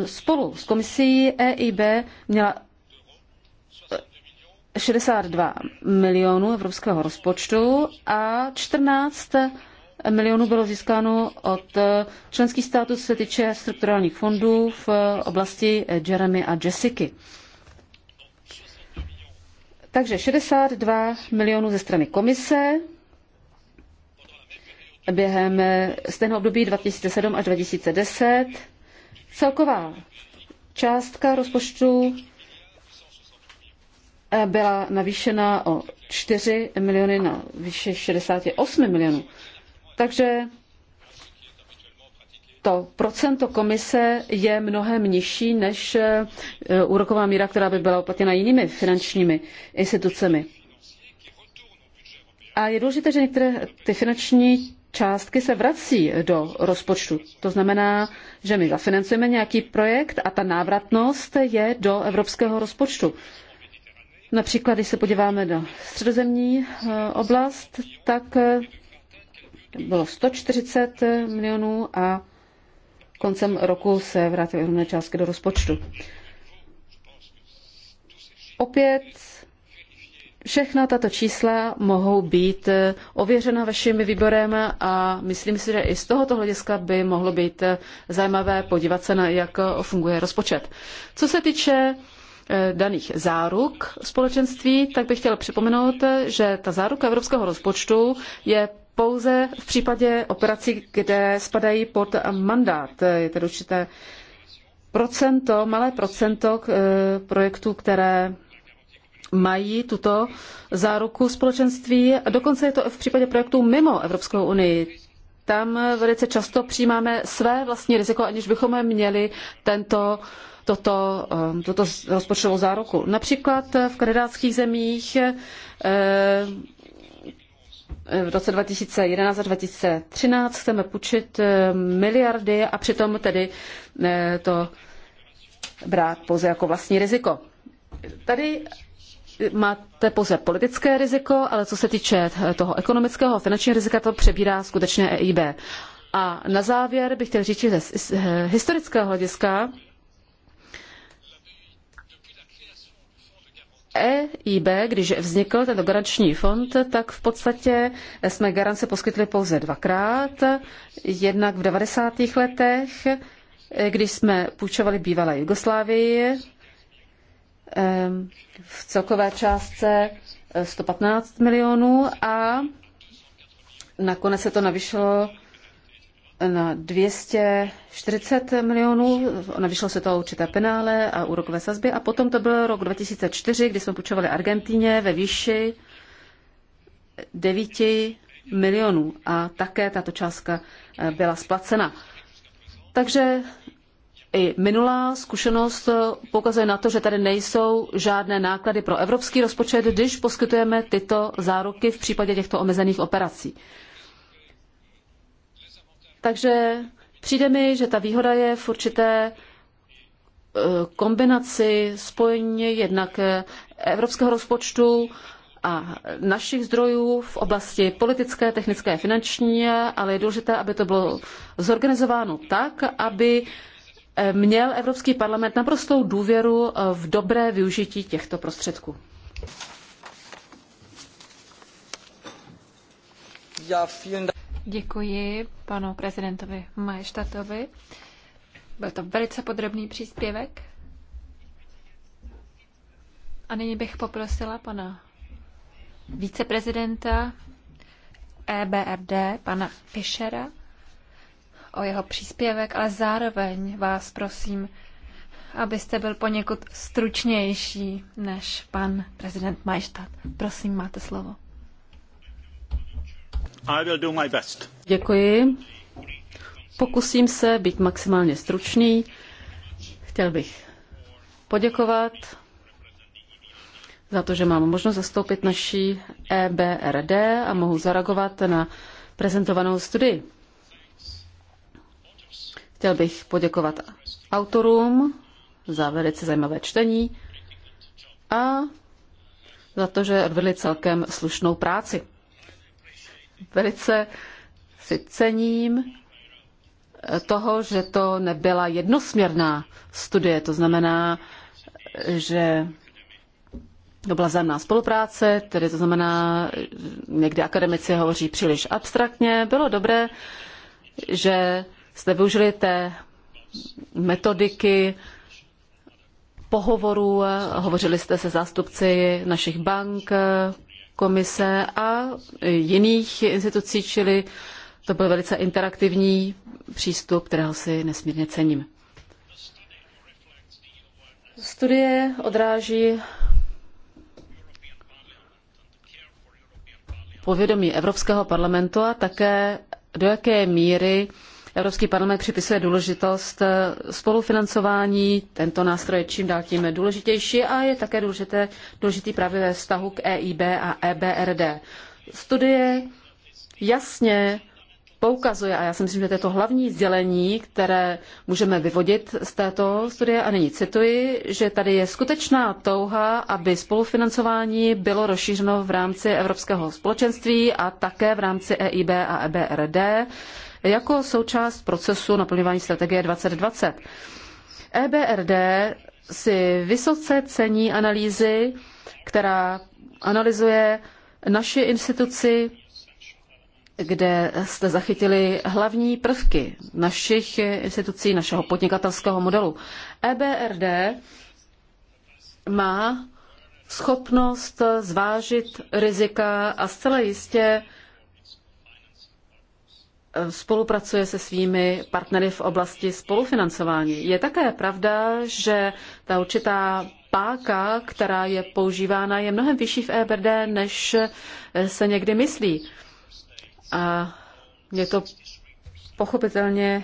spolu s komisí EIB měla 62 eh, milionů evropského rozpočtu a 14 milionů bylo získáno od eh, členských států, co se týče strukturálních fondů v oblasti Jeremy a Jessica. Takže 62 milionů ze strany komise během stejného období 2007 až 2010. Celková částka rozpočtu eh, byla navýšena o 4 miliony na výše 68 milionů. Takže to procento komise je mnohem nižší než eh, úroková míra, která by byla uplatněna jinými finančními institucemi. A je důležité, že některé ty finanční částky se vrací do rozpočtu. To znamená, že my zafinancujeme nějaký projekt a ta návratnost je do evropského rozpočtu. Například, když se podíváme do středozemní eh, oblast, tak eh, bylo 140 milionů a koncem roku se vrátily rovné částky do rozpočtu. Opět všechna tato čísla mohou být eh, ověřena vaším výborem a myslím si, že i z tohoto hlediska by mohlo být eh, zajímavé podívat se na, jak eh, funguje rozpočet. Co se týče daných záruk společenství, tak bych chtěla připomenout, že ta záruka evropského rozpočtu je pouze v případě operací, kde spadají pod mandát. Je tedy určité procento, malé procento e, projektů, které mají tuto záruku společenství. a Dokonce je to v případě projektů mimo Evropskou unii. Tam velice často přijímáme své vlastní riziko, aniž bychom měli tento, toto, e, toto rozpočtovou záruku. Například v kandidátských zemích e, v roce 2011 a 2013 chceme půjčit eh, miliardy a přitom tedy eh, to brát pouze jako vlastní riziko. Tady máte pouze politické riziko, ale co se týče eh, toho ekonomického a finančního rizika, to přebírá skutečně EIB. A na závěr bych chtěl říct, že z historického hlediska EIB, když vznikl tento garanční fond, tak v podstatě jsme garance poskytli pouze dvakrát. Jednak v 90. letech, když jsme půjčovali bývalé Jugoslávii v celkové částce 115 eh, milionů a nakonec se to navyšlo na 240 milionů, navýšilo se to určité penále a úrokové sazby a potom to byl rok 2004, kdy jsme půjčovali Argentíně ve výši 9 milionů a také tato částka eh, byla splacena. Takže i minulá zkušenost poukazuje na to, že tady nejsou žádné náklady pro evropský rozpočet, když poskytujeme tyto záruky v případě těchto omezených operací. Takže přijde mi, že ta výhoda je v určité e, kombinaci spojení jednak evropského rozpočtu a našich zdrojů v oblasti politické, technické, finanční, ale je důležité, aby to bylo zorganizováno tak, aby e, měl Evropský parlament naprostou důvěru e, v dobré využití těchto prostředků. Děkuji panu prezidentovi Majštatovi. Byl to velice podrobný příspěvek. A nyní bych poprosila pana viceprezidenta EBRD, pana Fischera, o jeho příspěvek, ale zároveň vás prosím, abyste byl poněkud stručnější než pan prezident Majštat. Prosím, máte slovo. I will do my best. Děkuji. Pokusím se být maximálně stručný. Chtěl bych poděkovat za to, že mám možnost zastoupit naší EBRD a mohu zareagovat na prezentovanou studii. Chtěl bych poděkovat autorům za velice zajímavé čtení a za to, že odvedli celkem slušnou práci velice si cením toho, že to nebyla jednosměrná studie. To znamená, že to byla zájemná spolupráce, tedy to znamená, někdy akademici hovoří příliš abstraktně. Bylo dobré, že jste využili té metodiky pohovorů, hovořili jste se zástupci našich bank, komise a jiných institucí, čili to byl velice interaktivní přístup, kterého si nesmírně cením. Studie odráží povědomí Evropského parlamentu a také do jaké míry Evropský parlament připisuje důležitost eh, spolufinancování. Tento nástroj je čím dál tím důležitější a je také důležité, důležitý právě ve vztahu k EIB a EBRD. Studie jasně poukazuje, a já si myslím, že to je to hlavní sdělení, které můžeme vyvodit z této studie, a nyní cituji, že tady je skutečná touha, aby spolufinancování bylo rozšířeno v rámci Evropského společenství a také v rámci EIB a EBRD jako součást procesu naplňování strategie 2020. EBRD si vysoce cení analýzy, která analyzuje naši instituci, kde jste zachytili hlavní prvky našich institucí, našeho podnikatelského modelu. EBRD má schopnost zvážit rizika a zcela jistě spolupracuje se svými partnery v oblasti spolufinancování. Je také pravda, že ta určitá páka, která je používána, je mnohem vyšší v EBRD, než se někdy myslí. A je to pochopitelně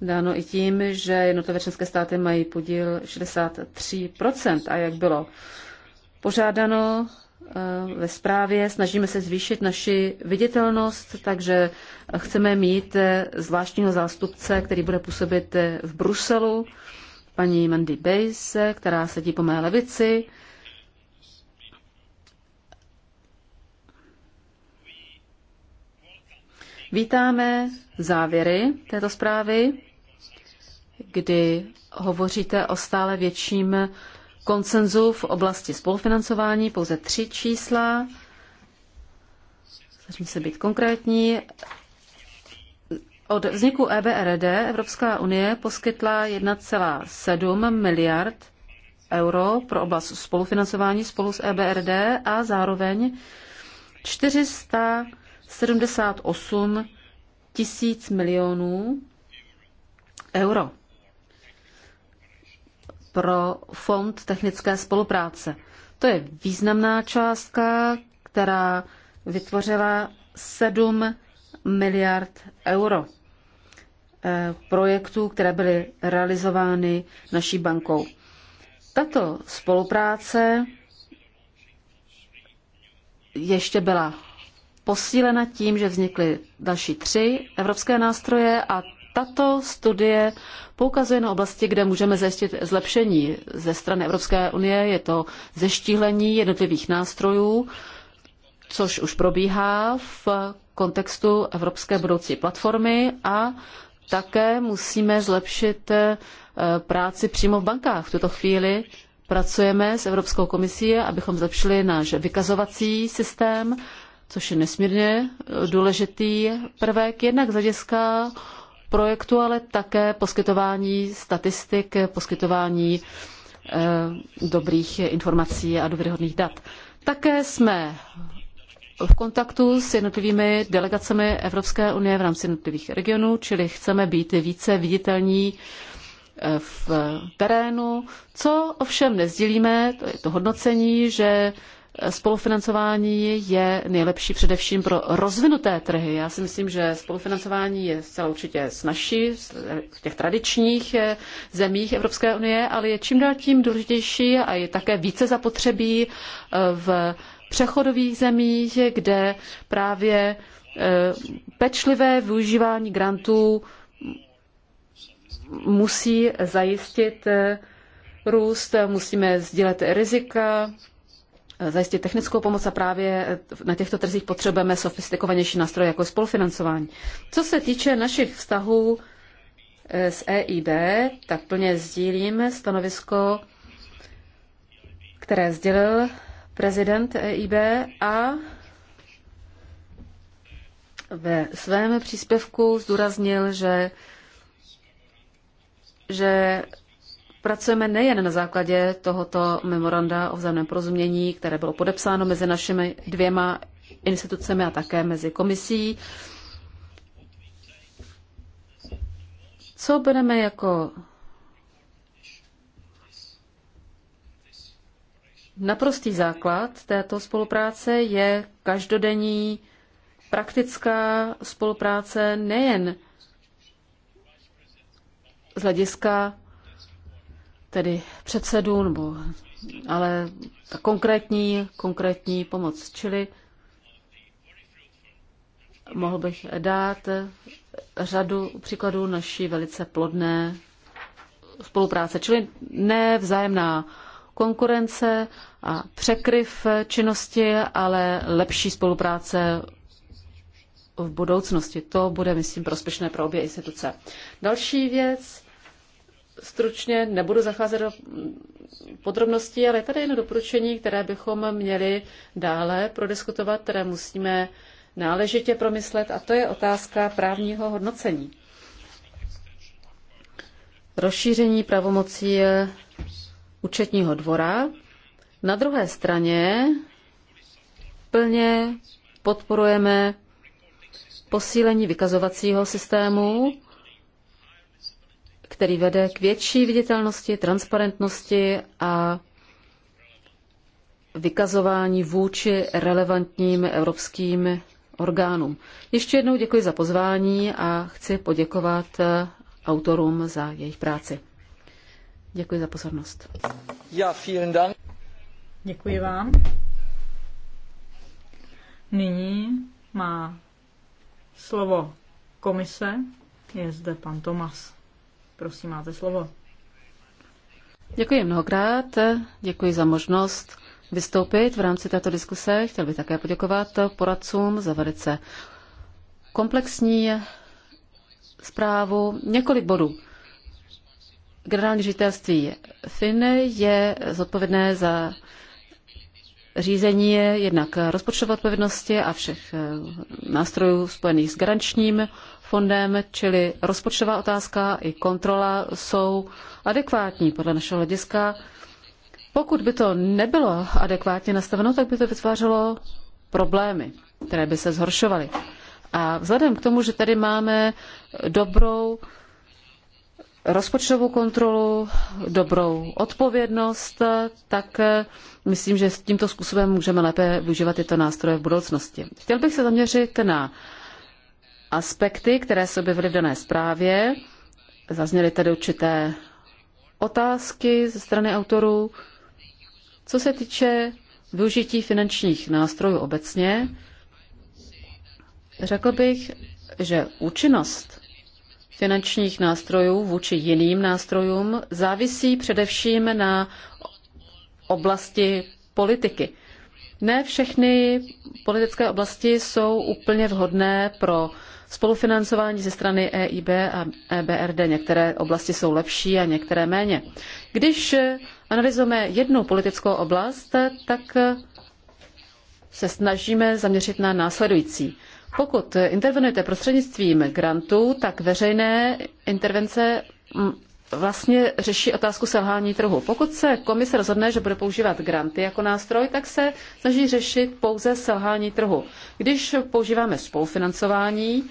dáno i tím, že jednotlivé členské státy mají podíl 63%. A jak bylo požádáno, Eh, ve zprávě. Snažíme se zvýšit naši viditelnost, takže chceme mít eh, zvláštního zástupce, který bude působit eh, v Bruselu, paní Mandy Bays, která sedí po mé levici. Vítáme závěry této zprávy, kdy hovoříte o stále větším konsenzu v oblasti spolufinancování, pouze tři čísla. Snažím se být konkrétní. Od vzniku EBRD Evropská unie poskytla 1,7 miliard euro pro oblast spolufinancování spolu s EBRD a zároveň 478 tisíc milionů euro pro Fond technické spolupráce. To je významná částka, která vytvořila 7 miliard euro eh, projektů, které byly realizovány naší bankou. Tato spolupráce ještě byla posílena tím, že vznikly další tři evropské nástroje a tato studie poukazuje na oblasti, kde můžeme zajistit zlepšení ze strany Evropské unie. Je to zeštíhlení jednotlivých nástrojů, což už probíhá v kontextu Evropské budoucí platformy a také musíme zlepšit eh, práci přímo v bankách. V tuto chvíli pracujeme s Evropskou komisí, abychom zlepšili náš vykazovací systém, což je nesmírně důležitý prvek, jednak z hlediska projektu, ale také poskytování statistik, poskytování eh, dobrých informací a důvěryhodných dat. Také jsme v kontaktu s jednotlivými delegacemi Evropské unie v rámci jednotlivých regionů, čili chceme být více viditelní eh, v terénu, co ovšem nezdělíme, to je to hodnocení, že spolufinancování je nejlepší především pro rozvinuté trhy. Já si myslím, že spolufinancování je zcela určitě snažší v těch tradičních eh, zemích Evropské unie, ale je čím dál tím důležitější a je také více zapotřebí eh, v přechodových zemích, kde právě eh, pečlivé využívání grantů musí zajistit růst, musíme sdílet rizika, zajistit technickou pomoc a právě eh, na těchto trzích potřebujeme sofistikovanější nástroje jako spolufinancování. Co se týče našich vztahů eh, s EIB, tak plně sdílím stanovisko, které sdělil prezident EIB a ve svém příspěvku zdůraznil, že, že Pracujeme nejen na základě tohoto memoranda o vzájemném porozumění, které bylo podepsáno mezi našimi dvěma institucemi a také mezi komisí. Co bereme jako Naprostý základ této spolupráce je každodenní praktická spolupráce nejen z hlediska tedy předsedů, nebo, ale ta konkrétní, konkrétní pomoc. Čili mohl bych dát řadu příkladů naší velice plodné spolupráce, čili ne vzájemná konkurence a překryv činnosti, ale lepší spolupráce v budoucnosti. To bude, myslím, prospěšné pro obě instituce. Další věc, stručně, nebudu zacházet do podrobností, ale je tady jedno doporučení, které bychom měli dále prodiskutovat, které musíme náležitě promyslet, a to je otázka právního hodnocení. Rozšíření pravomocí účetního dvora. Na druhé straně plně podporujeme posílení vykazovacího systému, který vede k větší viditelnosti, transparentnosti a vykazování vůči relevantním evropským orgánům. Ještě jednou děkuji za pozvání a chci poděkovat eh, autorům za jejich práci. Děkuji za pozornost. Ja, vielen Dank. Děkuji vám. Nyní má slovo komise. Je zde pan Tomas. Prosím, máte slovo. Děkuji mnohokrát, děkuji za možnost vystoupit v rámci této diskuse. Chtěl bych také poděkovat poradcům za velice komplexní zprávu. Několik bodů. Generální ředitelství FIN je zodpovědné za řízení jednak rozpočtové odpovědnosti a všech eh, nástrojů spojených s garančním fondem, čili rozpočtová otázka i kontrola jsou adekvátní podle našeho hlediska. Pokud by to nebylo adekvátně nastaveno, tak by to vytvářelo problémy, které by se zhoršovaly. A vzhledem k tomu, že tady máme dobrou rozpočtovou kontrolu, dobrou odpovědnost, tak eh, myslím, že s tímto způsobem můžeme lépe využívat tyto nástroje v budoucnosti. Chtěl bych se zaměřit na aspekty, které se objevily v dané zprávě. Zazněly tady určité otázky ze strany autorů. Co se týče využití finančních nástrojů obecně, řekl bych, že účinnost finančních nástrojů vůči jiným nástrojům závisí především na oblasti politiky. Ne všechny politické oblasti jsou úplně vhodné pro spolufinancování ze strany EIB a EBRD. Některé oblasti jsou lepší a některé méně. Když analyzujeme jednu politickou oblast, tak se snažíme zaměřit na následující. Pokud intervenujete prostřednictvím grantů, tak veřejné intervence mm, vlastně řeší otázku selhání trhu. Pokud se komise rozhodne, že bude používat granty jako nástroj, tak se snaží řešit pouze selhání trhu. Když používáme spolufinancování,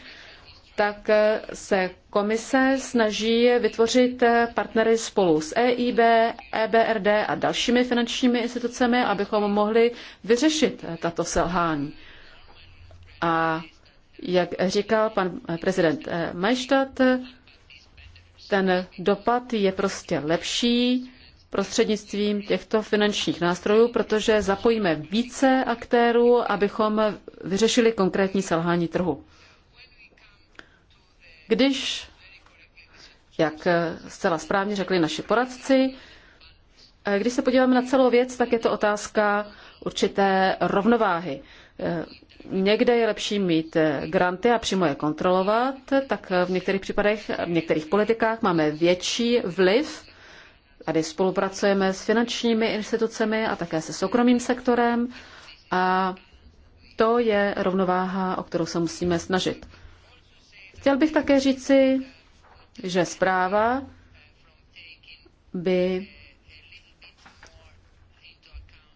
tak se komise snaží vytvořit partnery spolu s EIB, EBRD a dalšími finančními institucemi, abychom mohli vyřešit tato selhání. A jak říkal pan prezident Majštat, ten dopad je prostě lepší prostřednictvím těchto finančních nástrojů, protože zapojíme více aktérů, abychom vyřešili konkrétní selhání trhu. Když, jak zcela správně řekli naši poradci, když se podíváme na celou věc, tak je to otázka určité rovnováhy. Někde je lepší mít granty a přímo je kontrolovat, tak v některých případech, v některých politikách máme větší vliv. Tady spolupracujeme s finančními institucemi a také se soukromým sektorem a to je rovnováha, o kterou se musíme snažit. Chtěl bych také říci, že zpráva by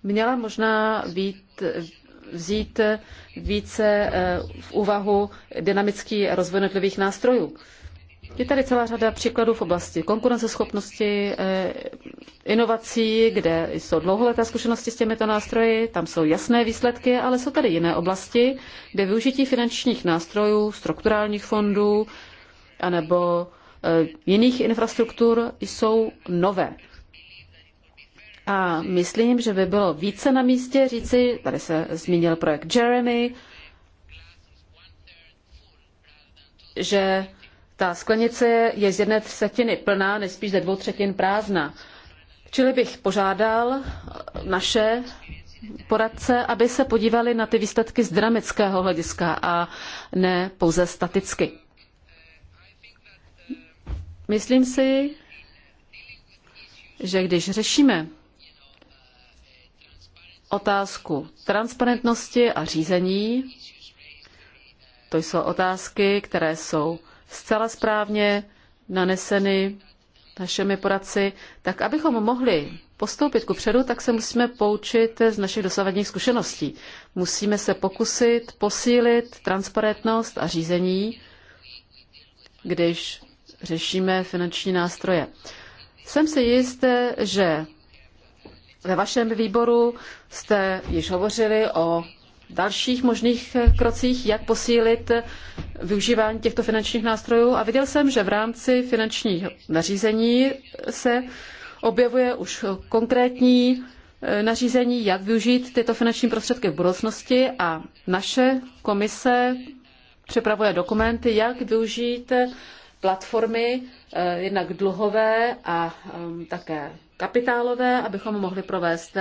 měla možná být vzít více eh, v úvahu dynamický rozvoj jednotlivých nástrojů. Je tady celá řada příkladů v oblasti konkurenceschopnosti, eh, inovací, kde jsou dlouholeté zkušenosti s těmito nástroji, tam jsou jasné výsledky, ale jsou tady jiné oblasti, kde využití finančních nástrojů, strukturálních fondů anebo eh, jiných infrastruktur jsou nové. A myslím, že by bylo více na místě říci, tady se zmínil projekt Jeremy, že ta sklenice je z jedné třetiny plná, nejspíš ze dvou třetin prázdná. Čili bych požádal naše poradce, aby se podívali na ty výsledky z dramatického hlediska a ne pouze staticky. Myslím si, že když řešíme otázku transparentnosti a řízení. To jsou otázky, které jsou zcela správně naneseny našimi poradci. Tak abychom mohli postoupit ku předu, tak se musíme poučit z našich dosavadních zkušeností. Musíme se pokusit posílit transparentnost a řízení, když řešíme finanční nástroje. Jsem si jist, že ve vašem výboru jste již hovořili o dalších možných krocích, jak posílit využívání těchto finančních nástrojů. A viděl jsem, že v rámci finančních nařízení se objevuje už konkrétní eh, nařízení, jak využít tyto finanční prostředky v budoucnosti a naše komise připravuje dokumenty, jak využít platformy eh, jednak dluhové a eh, také kapitálové, abychom mohli provést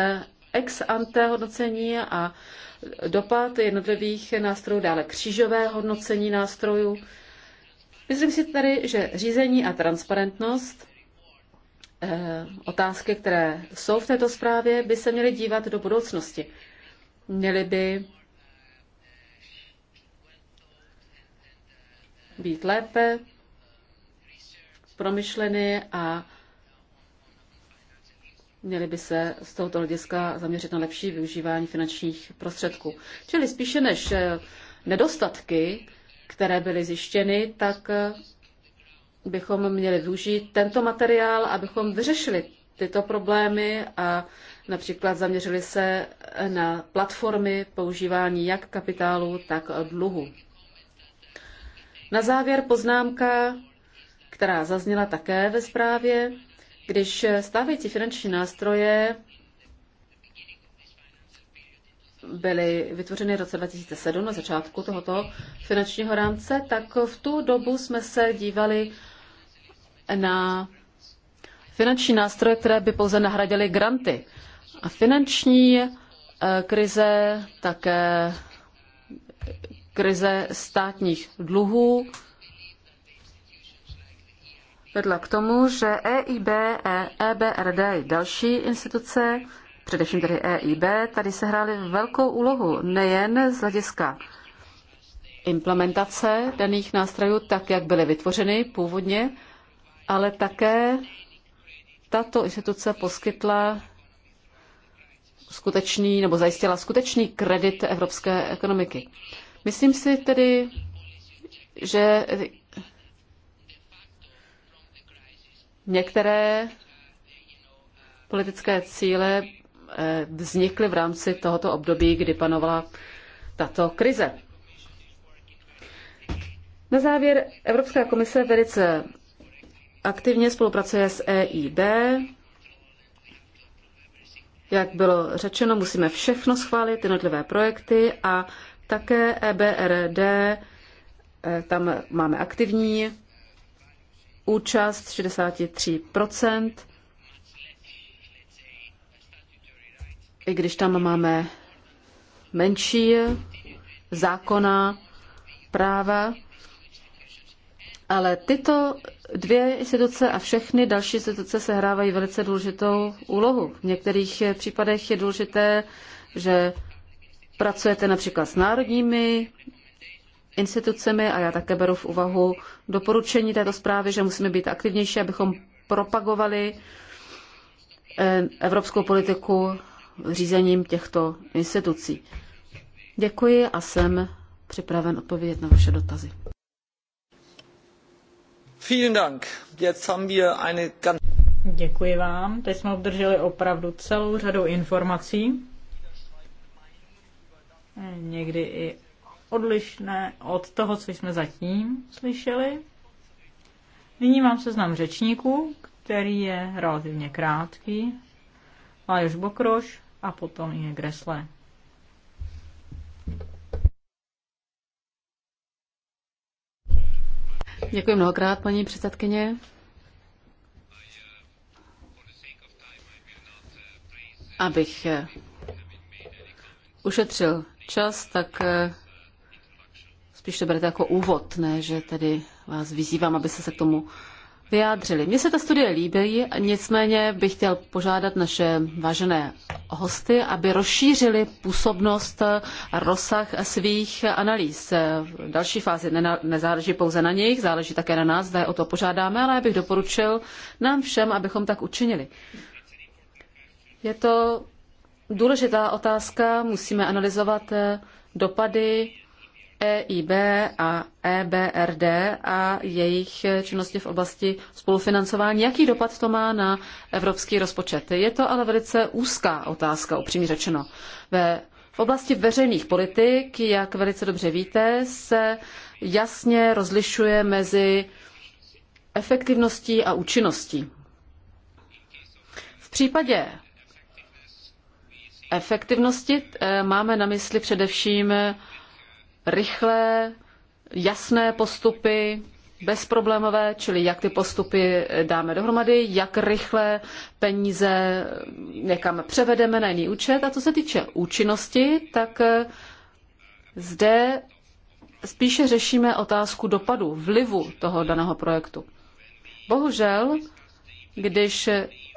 ex ante hodnocení a dopad jednotlivých nástrojů, dále křížové hodnocení nástrojů. Myslím si tady, že řízení a transparentnost, eh, otázky, které jsou v této zprávě, by se měly dívat do budoucnosti. Měly by být lépe promyšleny a Měli by se z tohoto hlediska zaměřit na lepší využívání finančních prostředků. Čili spíše než eh, nedostatky, které byly zjištěny, tak eh, bychom měli využít tento materiál, abychom vyřešili tyto problémy a například zaměřili se eh, na platformy používání jak kapitálu, tak dluhu. Na závěr poznámka, která zazněla také ve zprávě, když stávající finanční nástroje byly vytvořeny v roce 2007 na začátku tohoto finančního rámce, tak v tu dobu jsme se dívali na finanční nástroje, které by pouze nahradily granty. A finanční eh, krize, také krize státních dluhů, vedla k tomu, že EIB, EBRD i e další instituce, především tedy EIB, tady sehrály velkou úlohu nejen z hlediska implementace daných nástrojů tak, jak byly vytvořeny původně, ale také tato instituce poskytla skutečný nebo zajistila skutečný kredit evropské ekonomiky. Myslím si tedy, že Některé politické cíle eh, vznikly v rámci tohoto období, kdy panovala tato krize. Na závěr Evropská komise velice aktivně spolupracuje s EIB. Jak bylo řečeno, musíme všechno schválit, jednotlivé projekty a také EBRD, eh, tam máme aktivní účast 63%, i když tam máme menší zákona práva, ale tyto dvě instituce a všechny další instituce sehrávají velice důležitou úlohu. V některých případech je důležité, že pracujete například s národními institucemi a já také beru v úvahu doporučení této zprávy, že musíme být aktivnější, abychom propagovali eh, evropskou politiku řízením těchto institucí. Děkuji a jsem připraven odpovědět na vaše dotazy. Děkuji vám. Teď jsme obdrželi opravdu celou řadu informací, eh, někdy i odlišné od toho, co jsme zatím slyšeli. Nyní mám seznam řečníků, který je relativně krátký. Lajos Bokroš a potom je Gresle. Děkuji mnohokrát, paní předsedkyně. Abych eh, ušetřil čas, tak eh, spíš to berete jako úvod, ne, že tedy vás vyzývám, abyste se k tomu vyjádřili. Mně se ta studie líbí, nicméně bych chtěl požádat naše vážené hosty, aby rozšířili působnost a rozsah svých analýz. V další fázi nezáleží pouze na nich, záleží také na nás, zda o to požádáme, ale bych doporučil nám všem, abychom tak učinili. Je to důležitá otázka, musíme analyzovat dopady EIB a EBRD a jejich činnosti v oblasti spolufinancování. Jaký dopad to má na evropský rozpočet? Je to ale velice úzká otázka, upřímně řečeno. Ve v oblasti veřejných politik, jak velice dobře víte, se jasně rozlišuje mezi efektivností a účinností. V případě efektivnosti e, máme na mysli především rychlé, jasné postupy, bezproblémové, čili jak ty postupy dáme dohromady, jak rychle peníze někam převedeme na jiný účet. A co se týče účinnosti, tak eh, zde spíše řešíme otázku dopadu, vlivu toho daného projektu. Bohužel, když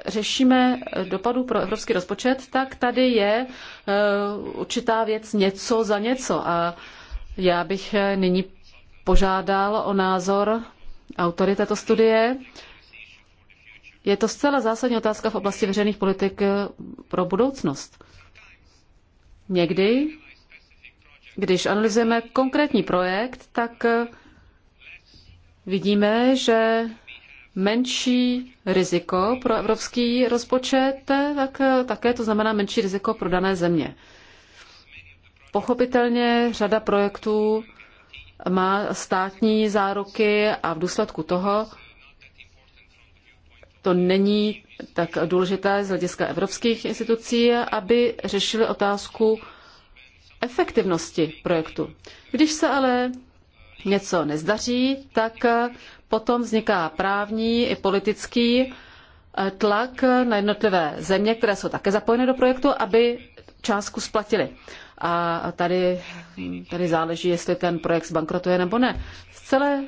řešíme dopadu pro evropský rozpočet, tak tady je eh, určitá věc něco za něco. A já bych eh, nyní požádal o názor autory této studie. Je to zcela zásadní otázka v oblasti veřejných politik eh, pro budoucnost. Někdy, když analyzujeme konkrétní projekt, tak eh, vidíme, že menší riziko pro evropský rozpočet, tak také to znamená menší riziko pro dané země. Pochopitelně řada projektů má státní záruky a v důsledku toho to není tak důležité z hlediska evropských institucí, aby řešili otázku efektivnosti projektu. Když se ale něco nezdaří, tak potom vzniká právní i politický tlak na jednotlivé země, které jsou také zapojeny do projektu, aby částku splatili a tady, tady záleží, jestli ten projekt zbankrotuje nebo ne. V celé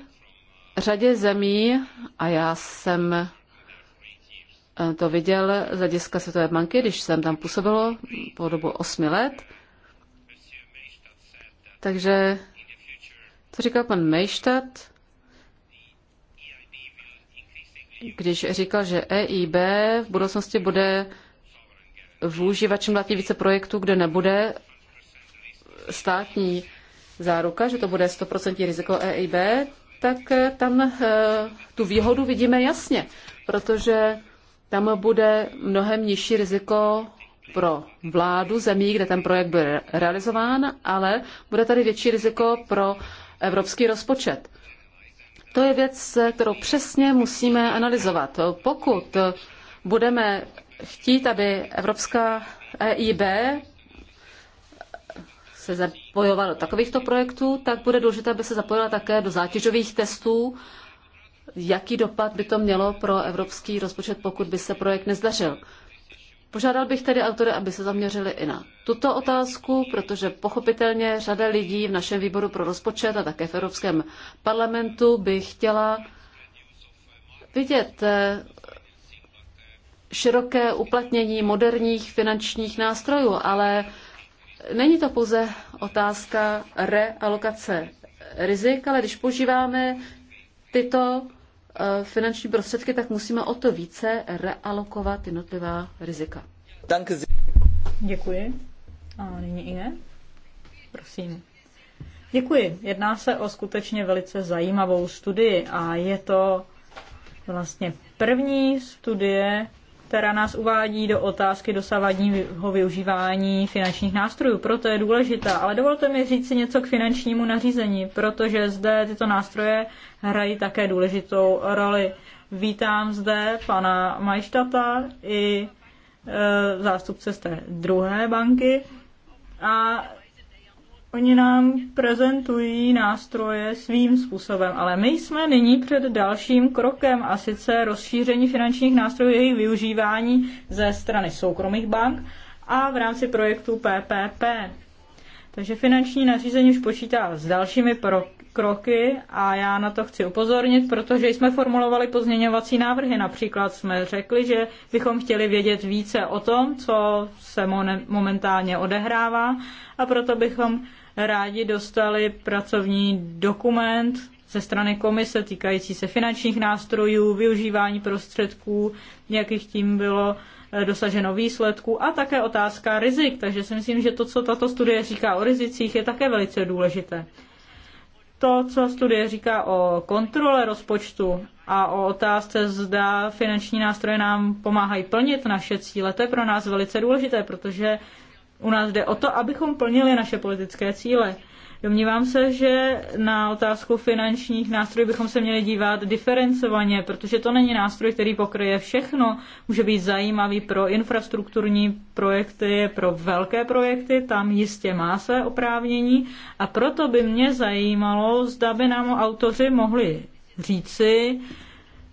řadě zemí, a já jsem eh, to viděl z hlediska Světové banky, když jsem tam působilo po dobu osmi let. Takže, co říkal pan Mejštad, když říkal, že EIB v budoucnosti bude využívat čím dál více projektů, kde nebude státní záruka, že to bude 100% riziko EIB, tak tam eh, tu výhodu vidíme jasně, protože tam bude mnohem nižší riziko pro vládu zemí, kde ten projekt byl realizován, ale bude tady větší riziko pro evropský rozpočet. To je věc, kterou přesně musíme analyzovat. Pokud budeme chtít, aby Evropská EIB se zapojovat do takovýchto projektů, tak bude důležité, aby se zapojila také do zátěžových testů, jaký dopad by to mělo pro evropský rozpočet, pokud by se projekt nezdařil. Požádal bych tedy autory, aby se zaměřili i na tuto otázku, protože pochopitelně řada lidí v našem výboru pro rozpočet a také v Evropském parlamentu by chtěla vidět eh, široké uplatnění moderních finančních nástrojů, ale Není to pouze otázka realokace rizik, ale když používáme tyto eh, finanční prostředky, tak musíme o to více realokovat jednotlivá rizika. Děkuji. A nyní jiné? Prosím. Děkuji. Jedná se o skutečně velice zajímavou studii a je to vlastně první studie která nás uvádí do otázky dosavadního využívání finančních nástrojů. Proto je důležitá. Ale dovolte mi říct si něco k finančnímu nařízení, protože zde tyto nástroje hrají také důležitou roli. Vítám zde pana Majštata i e, zástupce z té druhé banky a Oni nám prezentují nástroje svým způsobem, ale my jsme nyní před dalším krokem a sice rozšíření finančních nástrojů jejich využívání ze strany soukromých bank a v rámci projektu PPP. Takže finanční nařízení už počítá s dalšími kroky a já na to chci upozornit, protože jsme formulovali pozměňovací návrhy. Například jsme řekli, že bychom chtěli vědět více o tom, co se momentálně odehrává a proto bychom rádi dostali pracovní dokument ze strany komise týkající se finančních nástrojů, využívání prostředků, jakých tím bylo eh, dosaženo výsledků a také otázka rizik. Takže si myslím, že to, co tato studie říká o rizicích, je také velice důležité. To, co studie říká o kontrole rozpočtu a o otázce, zda finanční nástroje nám pomáhají plnit naše cíle, to je pro nás velice důležité, protože u nás jde o to, abychom plnili naše politické cíle. Domnívám se, že na otázku finančních nástrojů bychom se měli dívat diferencovaně, protože to není nástroj, který pokryje všechno. Může být zajímavý pro infrastrukturní projekty, pro velké projekty, tam jistě má své oprávnění. A proto by mě zajímalo, zda by nám autoři mohli říci,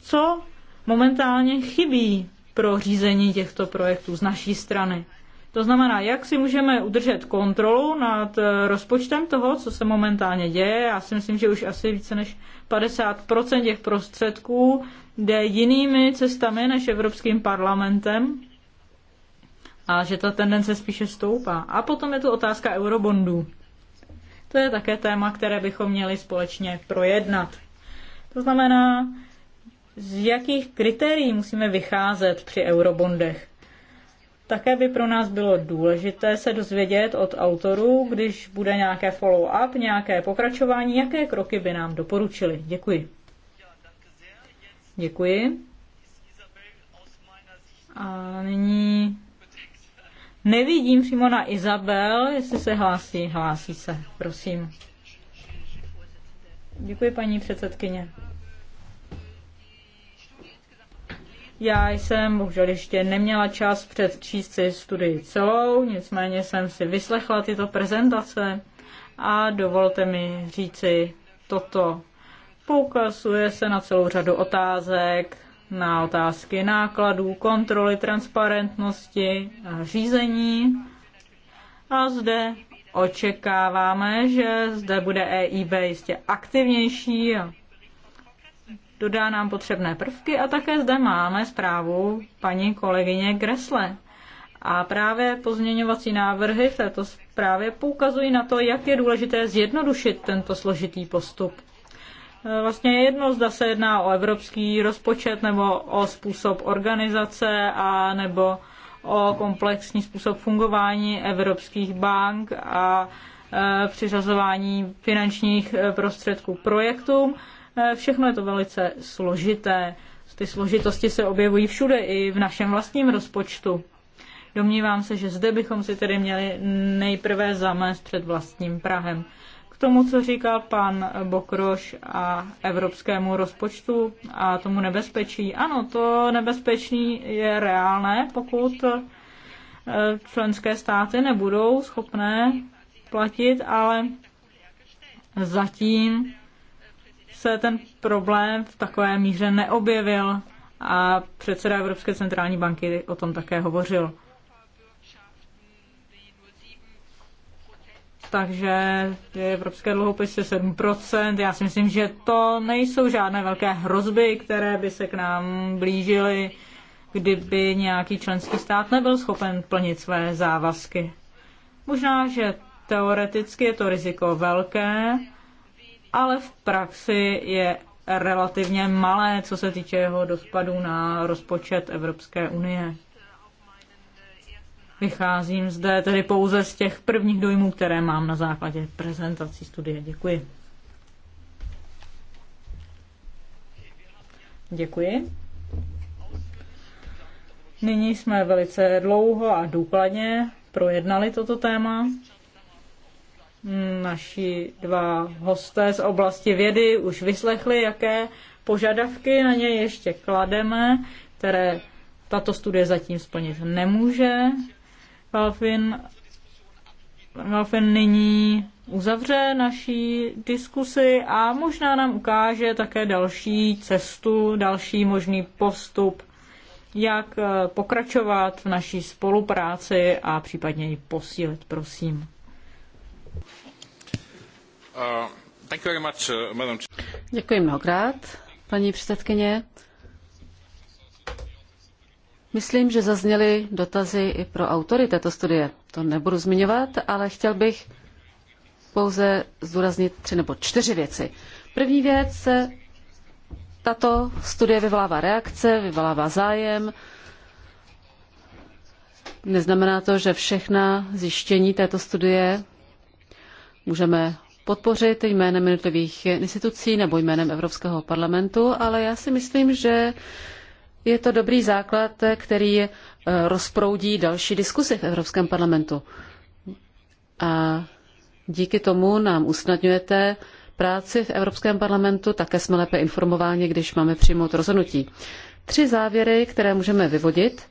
co momentálně chybí pro řízení těchto projektů z naší strany. To znamená, jak si můžeme udržet kontrolu nad eh, rozpočtem toho, co se momentálně děje. Já si myslím, že už asi více než 50% těch prostředků jde jinými cestami než Evropským parlamentem a že ta tendence spíše stoupá. A potom je tu otázka eurobondů. To je také téma, které bychom měli společně projednat. To znamená, z jakých kritérií musíme vycházet při eurobondech. Také by pro nás bylo důležité se dozvědět od autorů, když bude nějaké follow-up, nějaké pokračování, jaké kroky by nám doporučili. Děkuji. Děkuji. A nyní nevidím přímo na Izabel, jestli se hlásí. Hlásí se, prosím. Děkuji, paní předsedkyně. Já jsem bohužel ještě neměla čas předčíst si studii celou, nicméně jsem si vyslechla tyto prezentace a dovolte mi říci toto. Poukazuje se na celou řadu otázek, na otázky nákladů, kontroly, transparentnosti a řízení. A zde očekáváme, že zde bude EIB jistě aktivnější a dodá nám potřebné prvky a také zde máme zprávu paní kolegyně Gresle. A právě pozměňovací návrhy v této zprávě poukazují na to, jak je důležité zjednodušit tento složitý postup. E, vlastně jedno, zda se jedná o evropský rozpočet nebo o způsob organizace a nebo o komplexní způsob fungování evropských bank a e, přiřazování finančních e, prostředků projektům. Eh, všechno je to velice složité. Ty složitosti se objevují všude, i v našem vlastním rozpočtu. Domnívám se, že zde bychom si tedy měli nejprve zamést před vlastním Prahem. K tomu, co říkal pan Bokroš a evropskému rozpočtu a tomu nebezpečí. Ano, to nebezpečí je reálné, pokud eh, členské státy nebudou schopné platit, ale zatím se ten problém v takové míře neobjevil a předseda Evropské centrální banky o tom také hovořil. takže ty evropské dluhopisy 7%. Já si myslím, že to nejsou žádné velké hrozby, které by se k nám blížily, kdyby nějaký členský stát nebyl schopen plnit své závazky. Možná, že teoreticky je to riziko velké, ale v praxi je relativně malé, co se týče jeho dospadu na rozpočet Evropské unie. Vycházím zde tedy pouze z těch prvních dojmů, které mám na základě prezentací studie. Děkuji. Děkuji. Nyní jsme velice dlouho a důkladně projednali toto téma naši dva hosté z oblasti vědy už vyslechli, jaké požadavky na ně ještě klademe, které tato studie zatím splnit nemůže. Valfin, Valfin nyní uzavře naší diskusi a možná nám ukáže také další cestu, další možný postup, jak pokračovat v naší spolupráci a případně ji posílit, prosím. Uh, uh, Děkuji mnohokrát, paní předsedkyně. Myslím, že zazněly dotazy i pro autory této studie. To nebudu zmiňovat, ale chtěl bych pouze zdůraznit tři nebo čtyři věci. První věc, tato studie vyvolává reakce, vyvolává zájem. Neznamená to, že všechna zjištění této studie můžeme podpořit jménem jednotlivých institucí nebo jménem Evropského parlamentu, ale já si myslím, že je to dobrý základ, který eh, rozproudí další diskusy v Evropském parlamentu. A díky tomu nám usnadňujete práci v Evropském parlamentu, také jsme lépe informováni, když máme přijmout rozhodnutí. Tři závěry, které můžeme vyvodit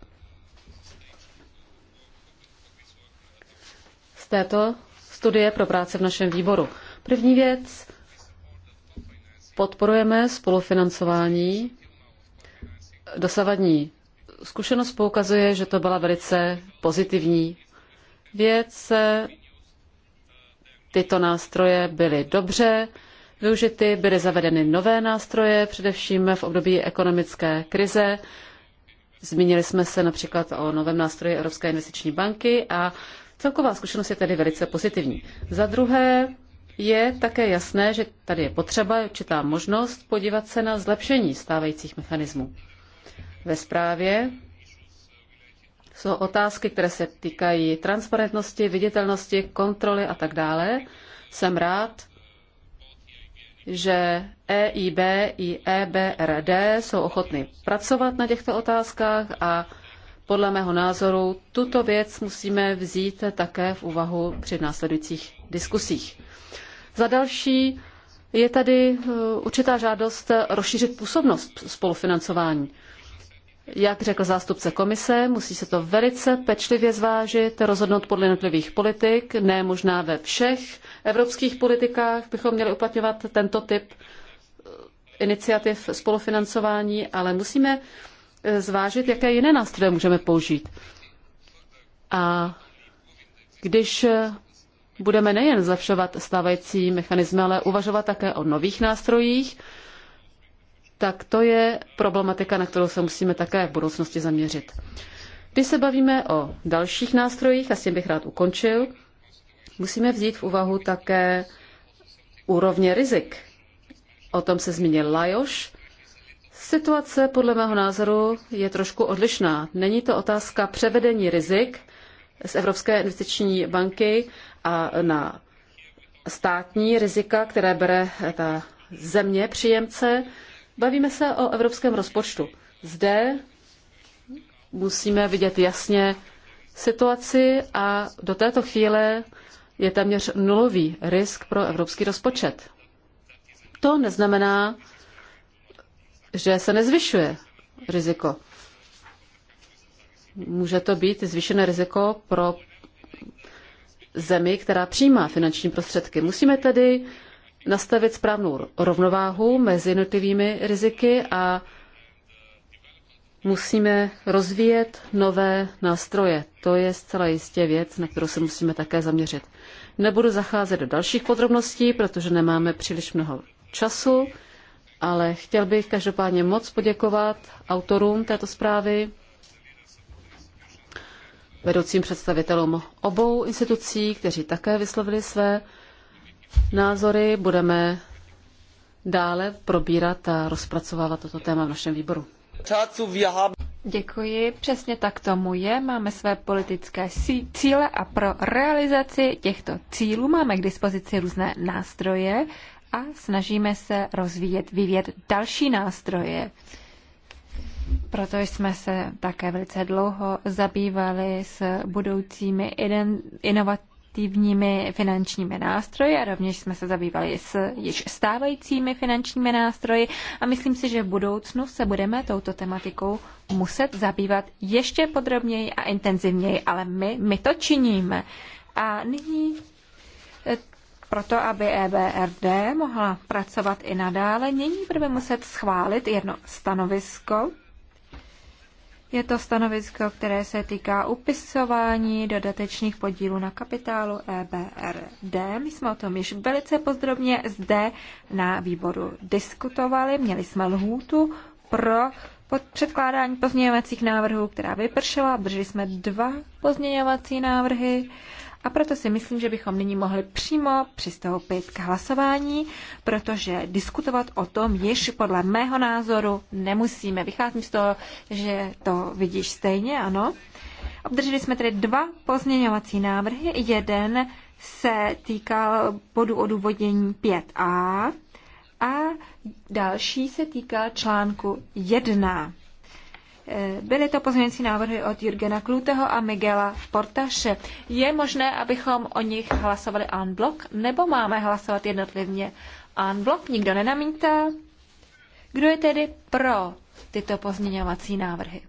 z této studie pro práce v našem výboru. První věc, podporujeme spolufinancování. Dosavadní zkušenost poukazuje, že to byla velice pozitivní věc. Tyto nástroje byly dobře využity, byly zavedeny nové nástroje, především v období ekonomické krize. Zmínili jsme se například o novém nástroji Evropské investiční banky a celková zkušenost je tedy velice pozitivní. Za druhé, je také jasné, že tady je potřeba určitá možnost podívat se na zlepšení stávajících mechanismů. Ve zprávě jsou otázky, které se týkají transparentnosti, viditelnosti, kontroly a tak dále. Jsem rád, že EIB i EBRD jsou ochotny pracovat na těchto otázkách a podle mého názoru tuto věc musíme vzít také v úvahu při následujících diskusích. Za další je tady eh, určitá žádost rozšířit působnost spolufinancování. Jak řekl zástupce komise, musí se to velice pečlivě zvážit, rozhodnout podle jednotlivých politik, ne možná ve všech evropských politikách bychom měli uplatňovat tento typ eh, iniciativ spolufinancování, ale musíme eh, zvážit, jaké jiné nástroje můžeme použít. A když budeme nejen zlepšovat stávající mechanismy, ale uvažovat také o nových nástrojích, tak to je problematika, na kterou se musíme také v budoucnosti zaměřit. Když se bavíme o dalších nástrojích, a s tím bych rád ukončil, musíme vzít v úvahu také úrovně rizik. O tom se zmínil Lajoš. Situace podle mého názoru je trošku odlišná. Není to otázka převedení rizik, z Evropské investiční banky a na státní rizika, které bere ta země příjemce. Bavíme se o evropském rozpočtu. Zde musíme vidět jasně situaci a do této chvíle je téměř nulový risk pro evropský rozpočet. To neznamená, že se nezvyšuje riziko. Může to být zvýšené riziko pro zemi, která přijímá finanční prostředky. Musíme tedy nastavit správnou rovnováhu mezi jednotlivými riziky a musíme rozvíjet nové nástroje. To je zcela jistě věc, na kterou se musíme také zaměřit. Nebudu zacházet do dalších podrobností, protože nemáme příliš mnoho času, ale chtěl bych každopádně moc poděkovat autorům této zprávy, vedoucím představitelům obou institucí, kteří také vyslovili své názory. Budeme dále probírat a rozpracovávat toto téma v našem výboru. Děkuji, přesně tak tomu je. Máme své politické cíle a pro realizaci těchto cílů máme k dispozici různé nástroje a snažíme se rozvíjet, vyvíjet další nástroje. Proto jsme se také velice dlouho zabývali s budoucími inovativními finančními nástroji a rovněž jsme se zabývali s již stávajícími finančními nástroji a myslím si, že v budoucnu se budeme touto tematikou muset zabývat ještě podrobněji a intenzivněji, ale my, my to činíme. A nyní eh, proto, aby EBRD mohla pracovat i nadále, nyní budeme muset schválit jedno stanovisko, je to stanovisko, které se týká upisování dodatečných podílů na kapitálu EBRD. My jsme o tom již velice pozdrobně zde na výboru diskutovali. Měli jsme lhůtu pro pod předkládání pozměňovacích návrhů, která vypršela. Drželi jsme dva pozměňovací návrhy. A proto si myslím, že bychom nyní mohli přímo přistoupit k hlasování, protože diskutovat o tom již podle mého názoru nemusíme. Vycházím z toho, že to vidíš stejně, ano. Obdrželi jsme tedy dva pozměňovací návrhy. Jeden se týkal bodu odůvodnění 5a a další se týkal článku 1. Byly to pozměňující návrhy od Jurgena Kluteho a Miguela Portaše. Je možné, abychom o nich hlasovali en bloc, nebo máme hlasovat jednotlivně en bloc? Nikdo nenamítá. Kdo je tedy pro tyto pozměňovací návrhy?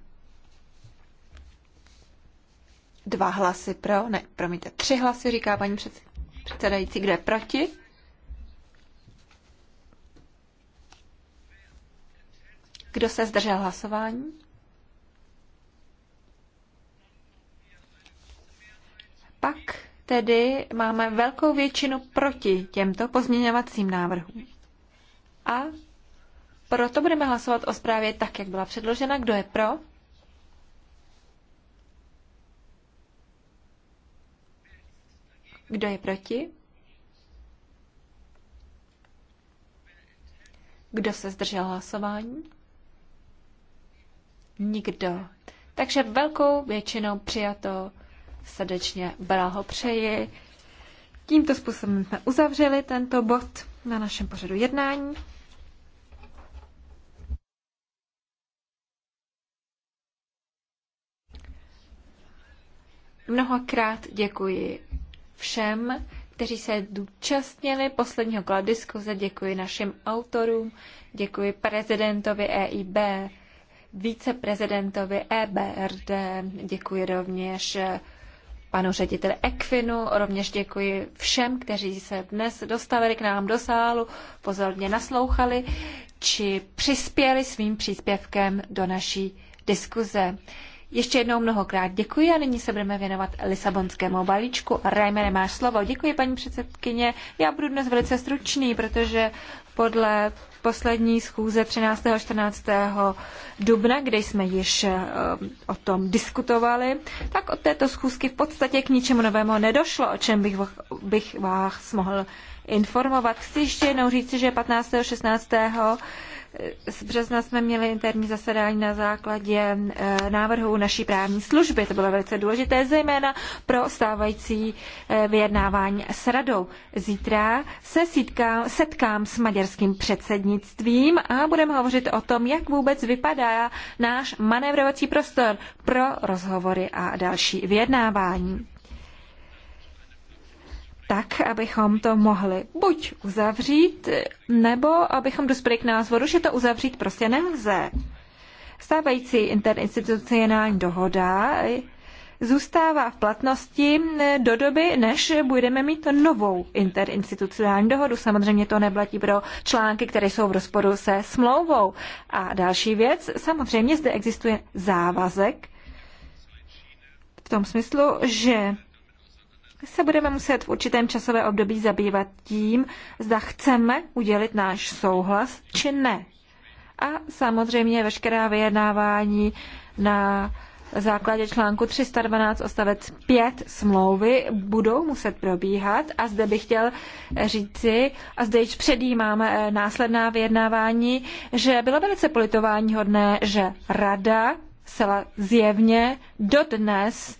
Dva hlasy pro, ne, promiňte, tři hlasy, říká paní předsedající. Kdo je proti? Kdo se zdržel hlasování? pak tedy máme velkou většinu proti těmto pozměňovacím návrhům. A proto budeme hlasovat o zprávě tak, jak byla předložena. Kdo je pro? Kdo je proti? Kdo se zdržel hlasování? Nikdo. Takže velkou většinou přijato srdečně blahopřeji. Tímto způsobem jsme uzavřeli tento bod na našem pořadu jednání. Mnohokrát děkuji všem, kteří se zúčastnili posledního kola diskuze. Děkuji našim autorům, děkuji prezidentovi EIB, viceprezidentovi EBRD, děkuji rovněž panu řediteli Ekvinu, rovněž děkuji všem, kteří se dnes dostavili k nám do sálu, pozorně naslouchali či přispěli svým příspěvkem do naší diskuze. Ještě jednou mnohokrát děkuji a nyní se budeme věnovat Lisabonskému balíčku. Rajmene, máš slovo. Děkuji, paní předsedkyně. Já budu dnes velice stručný, protože podle poslední schůze 13. a 14. dubna, kde jsme již eh, o tom diskutovali, tak od této schůzky v podstatě k ničemu novému nedošlo, o čem bych, bych vás mohl informovat. Chci ještě jednou říci, že 15. a 16 z března jsme měli interní zasedání na základě eh, návrhu naší právní služby. To bylo velice důležité, zejména pro stávající eh, vyjednávání s radou. Zítra se setkám, setkám s maďarským předsednictvím a budeme hovořit o tom, jak vůbec vypadá náš manévrovací prostor pro rozhovory a další vyjednávání tak, abychom to mohli buď uzavřít, nebo abychom dospěli k názoru, že to uzavřít prostě nelze. Stávající interinstitucionální dohoda zůstává v platnosti do doby, než budeme mít novou interinstitucionální dohodu. Samozřejmě to neplatí pro články, které jsou v rozporu se smlouvou. A další věc, samozřejmě zde existuje závazek v tom smyslu, že se budeme muset v určitém časové období zabývat tím, zda chceme udělit náš souhlas či ne. A samozřejmě veškerá vyjednávání na základě článku 312 ostavec 5 smlouvy budou muset probíhat a zde bych chtěl říci, a zde již předjímáme eh, následná vyjednávání, že bylo velice politování, hodné, že rada zcela zjevně dodnes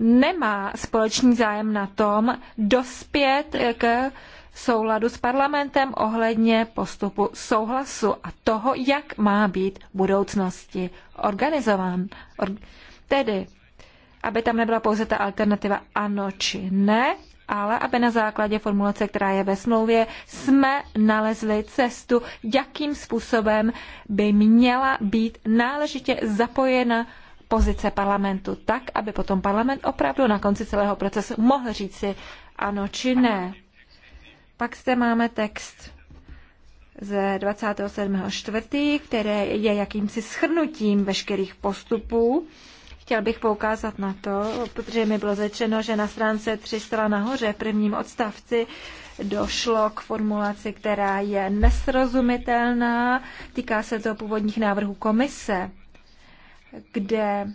nemá společný zájem na tom dospět k souladu s parlamentem ohledně postupu souhlasu a toho, jak má být v budoucnosti organizován. Or- tedy, aby tam nebyla pouze ta alternativa ano či ne, ale aby na základě formulace, která je ve smlouvě, jsme nalezli cestu, jakým způsobem by měla být náležitě zapojena pozice parlamentu tak, aby potom parlament opravdu na konci celého procesu mohl říci ano či ne. Pak zde máme text ze 27.4., které je jakýmsi schrnutím veškerých postupů. Chtěl bych poukázat na to, protože mi bylo řečeno, že na stránce 3 stola nahoře v prvním odstavci došlo k formulaci, která je nesrozumitelná. Týká se to původních návrhů komise kde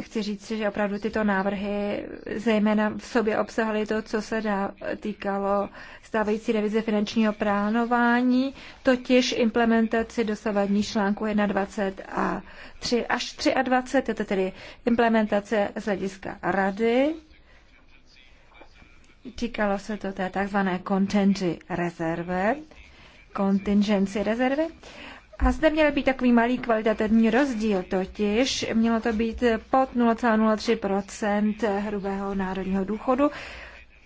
chci říct, že opravdu tyto návrhy zejména v sobě obsahaly to, co se dá, týkalo stávající revize finančního plánování, totiž implementaci dosavadní článku 21 a 3 až 23, je to tedy implementace z hlediska rady. Týkalo se to té takzvané contingency rezervy, contingency rezervy. A zde měl být takový malý kvalitativní rozdíl, totiž mělo to být pod 0,03 hrubého národního důchodu.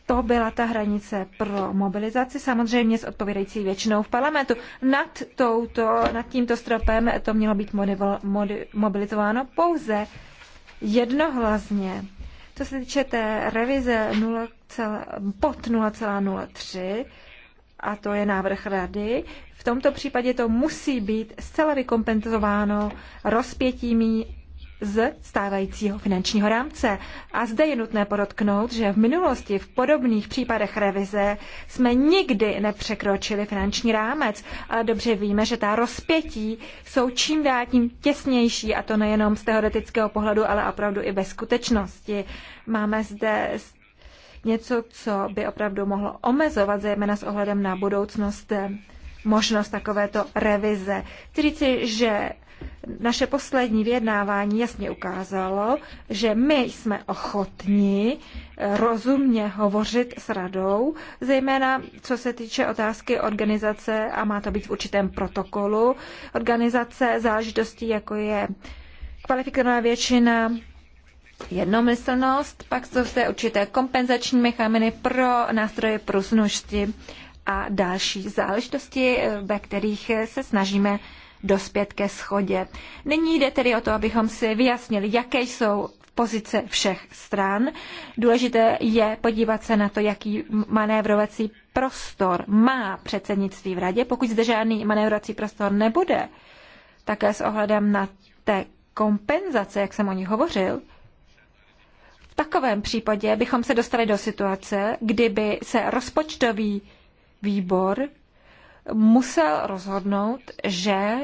To byla ta hranice pro mobilizaci, samozřejmě s odpovědající většinou v parlamentu. Nad, touto, nad tímto stropem to mělo být modivol, modi, mobilizováno pouze jednohlasně. Co se týče té revize 0, pod 0,03, a to je návrh rady. V tomto případě to musí být zcela vykompenzováno rozpětími z stávajícího finančního rámce. A zde je nutné podotknout, že v minulosti v podobných případech revize jsme nikdy nepřekročili finanční rámec. ale dobře víme, že ta rozpětí jsou čím dál tím těsnější, a to nejenom z teoretického pohledu, ale opravdu i ve skutečnosti. Máme zde něco, co by opravdu mohlo omezovat, zejména s ohledem na budoucnost, eh, možnost takovéto revize. Chci říci, že naše poslední vyjednávání jasně ukázalo, že my jsme ochotni eh, rozumně hovořit s radou, zejména co se týče otázky organizace, a má to být v určitém protokolu, organizace záležitostí, jako je kvalifikovaná většina, jednomyslnost, pak jsou zde určité kompenzační mechaniny pro nástroje pružnosti a další záležitosti, eh, ve kterých eh, se snažíme dospět ke schodě. Nyní jde tedy o to, abychom si vyjasnili, jaké jsou pozice všech stran. Důležité je podívat se na to, jaký manévrovací prostor má předsednictví v radě. Pokud zde žádný manévrovací prostor nebude, také s ohledem na té kompenzace, jak jsem o ní hovořil, v takovém případě bychom se dostali do situace, kdyby se rozpočtový výbor musel rozhodnout, že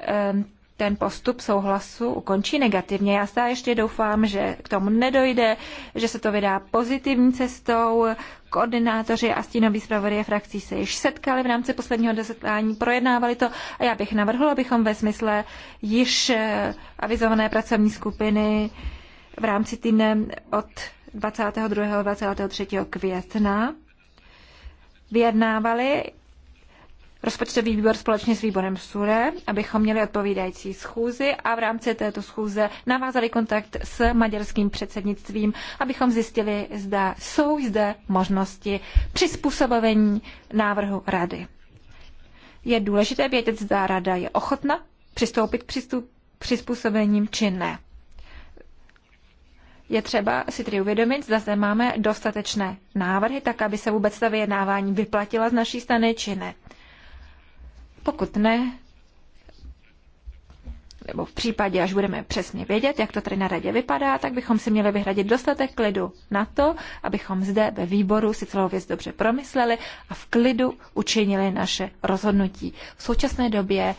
ehm, ten postup souhlasu ukončí negativně. Já stále ještě doufám, že k tomu nedojde, že se to vydá pozitivní cestou. Koordinátoři a stínoví zpravodaje frakcí se již setkali v rámci posledního desetlání, projednávali to a já bych navrhla, abychom ve smysle již eh, avizované pracovní skupiny v rámci týdne od 22. a 23. května vyjednávali rozpočtový výbor společně s výborem SURE, abychom měli odpovídající schůzi a v rámci této schůze navázali kontakt s maďarským předsednictvím, abychom zjistili, zda jsou zde možnosti přizpůsobení návrhu rady. Je důležité vědět, zda rada je ochotna přistoupit k přizpůsobením či ne je třeba si tedy uvědomit, zda zde máme dostatečné návrhy, tak aby se vůbec ta vyjednávání vyplatila z naší strany, či ne. Pokud ne, nebo v případě, až budeme přesně vědět, jak to tady na radě vypadá, tak bychom si měli vyhradit dostatek klidu na to, abychom zde ve výboru si celou věc dobře promysleli a v klidu učinili naše rozhodnutí. V současné době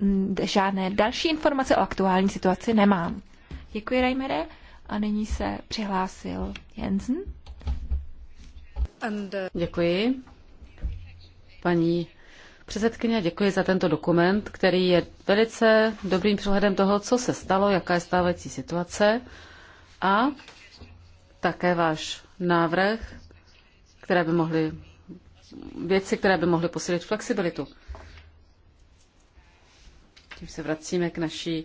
mm, žádné další informace o aktuální situaci nemám. Děkuji, Reimere. A nyní se přihlásil Jensen. Uh, děkuji. Paní předsedkyně, děkuji za tento dokument, který je velice dobrým přehledem toho, co se stalo, jaká je stávající situace a také váš návrh, které by mohly, věci, které by mohly posílit flexibilitu. Tím se vracíme k naší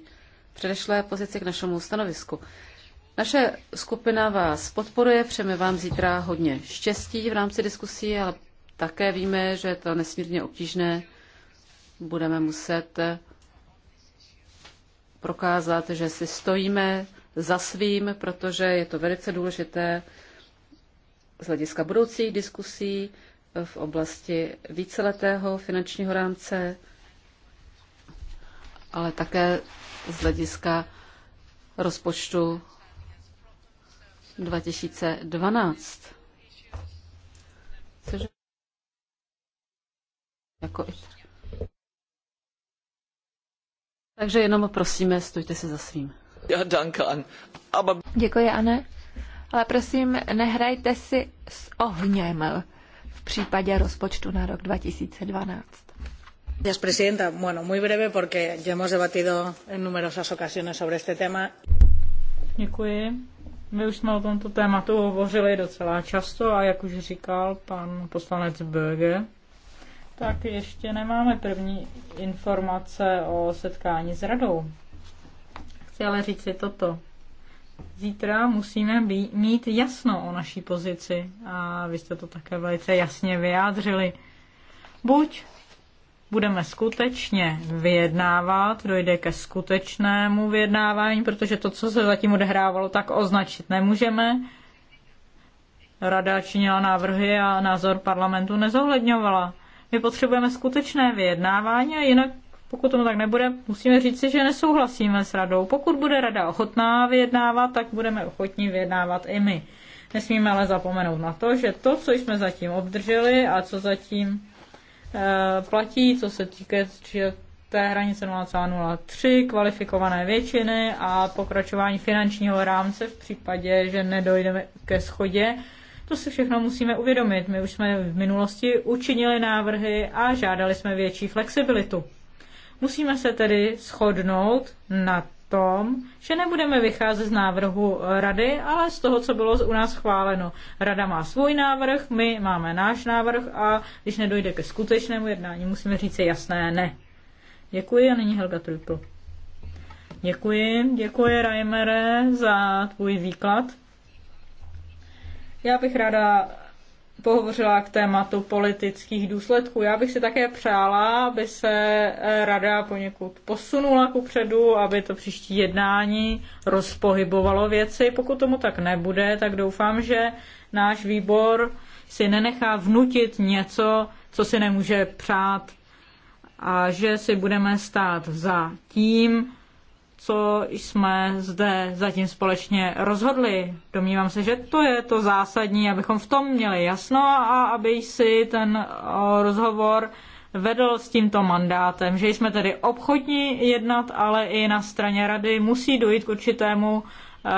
předešlé pozici, k našemu stanovisku. Naše skupina vás podporuje, přejeme vám zítra hodně štěstí v rámci diskusí, ale také víme, že je to nesmírně obtížné. Budeme muset prokázat, že si stojíme za svým, protože je to velice důležité z hlediska budoucích diskusí v oblasti víceletého finančního rámce, ale také z hlediska rozpočtu 2012. Což jako Takže jenom prosíme, stojte se za svým. Ja, danke an. Aber... Děkuji, Anne. Ale prosím, nehrajte si s ohněm v případě rozpočtu na rok 2012. Gracias, presidenta. Bueno, muy breve porque ya hemos debatido en numerosas ocasiones sobre este tema. Děkuji. My už jsme o tomto tématu hovořili docela často a jak už říkal pan poslanec Böge, tak ještě nemáme první informace o setkání s radou. Chci ale říct si toto. Zítra musíme být, mít jasno o naší pozici a vy jste to také velice jasně vyjádřili. Buď budeme skutečně vyjednávat, dojde ke skutečnému vyjednávání, protože to, co se zatím odehrávalo, tak označit nemůžeme. Rada činila návrhy a názor parlamentu nezohledňovala. My potřebujeme skutečné vyjednávání a jinak, pokud tomu tak nebude, musíme říci, že nesouhlasíme s radou. Pokud bude rada ochotná vyjednávat, tak budeme ochotní vyjednávat i my. Nesmíme ale zapomenout na to, že to, co jsme zatím obdrželi a co zatím Eh, platí, co se týká té hranice 0,03, kvalifikované většiny a pokračování finančního rámce v případě, že nedojdeme ke schodě. To si všechno musíme uvědomit. My už jsme v minulosti učinili návrhy a žádali jsme větší flexibilitu. Musíme se tedy shodnout na tom, že nebudeme vycházet z návrhu rady, ale z toho, co bylo u nás schváleno. Rada má svůj návrh, my máme náš návrh a když nedojde ke skutečnému jednání, musíme říct si jasné ne. Děkuji a nyní Helga Trupl. Děkuji, děkuji Reimere za tvůj výklad. Já bych ráda pohovořila k tématu politických důsledků. Já bych si také přála, aby se eh, rada poněkud posunula ku předu, aby to příští jednání rozpohybovalo věci. Pokud tomu tak nebude, tak doufám, že náš výbor si nenechá vnutit něco, co si nemůže přát a že si budeme stát za tím, co jsme zde zatím společně rozhodli. Domnívám se, že to je to zásadní, abychom v tom měli jasno a aby si ten eh, rozhovor vedl s tímto mandátem, že jsme tedy obchodní jednat, ale i na straně rady musí dojít k určitému eh,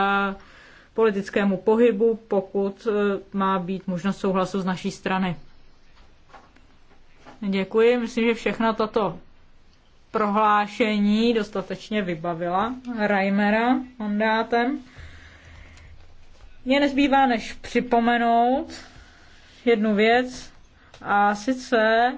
politickému pohybu, pokud eh, má být možnost souhlasu z naší strany. Děkuji. Myslím, že všechna tato prohlášení dostatečně vybavila Reimera mandátem. Mně nezbývá než připomenout jednu věc, a sice,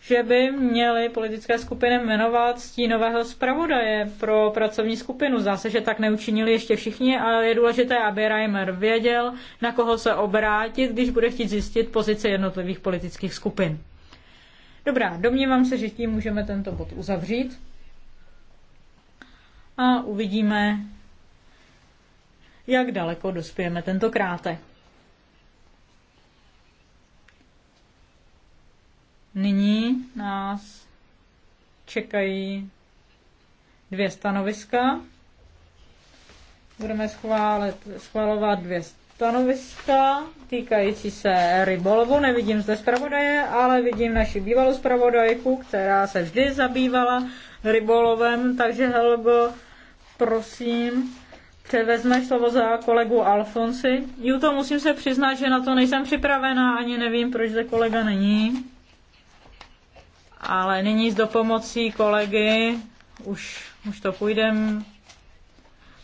že by měly politické skupiny jmenovat stínového zpravodaje pro pracovní skupinu. Zase, že tak neučinili ještě všichni, ale je důležité, aby Reimer věděl, na koho se obrátit, když bude chtít zjistit pozici jednotlivých politických skupin. Dobrá, domnívám se, že tím můžeme tento bod uzavřít. A uvidíme, jak daleko dospějeme tentokrát. Nyní nás čekají dvě stanoviska. Budeme schválit, schvalovat dvě stanoviska týkající se rybolovu. Nevidím zde zpravodaje, ale vidím naši bývalou zpravodajku, která se vždy zabývala rybolovem. Takže Helgo, prosím, převezmeš slovo za kolegu Alfonsi. to musím se přiznat, že na to nejsem připravená, ani nevím, proč zde kolega není. Ale nyní s dopomocí kolegy už, už to půjdem.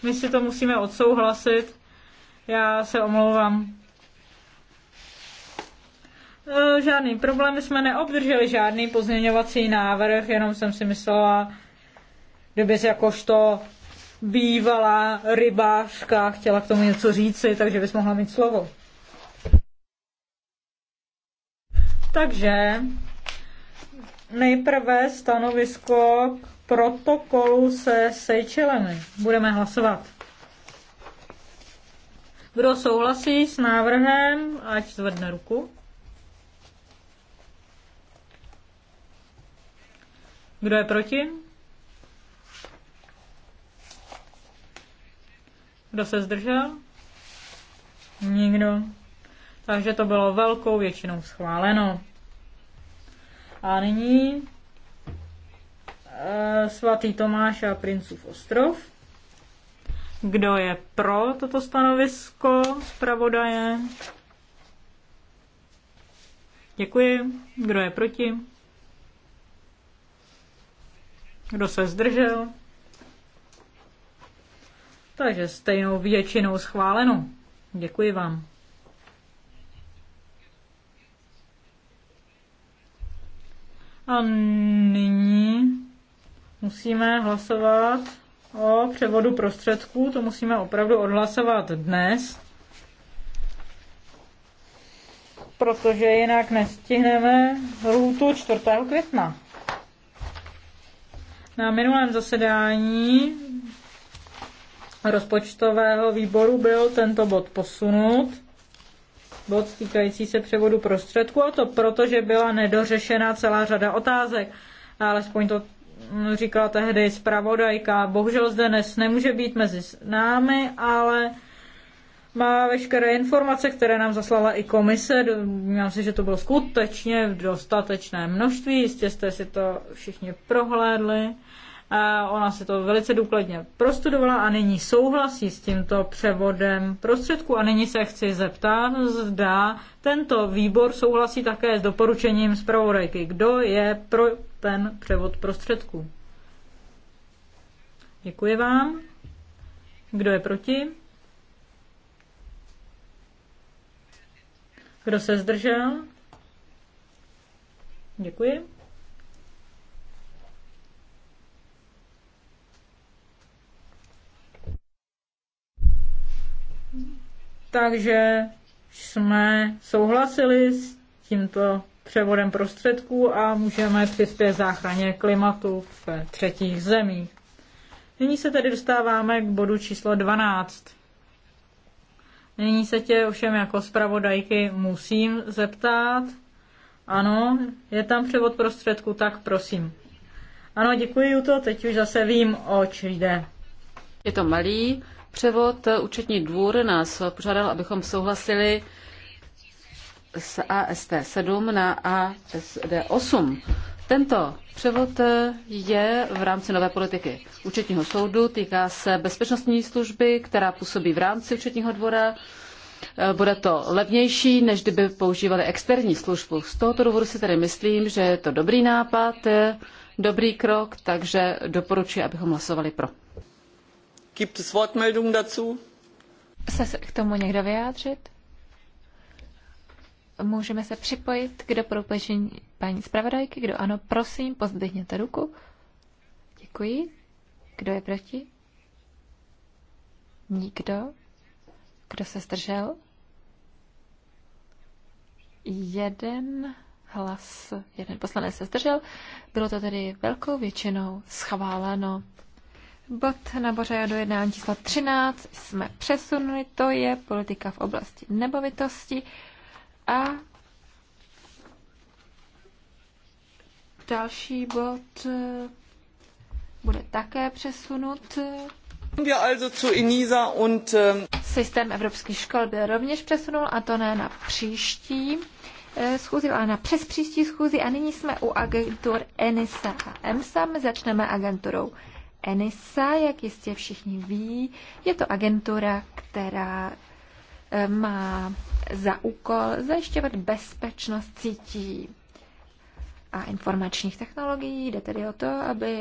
My si to musíme odsouhlasit. Já se omlouvám. E, žádný problém, my jsme neobdrželi žádný pozměňovací návrh, jenom jsem si myslela, kdyby jsi jakožto bývalá rybářka chtěla k tomu něco říci, takže bys mohla mít slovo. Takže nejprve stanovisko k protokolu se Sejčelemi. Budeme hlasovat. Kdo souhlasí s návrhem, ať zvedne ruku. Kdo je proti? Kdo se zdržel? Nikdo. Takže to bylo velkou většinou schváleno. A nyní e, svatý Tomáš a princův ostrov. Kdo je pro toto stanovisko zpravodaje? Děkuji. Kdo je proti? Kdo se zdržel? Takže stejnou většinou schváleno. Děkuji vám. A nyní musíme hlasovat o převodu prostředků. To musíme opravdu odhlasovat dnes, protože jinak nestihneme lhůtu 4. května. Na minulém zasedání rozpočtového výboru byl tento bod posunut. Bod týkající se převodu prostředků, a to proto, že byla nedořešena celá řada otázek. Alespoň to mm, říkala tehdy zpravodajka. Bohužel zde dnes nemůže být mezi námi, ale má veškeré informace, které nám zaslala i komise. Domnívám se, že to bylo skutečně v dostatečné množství. Jistě jste si to všichni prohlédli. A ona si to velice důkladně prostudovala a nyní souhlasí s tímto převodem prostředku. A nyní se chci zeptat, zda tento výbor souhlasí také s doporučením zpravodajky. Kdo je pro ten převod prostředků? Děkuji vám. Kdo je proti? Kdo se zdržel? Děkuji. Takže jsme souhlasili s tímto převodem prostředků a můžeme přispět záchraně klimatu v třetích zemích. Nyní se tedy dostáváme k bodu číslo 12. Nyní se tě ovšem jako zpravodajky musím zeptat. Ano, je tam převod prostředku, tak prosím. Ano, děkuji, to. teď už zase vím, čem jde. Je to malý převod. Účetní dvůr nás požádal, abychom souhlasili s AST 7 na ast 8. Tento převod je v rámci nové politiky účetního soudu, týká se bezpečnostní služby, která působí v rámci účetního dvora. Bude to levnější, než kdyby používali externí službu. Z tohoto důvodu si tedy myslím, že je to dobrý nápad, dobrý krok, takže doporučuji, abychom hlasovali pro. Gibt es Wortmeldungen dazu? Se k tomu někdo vyjádřit? Můžeme se připojit k doporučení paní zpravodajky. Kdo ano, prosím, pozdvihněte ruku. Děkuji. Kdo je proti? Nikdo. Kdo se zdržel? Jeden hlas, jeden poslanec se zdržel. Bylo to tedy velkou většinou schváleno. Bod na do jednání číslo 13 jsme přesunuli, to je politika v oblasti nebovitosti. A další bod eh, bude také přesunut. Wir also zu Inisa und, ähm, Systém evropských škol byl rovněž přesunul, a to ne na příští eh, schůzi, ale na přes příští schůzi. A nyní jsme u agentur ENISA a EMSA. My začneme agenturou ENISA, jak jistě všichni ví. Je to agentura, která má za úkol zajišťovat bezpečnost sítí a informačních technologií. Jde tedy o to, aby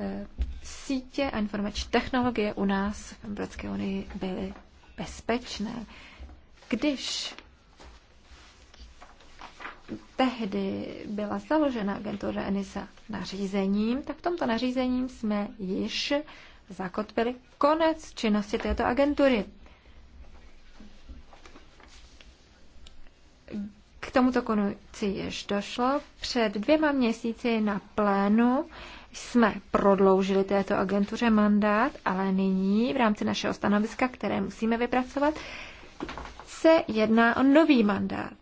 eh, sítě a informační technologie u nás v Evropské unii byly bezpečné. Když tehdy byla založena agentura ENISA nařízením, tak v tomto nařízením jsme již zakotvili konec činnosti této agentury. K tomuto konci již došlo. Před dvěma měsíci na plénu jsme prodloužili této agentuře mandát, ale nyní v rámci našeho stanoviska, které musíme vypracovat, se jedná o nový mandát,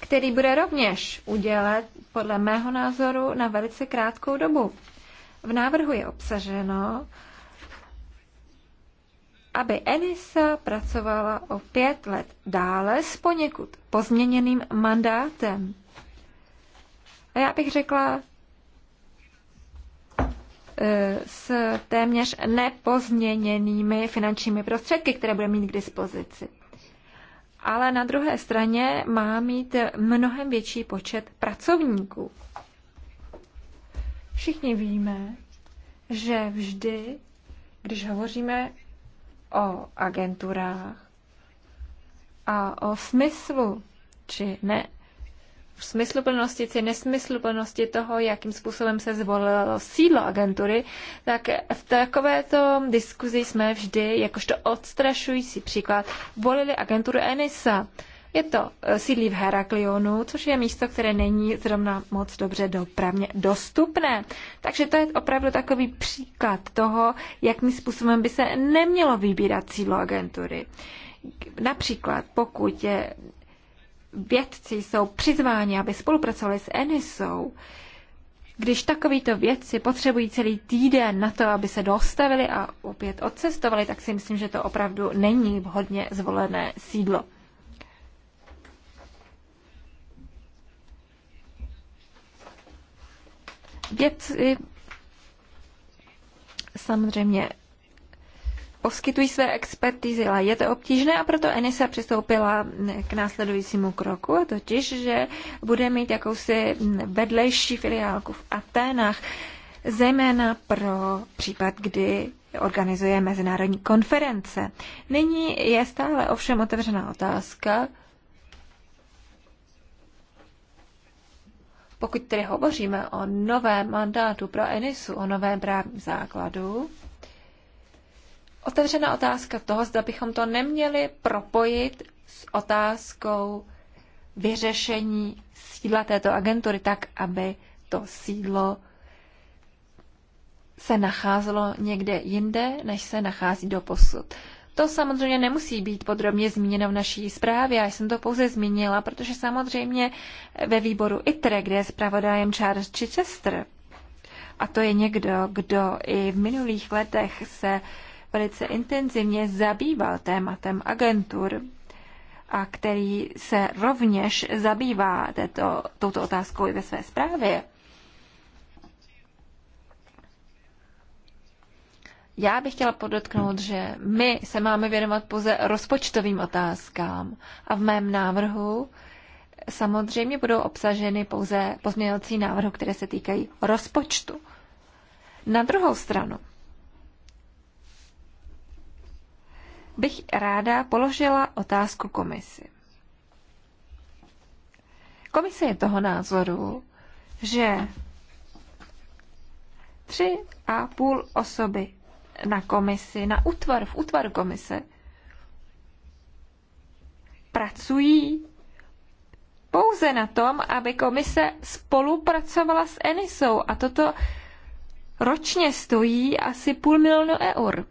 který bude rovněž udělat podle mého názoru na velice krátkou dobu. V návrhu je obsaženo, aby Enisa pracovala o pět let dále s poněkud pozměněným mandátem. A já bych řekla e, s téměř nepozměněnými finančními prostředky, které bude mít k dispozici. Ale na druhé straně má mít mnohem větší počet pracovníků. Všichni víme, že vždy, když hovoříme o agenturách a o smyslu, či ne, v smysluplnosti či nesmysluplnosti toho, jakým způsobem se zvolilo sídlo agentury, tak v takovéto diskuzi jsme vždy, jakožto odstrašující příklad, volili agenturu ENISA. Je to eh, sídlí v Heraklionu, což je místo, které není zrovna moc dobře dopravně dostupné. Takže to je opravdu takový příklad toho, jakým způsobem by se nemělo vybírat sídlo agentury. Například pokud je, vědci jsou přizváni, aby spolupracovali s Enisou, když takovýto vědci potřebují celý týden na to, aby se dostavili a opět odcestovali, tak si myslím, že to opravdu není vhodně zvolené sídlo. Věci samozřejmě poskytují své expertizy, ale je to obtížné a proto Enisa přistoupila k následujícímu kroku, a totiž, že bude mít jakousi vedlejší filiálku v Aténách, zejména pro případ, kdy organizuje mezinárodní konference. Nyní je stále ovšem otevřená otázka, Pokud tedy hovoříme o novém mandátu pro Enisu, o novém právním základu, otevřená otázka toho, zda bychom to neměli propojit s otázkou vyřešení sídla této agentury tak, aby to sídlo se nacházelo někde jinde, než se nachází do posud. To samozřejmě nemusí být podrobně zmíněno v naší zprávě, já jsem to pouze zmínila, protože samozřejmě ve výboru ITRE, kde je zpravodajem Charles Chichester, a to je někdo, kdo i v minulých letech se velice intenzivně zabýval tématem agentur a který se rovněž zabývá této, touto otázkou i ve své zprávě, Já bych chtěla podotknout, že my se máme věnovat pouze rozpočtovým otázkám a v mém návrhu samozřejmě budou obsaženy pouze pozměňovací návrhy, které se týkají rozpočtu. Na druhou stranu bych ráda položila otázku komisi. Komise je toho názoru, že tři a půl osoby na komisi, na útvar, v útvar komise, pracují pouze na tom, aby komise spolupracovala s Enisou a toto ročně stojí asi půl milionu eur.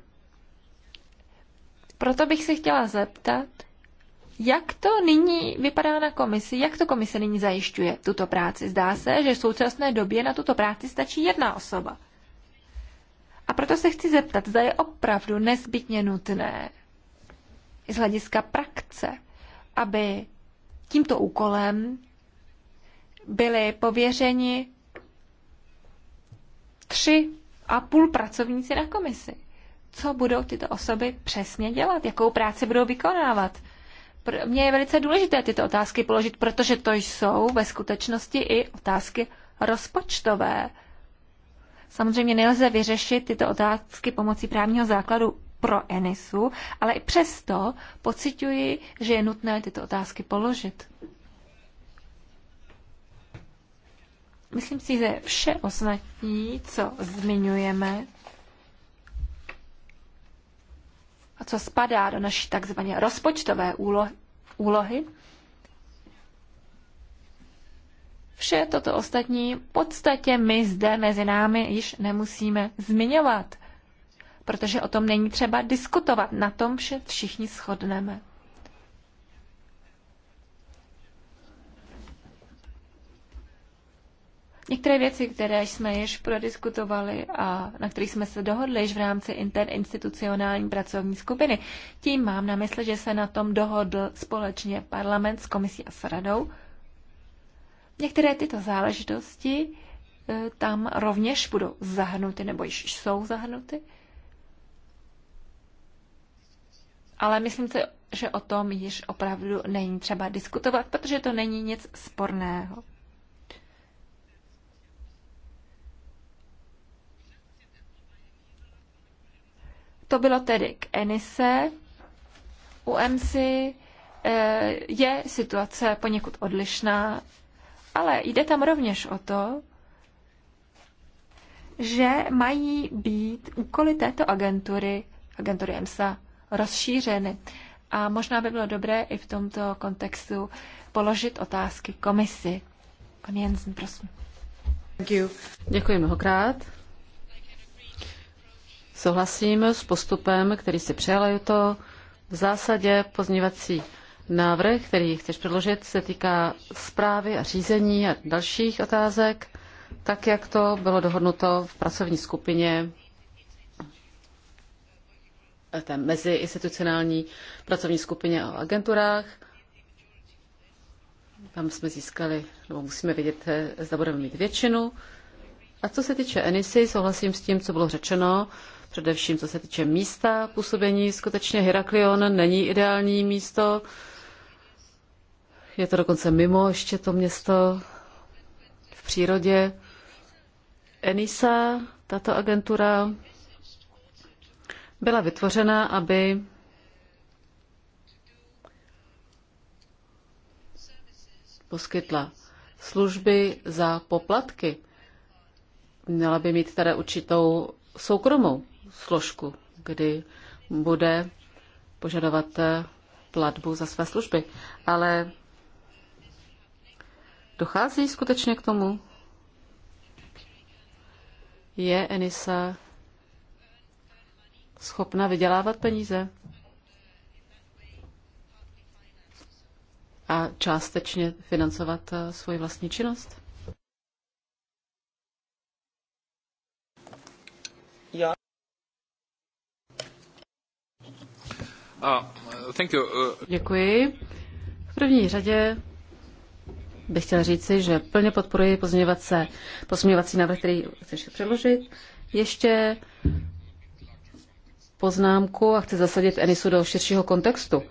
Proto bych se chtěla zeptat, jak to nyní vypadá na komisi, jak to komise nyní zajišťuje tuto práci? Zdá se, že v současné době na tuto práci stačí jedna osoba. A proto se chci zeptat, zda je opravdu nezbytně nutné z hlediska praxe, aby tímto úkolem byly pověřeni tři a půl pracovníci na komisi. Co budou tyto osoby přesně dělat? Jakou práci budou vykonávat? Pro mě je velice důležité tyto otázky položit, protože to jsou ve skutečnosti i otázky rozpočtové. Samozřejmě nelze vyřešit tyto otázky pomocí právního základu pro Enisu, ale i přesto pociťuji, že je nutné tyto otázky položit. Myslím si, že vše ostatní, co zmiňujeme a co spadá do naší takzvané rozpočtové úlohy, Vše toto ostatní v podstatě my zde mezi námi již nemusíme zmiňovat, protože o tom není třeba diskutovat. Na tom vše všichni shodneme. Některé věci, které jsme již prodiskutovali a na kterých jsme se dohodli již v rámci interinstitucionální pracovní skupiny, tím mám na mysli, že se na tom dohodl společně parlament s komisí a s radou, Některé tyto záležitosti e, tam rovněž budou zahrnuty, nebo již jsou zahrnuty. Ale myslím si, že o tom již opravdu není třeba diskutovat, protože to není nic sporného. To bylo tedy k Enise. U MC e, je situace poněkud odlišná ale jde tam rovněž o to, že mají být úkoly této agentury, agentury EMSA, rozšířeny. A možná by bylo dobré i v tomto kontextu položit otázky komisi. Pan Jensen, prosím. Děkuji mnohokrát. Souhlasím s postupem, který si přijala to v zásadě pozněvací Návrh, který chceš předložit, se týká zprávy a řízení a dalších otázek, tak jak to bylo dohodnuto v pracovní skupině mezi institucionální pracovní skupině o agenturách. Tam jsme získali, nebo musíme vědět, eh, zda budeme mít většinu. A co se týče Enisy, souhlasím s tím, co bylo řečeno, především co se týče místa působení. Skutečně Heraklion není ideální místo. Je to dokonce mimo ještě to město, v přírodě. ENISA, tato agentura, byla vytvořena, aby poskytla služby za poplatky. Měla by mít tady určitou soukromou složku, kdy bude požadovat platbu za své služby. Ale Dochází skutečně k tomu? Je Enisa schopna vydělávat peníze? A částečně financovat eh, svoji vlastní činnost? Já. Ah, eh, Děkuji. V první řadě bych chtěl říci, že plně podporuji pozměňovací návrh, který chceš přeložit, Ještě poznámku a chci zasadit Enisu do širšího kontextu.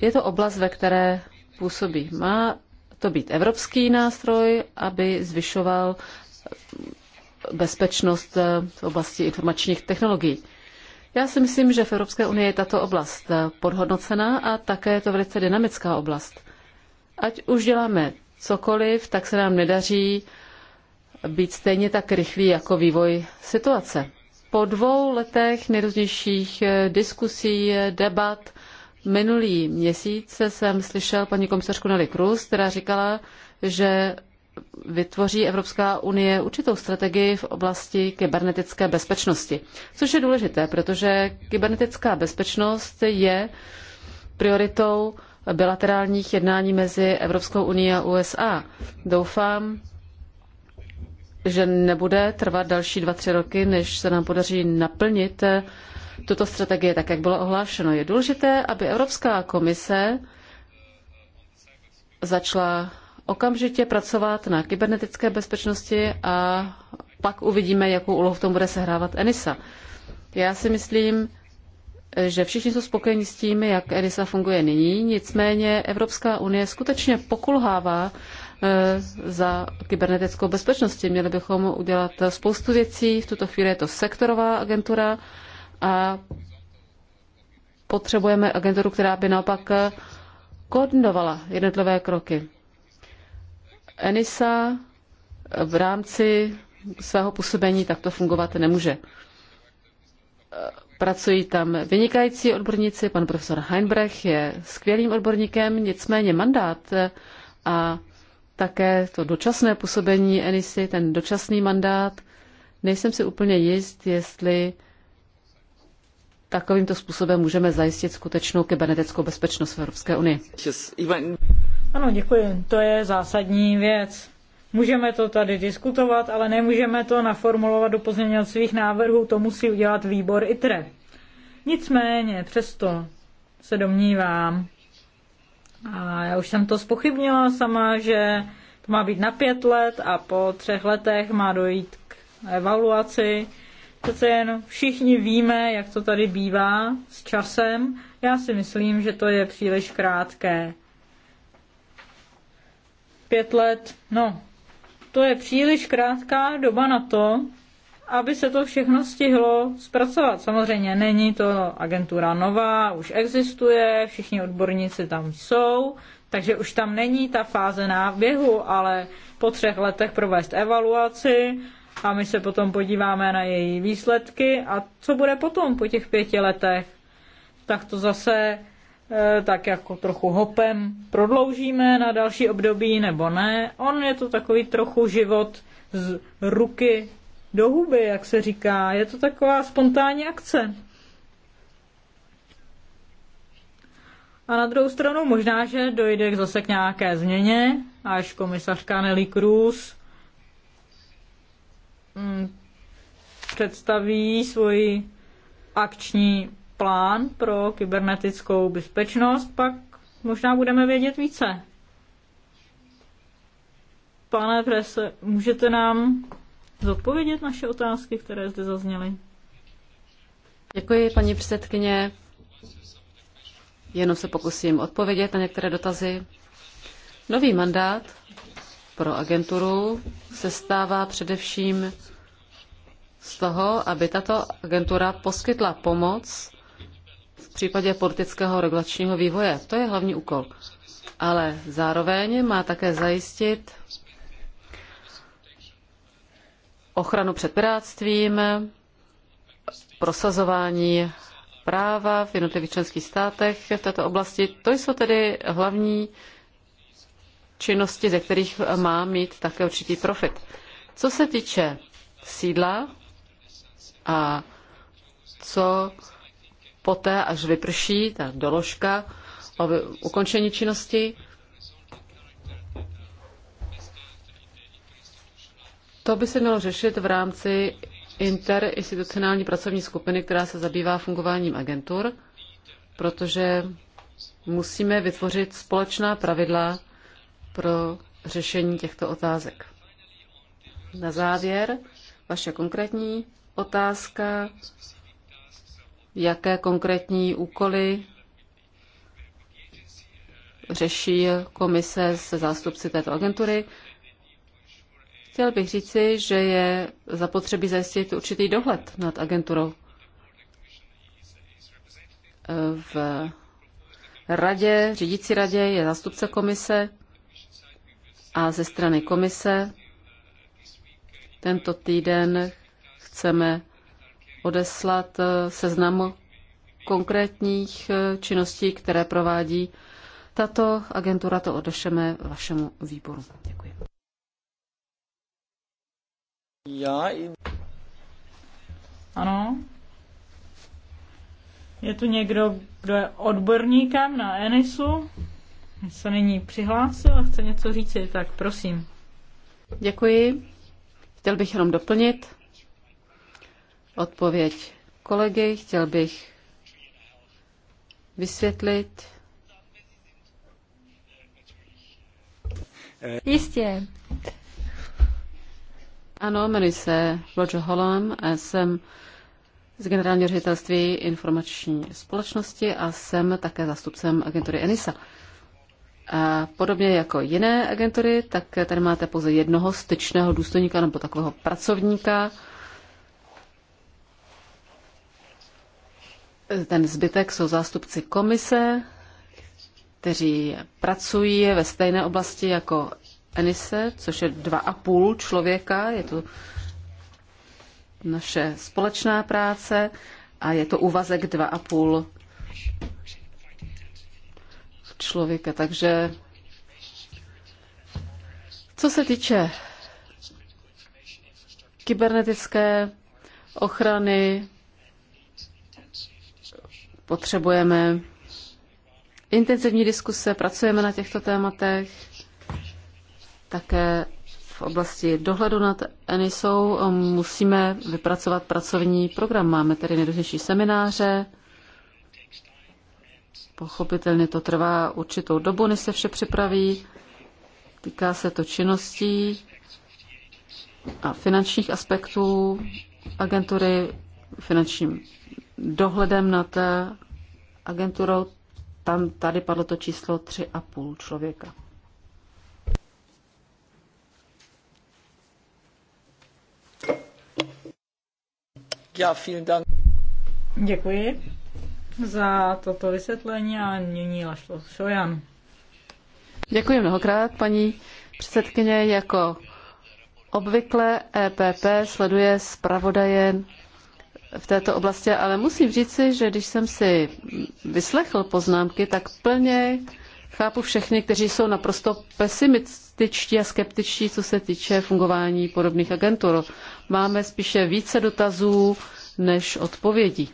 Je to oblast, ve které působí. Má to být evropský nástroj, aby zvyšoval bezpečnost eh, v oblasti informačních technologií. Já si myslím, že v Evropské unii je tato oblast eh, podhodnocená a také je to velice dynamická oblast. Ať už děláme cokoliv, tak se nám nedaří být stejně tak rychlý jako vývoj situace. Po dvou letech nejrůznějších eh, diskusí, eh, debat, minulý měsíc jsem slyšel paní komisařku Nelly Cruz, která říkala, že vytvoří Evropská unie určitou strategii v oblasti kybernetické bezpečnosti. Což je důležité, protože kybernetická bezpečnost je prioritou bilaterálních jednání mezi Evropskou unii a USA. Doufám, že nebude trvat další dva, tři roky, než se nám podaří naplnit eh, tuto strategii tak, jak bylo ohlášeno. Je důležité, aby Evropská komise začala okamžitě pracovat na kybernetické bezpečnosti a pak uvidíme, jakou úlohu v tom bude sehrávat ENISA. Já si myslím, že všichni jsou spokojeni s tím, jak EDISA funguje nyní, nicméně Evropská unie skutečně pokulhává e, za kybernetickou bezpečností. Měli bychom udělat spoustu věcí, v tuto chvíli je to sektorová agentura a potřebujeme agenturu, která by naopak koordinovala jednotlivé kroky. ENISA v rámci svého působení takto fungovat nemůže. Pracují tam vynikající odborníci, pan profesor Heinbrech je skvělým odborníkem, nicméně mandát eh, a také to dočasné působení Enisy, ten dočasný mandát, nejsem si úplně jist, jestli takovýmto způsobem můžeme zajistit skutečnou kybernetickou bezpečnost v Evropské unii. Ano, děkuji. To je zásadní věc. Můžeme to tady diskutovat, ale nemůžeme to naformulovat do pozměňovacích návrhů, to musí udělat výbor ITRE. Nicméně, přesto se domnívám, a já už jsem to spochybnila sama, že to má být na pět let a po třech letech má dojít k evaluaci. Přece jen všichni víme, jak to tady bývá s časem. Já si myslím, že to je příliš krátké. Pět let, no, to je příliš krátká doba na to, aby se to všechno stihlo zpracovat. Samozřejmě není to agentura nová, už existuje, všichni odborníci tam jsou, takže už tam není ta fáze náběhu, ale po třech letech provést evaluaci a my se potom podíváme na její výsledky a co bude potom po těch pěti letech, tak to zase Eh, tak jako trochu hopem prodloužíme na další období nebo ne. On je to takový trochu život z ruky do huby, jak se říká. Je to taková spontánní akce. A na druhou stranu možná, že dojde zase k nějaké změně, až komisařka Nelly Cruz mm, představí svoji akční plán pro kybernetickou bezpečnost, pak možná budeme vědět více. Pane Prese, můžete nám zodpovědět naše otázky, které zde zazněly? Děkuji, paní předsedkyně. Jenom se pokusím odpovědět na některé dotazy. Nový mandát pro agenturu se stává především z toho, aby tato agentura poskytla pomoc případě politického regulačního vývoje. To je hlavní úkol. Ale zároveň má také zajistit ochranu před piráctvím, prosazování práva v jednotlivých členských státech v této oblasti. To jsou tedy hlavní činnosti, ze kterých má mít také určitý profit. Co se týče sídla a co poté, až vyprší ta doložka o ukončení činnosti, To by se mělo řešit v rámci interinstitucionální pracovní skupiny, která se zabývá fungováním agentur, protože musíme vytvořit společná pravidla pro řešení těchto otázek. Na závěr vaše konkrétní otázka jaké konkrétní úkoly řeší komise se zástupci této agentury. Chtěl bych říci, že je zapotřebí zajistit určitý dohled nad agenturou. V radě, řídící radě je zástupce komise a ze strany komise tento týden chceme odeslat eh, seznam konkrétních eh, činností, které provádí tato agentura, to odešeme vašemu výboru. Děkuji. Já i... Ano. Je tu někdo, kdo je odborníkem na Enisu? Se nyní přihlásil a chce něco říci, tak prosím. Děkuji. Chtěl bych jenom doplnit, odpověď kolegy. Chtěl bych vysvětlit. Jistě. Ano, jmenuji se Roger Holland a jsem z generálního ředitelství informační společnosti a jsem také zastupcem agentury ENISA. A podobně jako jiné agentury, tak tady máte pouze jednoho styčného důstojníka nebo takového pracovníka, Ten zbytek jsou zástupci komise, kteří pracují ve stejné oblasti jako Enise, což je dva a půl člověka. Je to naše společná práce a je to úvazek dva a půl člověka. Takže co se týče kybernetické ochrany, Potřebujeme intenzivní diskuse, pracujeme na těchto tématech, také v oblasti dohledu nad ENISou musíme vypracovat pracovní program. Máme tedy nejrůznější semináře, pochopitelně to trvá určitou dobu, než se vše připraví. Týká se to činností a finančních aspektů agentury, finanční dohledem nad eh, agenturou, tam tady padlo to číslo 3,5 člověka. Ja, vielen Dank. Děkuji za toto vysvětlení a nyní Lašlo Šojan. Děkuji mnohokrát, paní předsedkyně. Jako obvykle EPP sleduje zpravodaje v této oblasti, ale musím si, že když jsem si vyslechl poznámky, tak plně chápu všechny, kteří jsou naprosto pesimističtí a skeptičtí, co se týče fungování podobných agentur. Máme spíše více dotazů než odpovědí.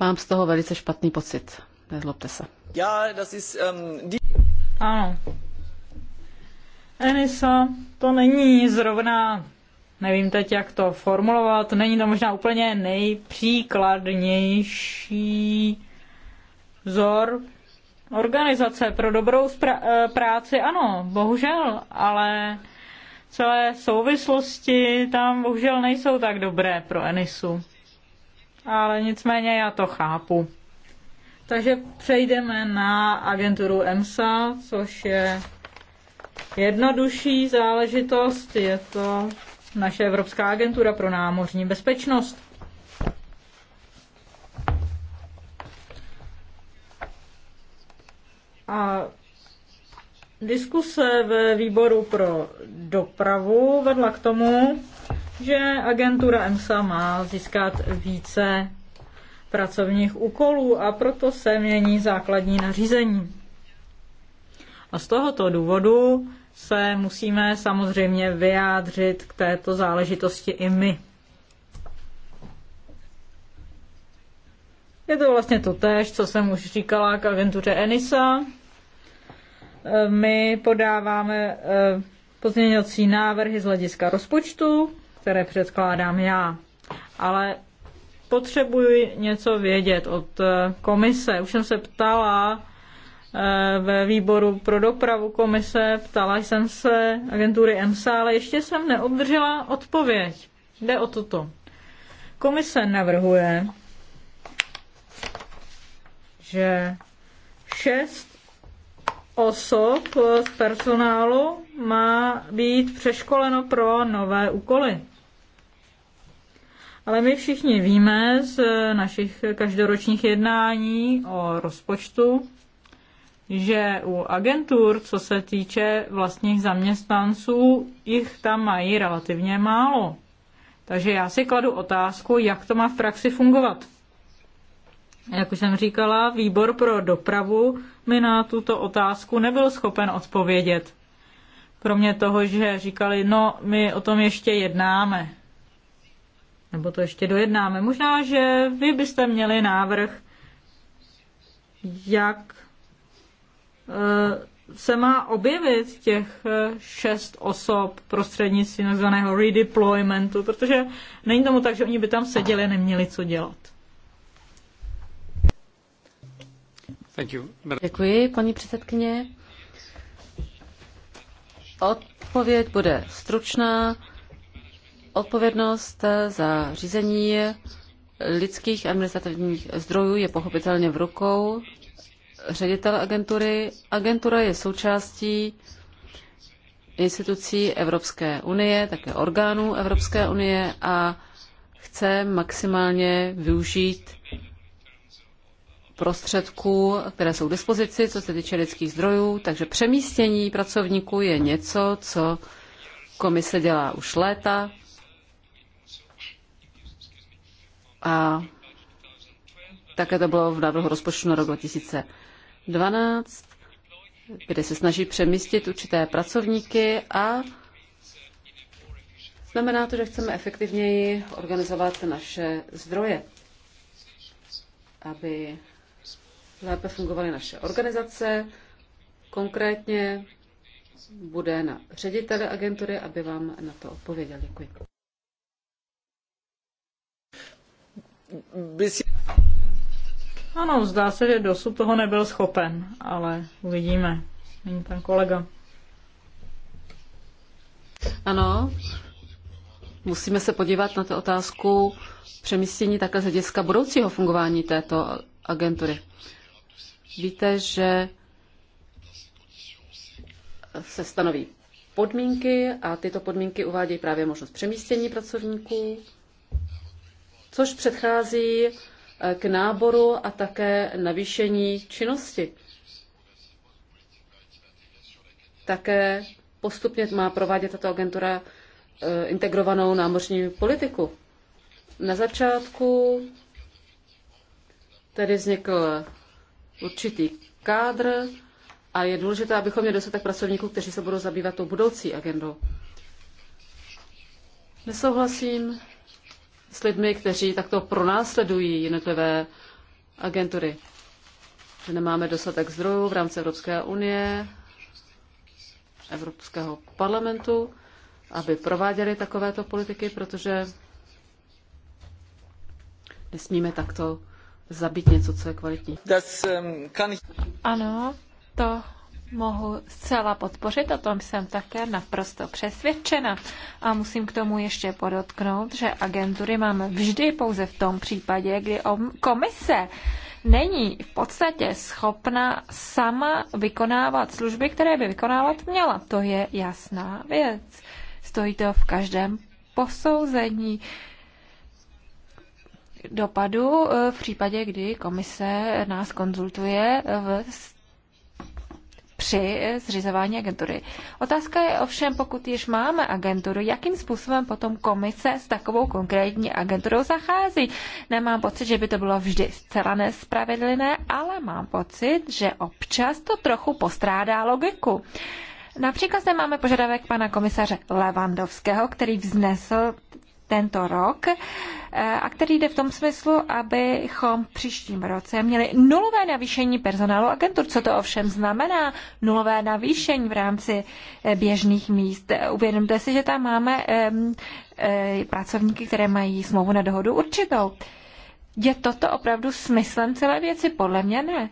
Mám z toho velice špatný pocit. Nezlobte se. Já, das ist, um, die... Ano. Enisa, to není zrovna nevím teď, jak to formulovat, není to možná úplně nejpříkladnější vzor organizace pro dobrou eh, práci, ano, bohužel, ale celé souvislosti tam bohužel nejsou tak dobré pro Enisu. Ale nicméně já to chápu. Takže přejdeme na agenturu EMSA, což je jednodušší záležitost. Je to naše Evropská agentura pro námořní bezpečnost. A diskuse ve výboru pro dopravu vedla k tomu, že agentura EMSA má získat více pracovních úkolů a proto se mění základní nařízení. A z tohoto důvodu se musíme samozřejmě vyjádřit k této záležitosti i my. Je to vlastně to tež, co jsem už říkala k agentuře ENISA. My podáváme eh, pozměňovací návrhy z hlediska rozpočtu, které předkládám já. Ale potřebuji něco vědět od eh, komise. Už jsem se ptala ve výboru pro dopravu komise, ptala jsem se agentury EMSA, ale ještě jsem neobdržela odpověď. Jde o toto. Komise navrhuje, že šest osob z personálu má být přeškoleno pro nové úkoly. Ale my všichni víme z našich každoročních jednání o rozpočtu, že u agentur, co se týče vlastních zaměstnanců, jich tam mají relativně málo. Takže já si kladu otázku, jak to má v praxi fungovat. Jak už jsem říkala, výbor pro dopravu mi na tuto otázku nebyl schopen odpovědět. Kromě toho, že říkali, no, my o tom ještě jednáme. Nebo to ještě dojednáme. Možná, že vy byste měli návrh, jak Eh, se má objevit těch eh, šest osob prostřednictvím tzv. redeploymentu, protože není tomu tak, že oni by tam seděli a neměli co dělat. Děkuji, paní předsedkyně. Odpověď bude stručná. Odpovědnost za řízení lidských administrativních zdrojů je pochopitelně v rukou ředitel agentury. Agentura je součástí institucí Evropské unie, také orgánů Evropské unie a chce maximálně využít prostředků, které jsou k dispozici, co se týče lidských zdrojů. Takže přemístění pracovníků je něco, co komise dělá už léta. A také to bylo v návrhu rozpočtu na rok 2020. 12, kde se snaží přemístit určité pracovníky a znamená to, že chceme efektivněji organizovat naše zdroje, aby lépe fungovaly naše organizace. Konkrétně bude na ředitele agentury, aby vám na to odpověděl. Děkuji. Ano, zdá se, že dosud toho nebyl schopen, ale uvidíme. Není pan kolega. Ano, musíme se podívat na tu otázku přemístění také z hlediska budoucího fungování této agentury. Víte, že se stanoví podmínky a tyto podmínky uvádějí právě možnost přemístění pracovníků, což předchází k náboru a také navýšení činnosti. Také postupně má provádět tato agentura e, integrovanou námořní politiku. Na začátku tedy vznikl určitý kádr a je důležité, abychom měli dostatek pracovníků, kteří se budou zabývat tou budoucí agendou. Nesouhlasím s lidmi, kteří takto pronásledují jednotlivé agentury. Že nemáme dostatek zdrojů v rámci Evropské unie, Evropského parlamentu, aby prováděli takovéto politiky, protože nesmíme takto zabít něco, co je kvalitní. Ehm, ano, to mohu zcela podpořit, o tom jsem také naprosto přesvědčena. A musím k tomu ještě podotknout, že agentury máme vždy pouze v tom případě, kdy komise není v podstatě schopna sama vykonávat služby, které by vykonávat měla. To je jasná věc. Stojí to v každém posouzení dopadu eh, v případě, kdy komise nás konzultuje v při zřizování agentury. Otázka je ovšem, pokud již máme agenturu, jakým způsobem potom komise s takovou konkrétní agenturou zachází. Nemám pocit, že by to bylo vždy zcela nespravedlivé, ale mám pocit, že občas to trochu postrádá logiku. Například zde máme požadavek pana komisaře Levandovského, který vznesl tento rok eh, a který jde v tom smyslu, abychom v příštím roce měli nulové navýšení personálu agentur. Co to ovšem znamená? Nulové navýšení v rámci eh, běžných míst. Uvědomte si, že tam máme eh, pracovníky, které mají smlouvu na dohodu určitou. Je toto opravdu smyslem celé věci? Podle mě ne.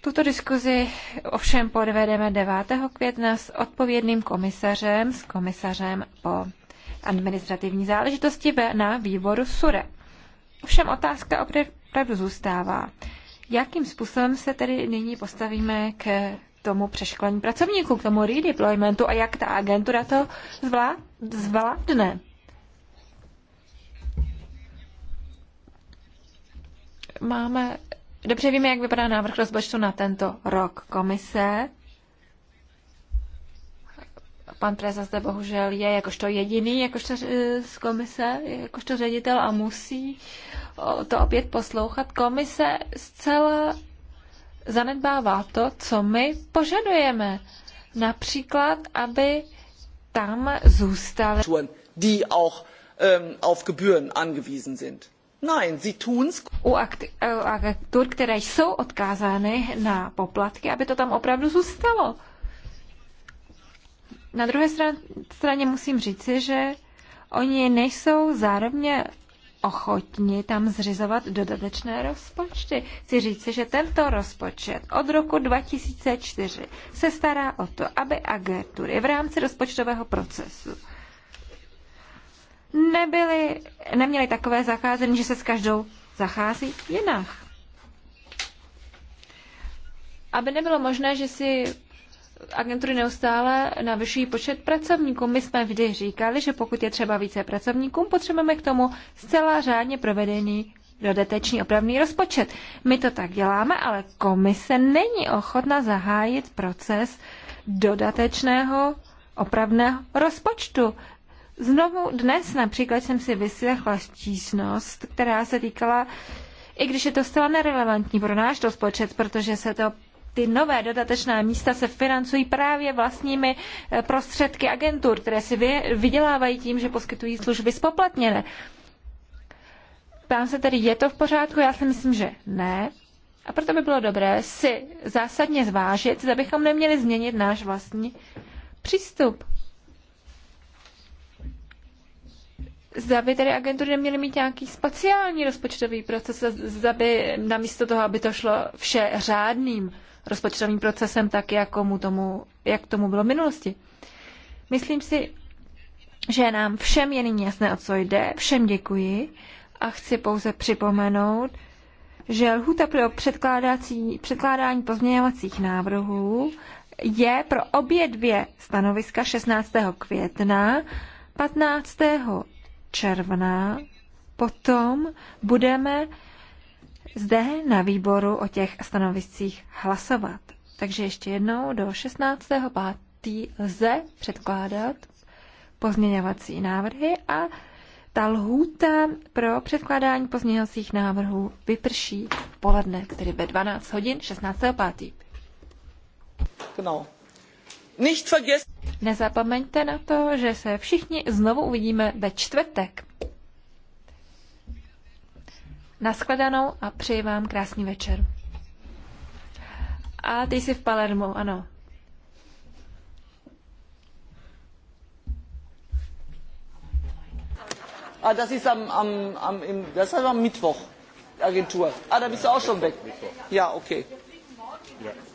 Tuto diskuzi ovšem podvedeme 9. května s odpovědným komisařem, s komisařem po administrativní záležitosti na výboru SURE. Ovšem otázka opravdu zůstává. Jakým způsobem se tedy nyní postavíme k tomu přeškolení pracovníků, k tomu redeploymentu a jak ta agentura to zvládne? Máme Dobře víme, jak vypadá návrh rozpočtu na tento rok komise. Pan Preza zde bohužel je jakožto jediný, jakožto eh, z komise, jakožto ředitel a musí to opět poslouchat. Komise zcela zanedbává to, co my požadujeme. Například, aby tam zůstaly. Die auch ähm, auf Gebühren angewiesen sind Nein, sie tun's. Eh, u agentur, které jsou odkázány na poplatky, aby to tam opravdu zůstalo. Na druhé straně musím říci, že oni nejsou zároveň ochotni tam zřizovat dodatečné rozpočty. Chci říci, že tento rozpočet od roku 2004 se stará o to, aby agentury v rámci rozpočtového procesu nebyli, neměli takové zacházení, že se s každou zachází jinak. Aby nebylo možné, že si agentury neustále navyšují počet pracovníků. My jsme vždy říkali, že pokud je třeba více pracovníků, potřebujeme k tomu zcela řádně provedený dodatečný opravný rozpočet. My to tak děláme, ale komise není ochotna zahájit proces dodatečného opravného rozpočtu. Znovu dnes například jsem si vyslechla stížnost, která se týkala, i když je to zcela nerelevantní pro náš rozpočet, protože se to ty nové dodatečná místa se financují právě vlastními eh, prostředky agentur, které si vydělávají tím, že poskytují služby spoplatněné. Ptám se tedy, je to v pořádku? Já si myslím, že ne. A proto by bylo dobré si zásadně zvážit, zda bychom neměli změnit náš vlastní přístup. zda by tedy agentury neměly mít nějaký speciální rozpočtový proces, zda by namísto toho, aby to šlo vše řádným rozpočtovým procesem, tak jako mu tomu, jak tomu bylo v minulosti. Myslím si, že nám všem je nyní jasné, o co jde. Všem děkuji a chci pouze připomenout, že lhůta pro předkládání pozměňovacích návrhů je pro obě dvě stanoviska 16. května 15 června potom budeme zde na výboru o těch stanoviscích hlasovat. Takže ještě jednou do 16. 5. lze předkládat pozměňovací návrhy a ta lhůta pro předkládání pozměňovacích návrhů vyprší v poledne, tedy ve 12 hodin 16. 5. Genau. Nezapomeňte na to, že se všichni znovu uvidíme ve čtvrtek. Naschledanou a přeji vám krásný večer. A ty jsi v Palermu, ano. Ah, das ist am, am, am, im, das ist am Mittwoch, Agentur. Ah, da bist du auch schon weg. Ja, okay. Ja.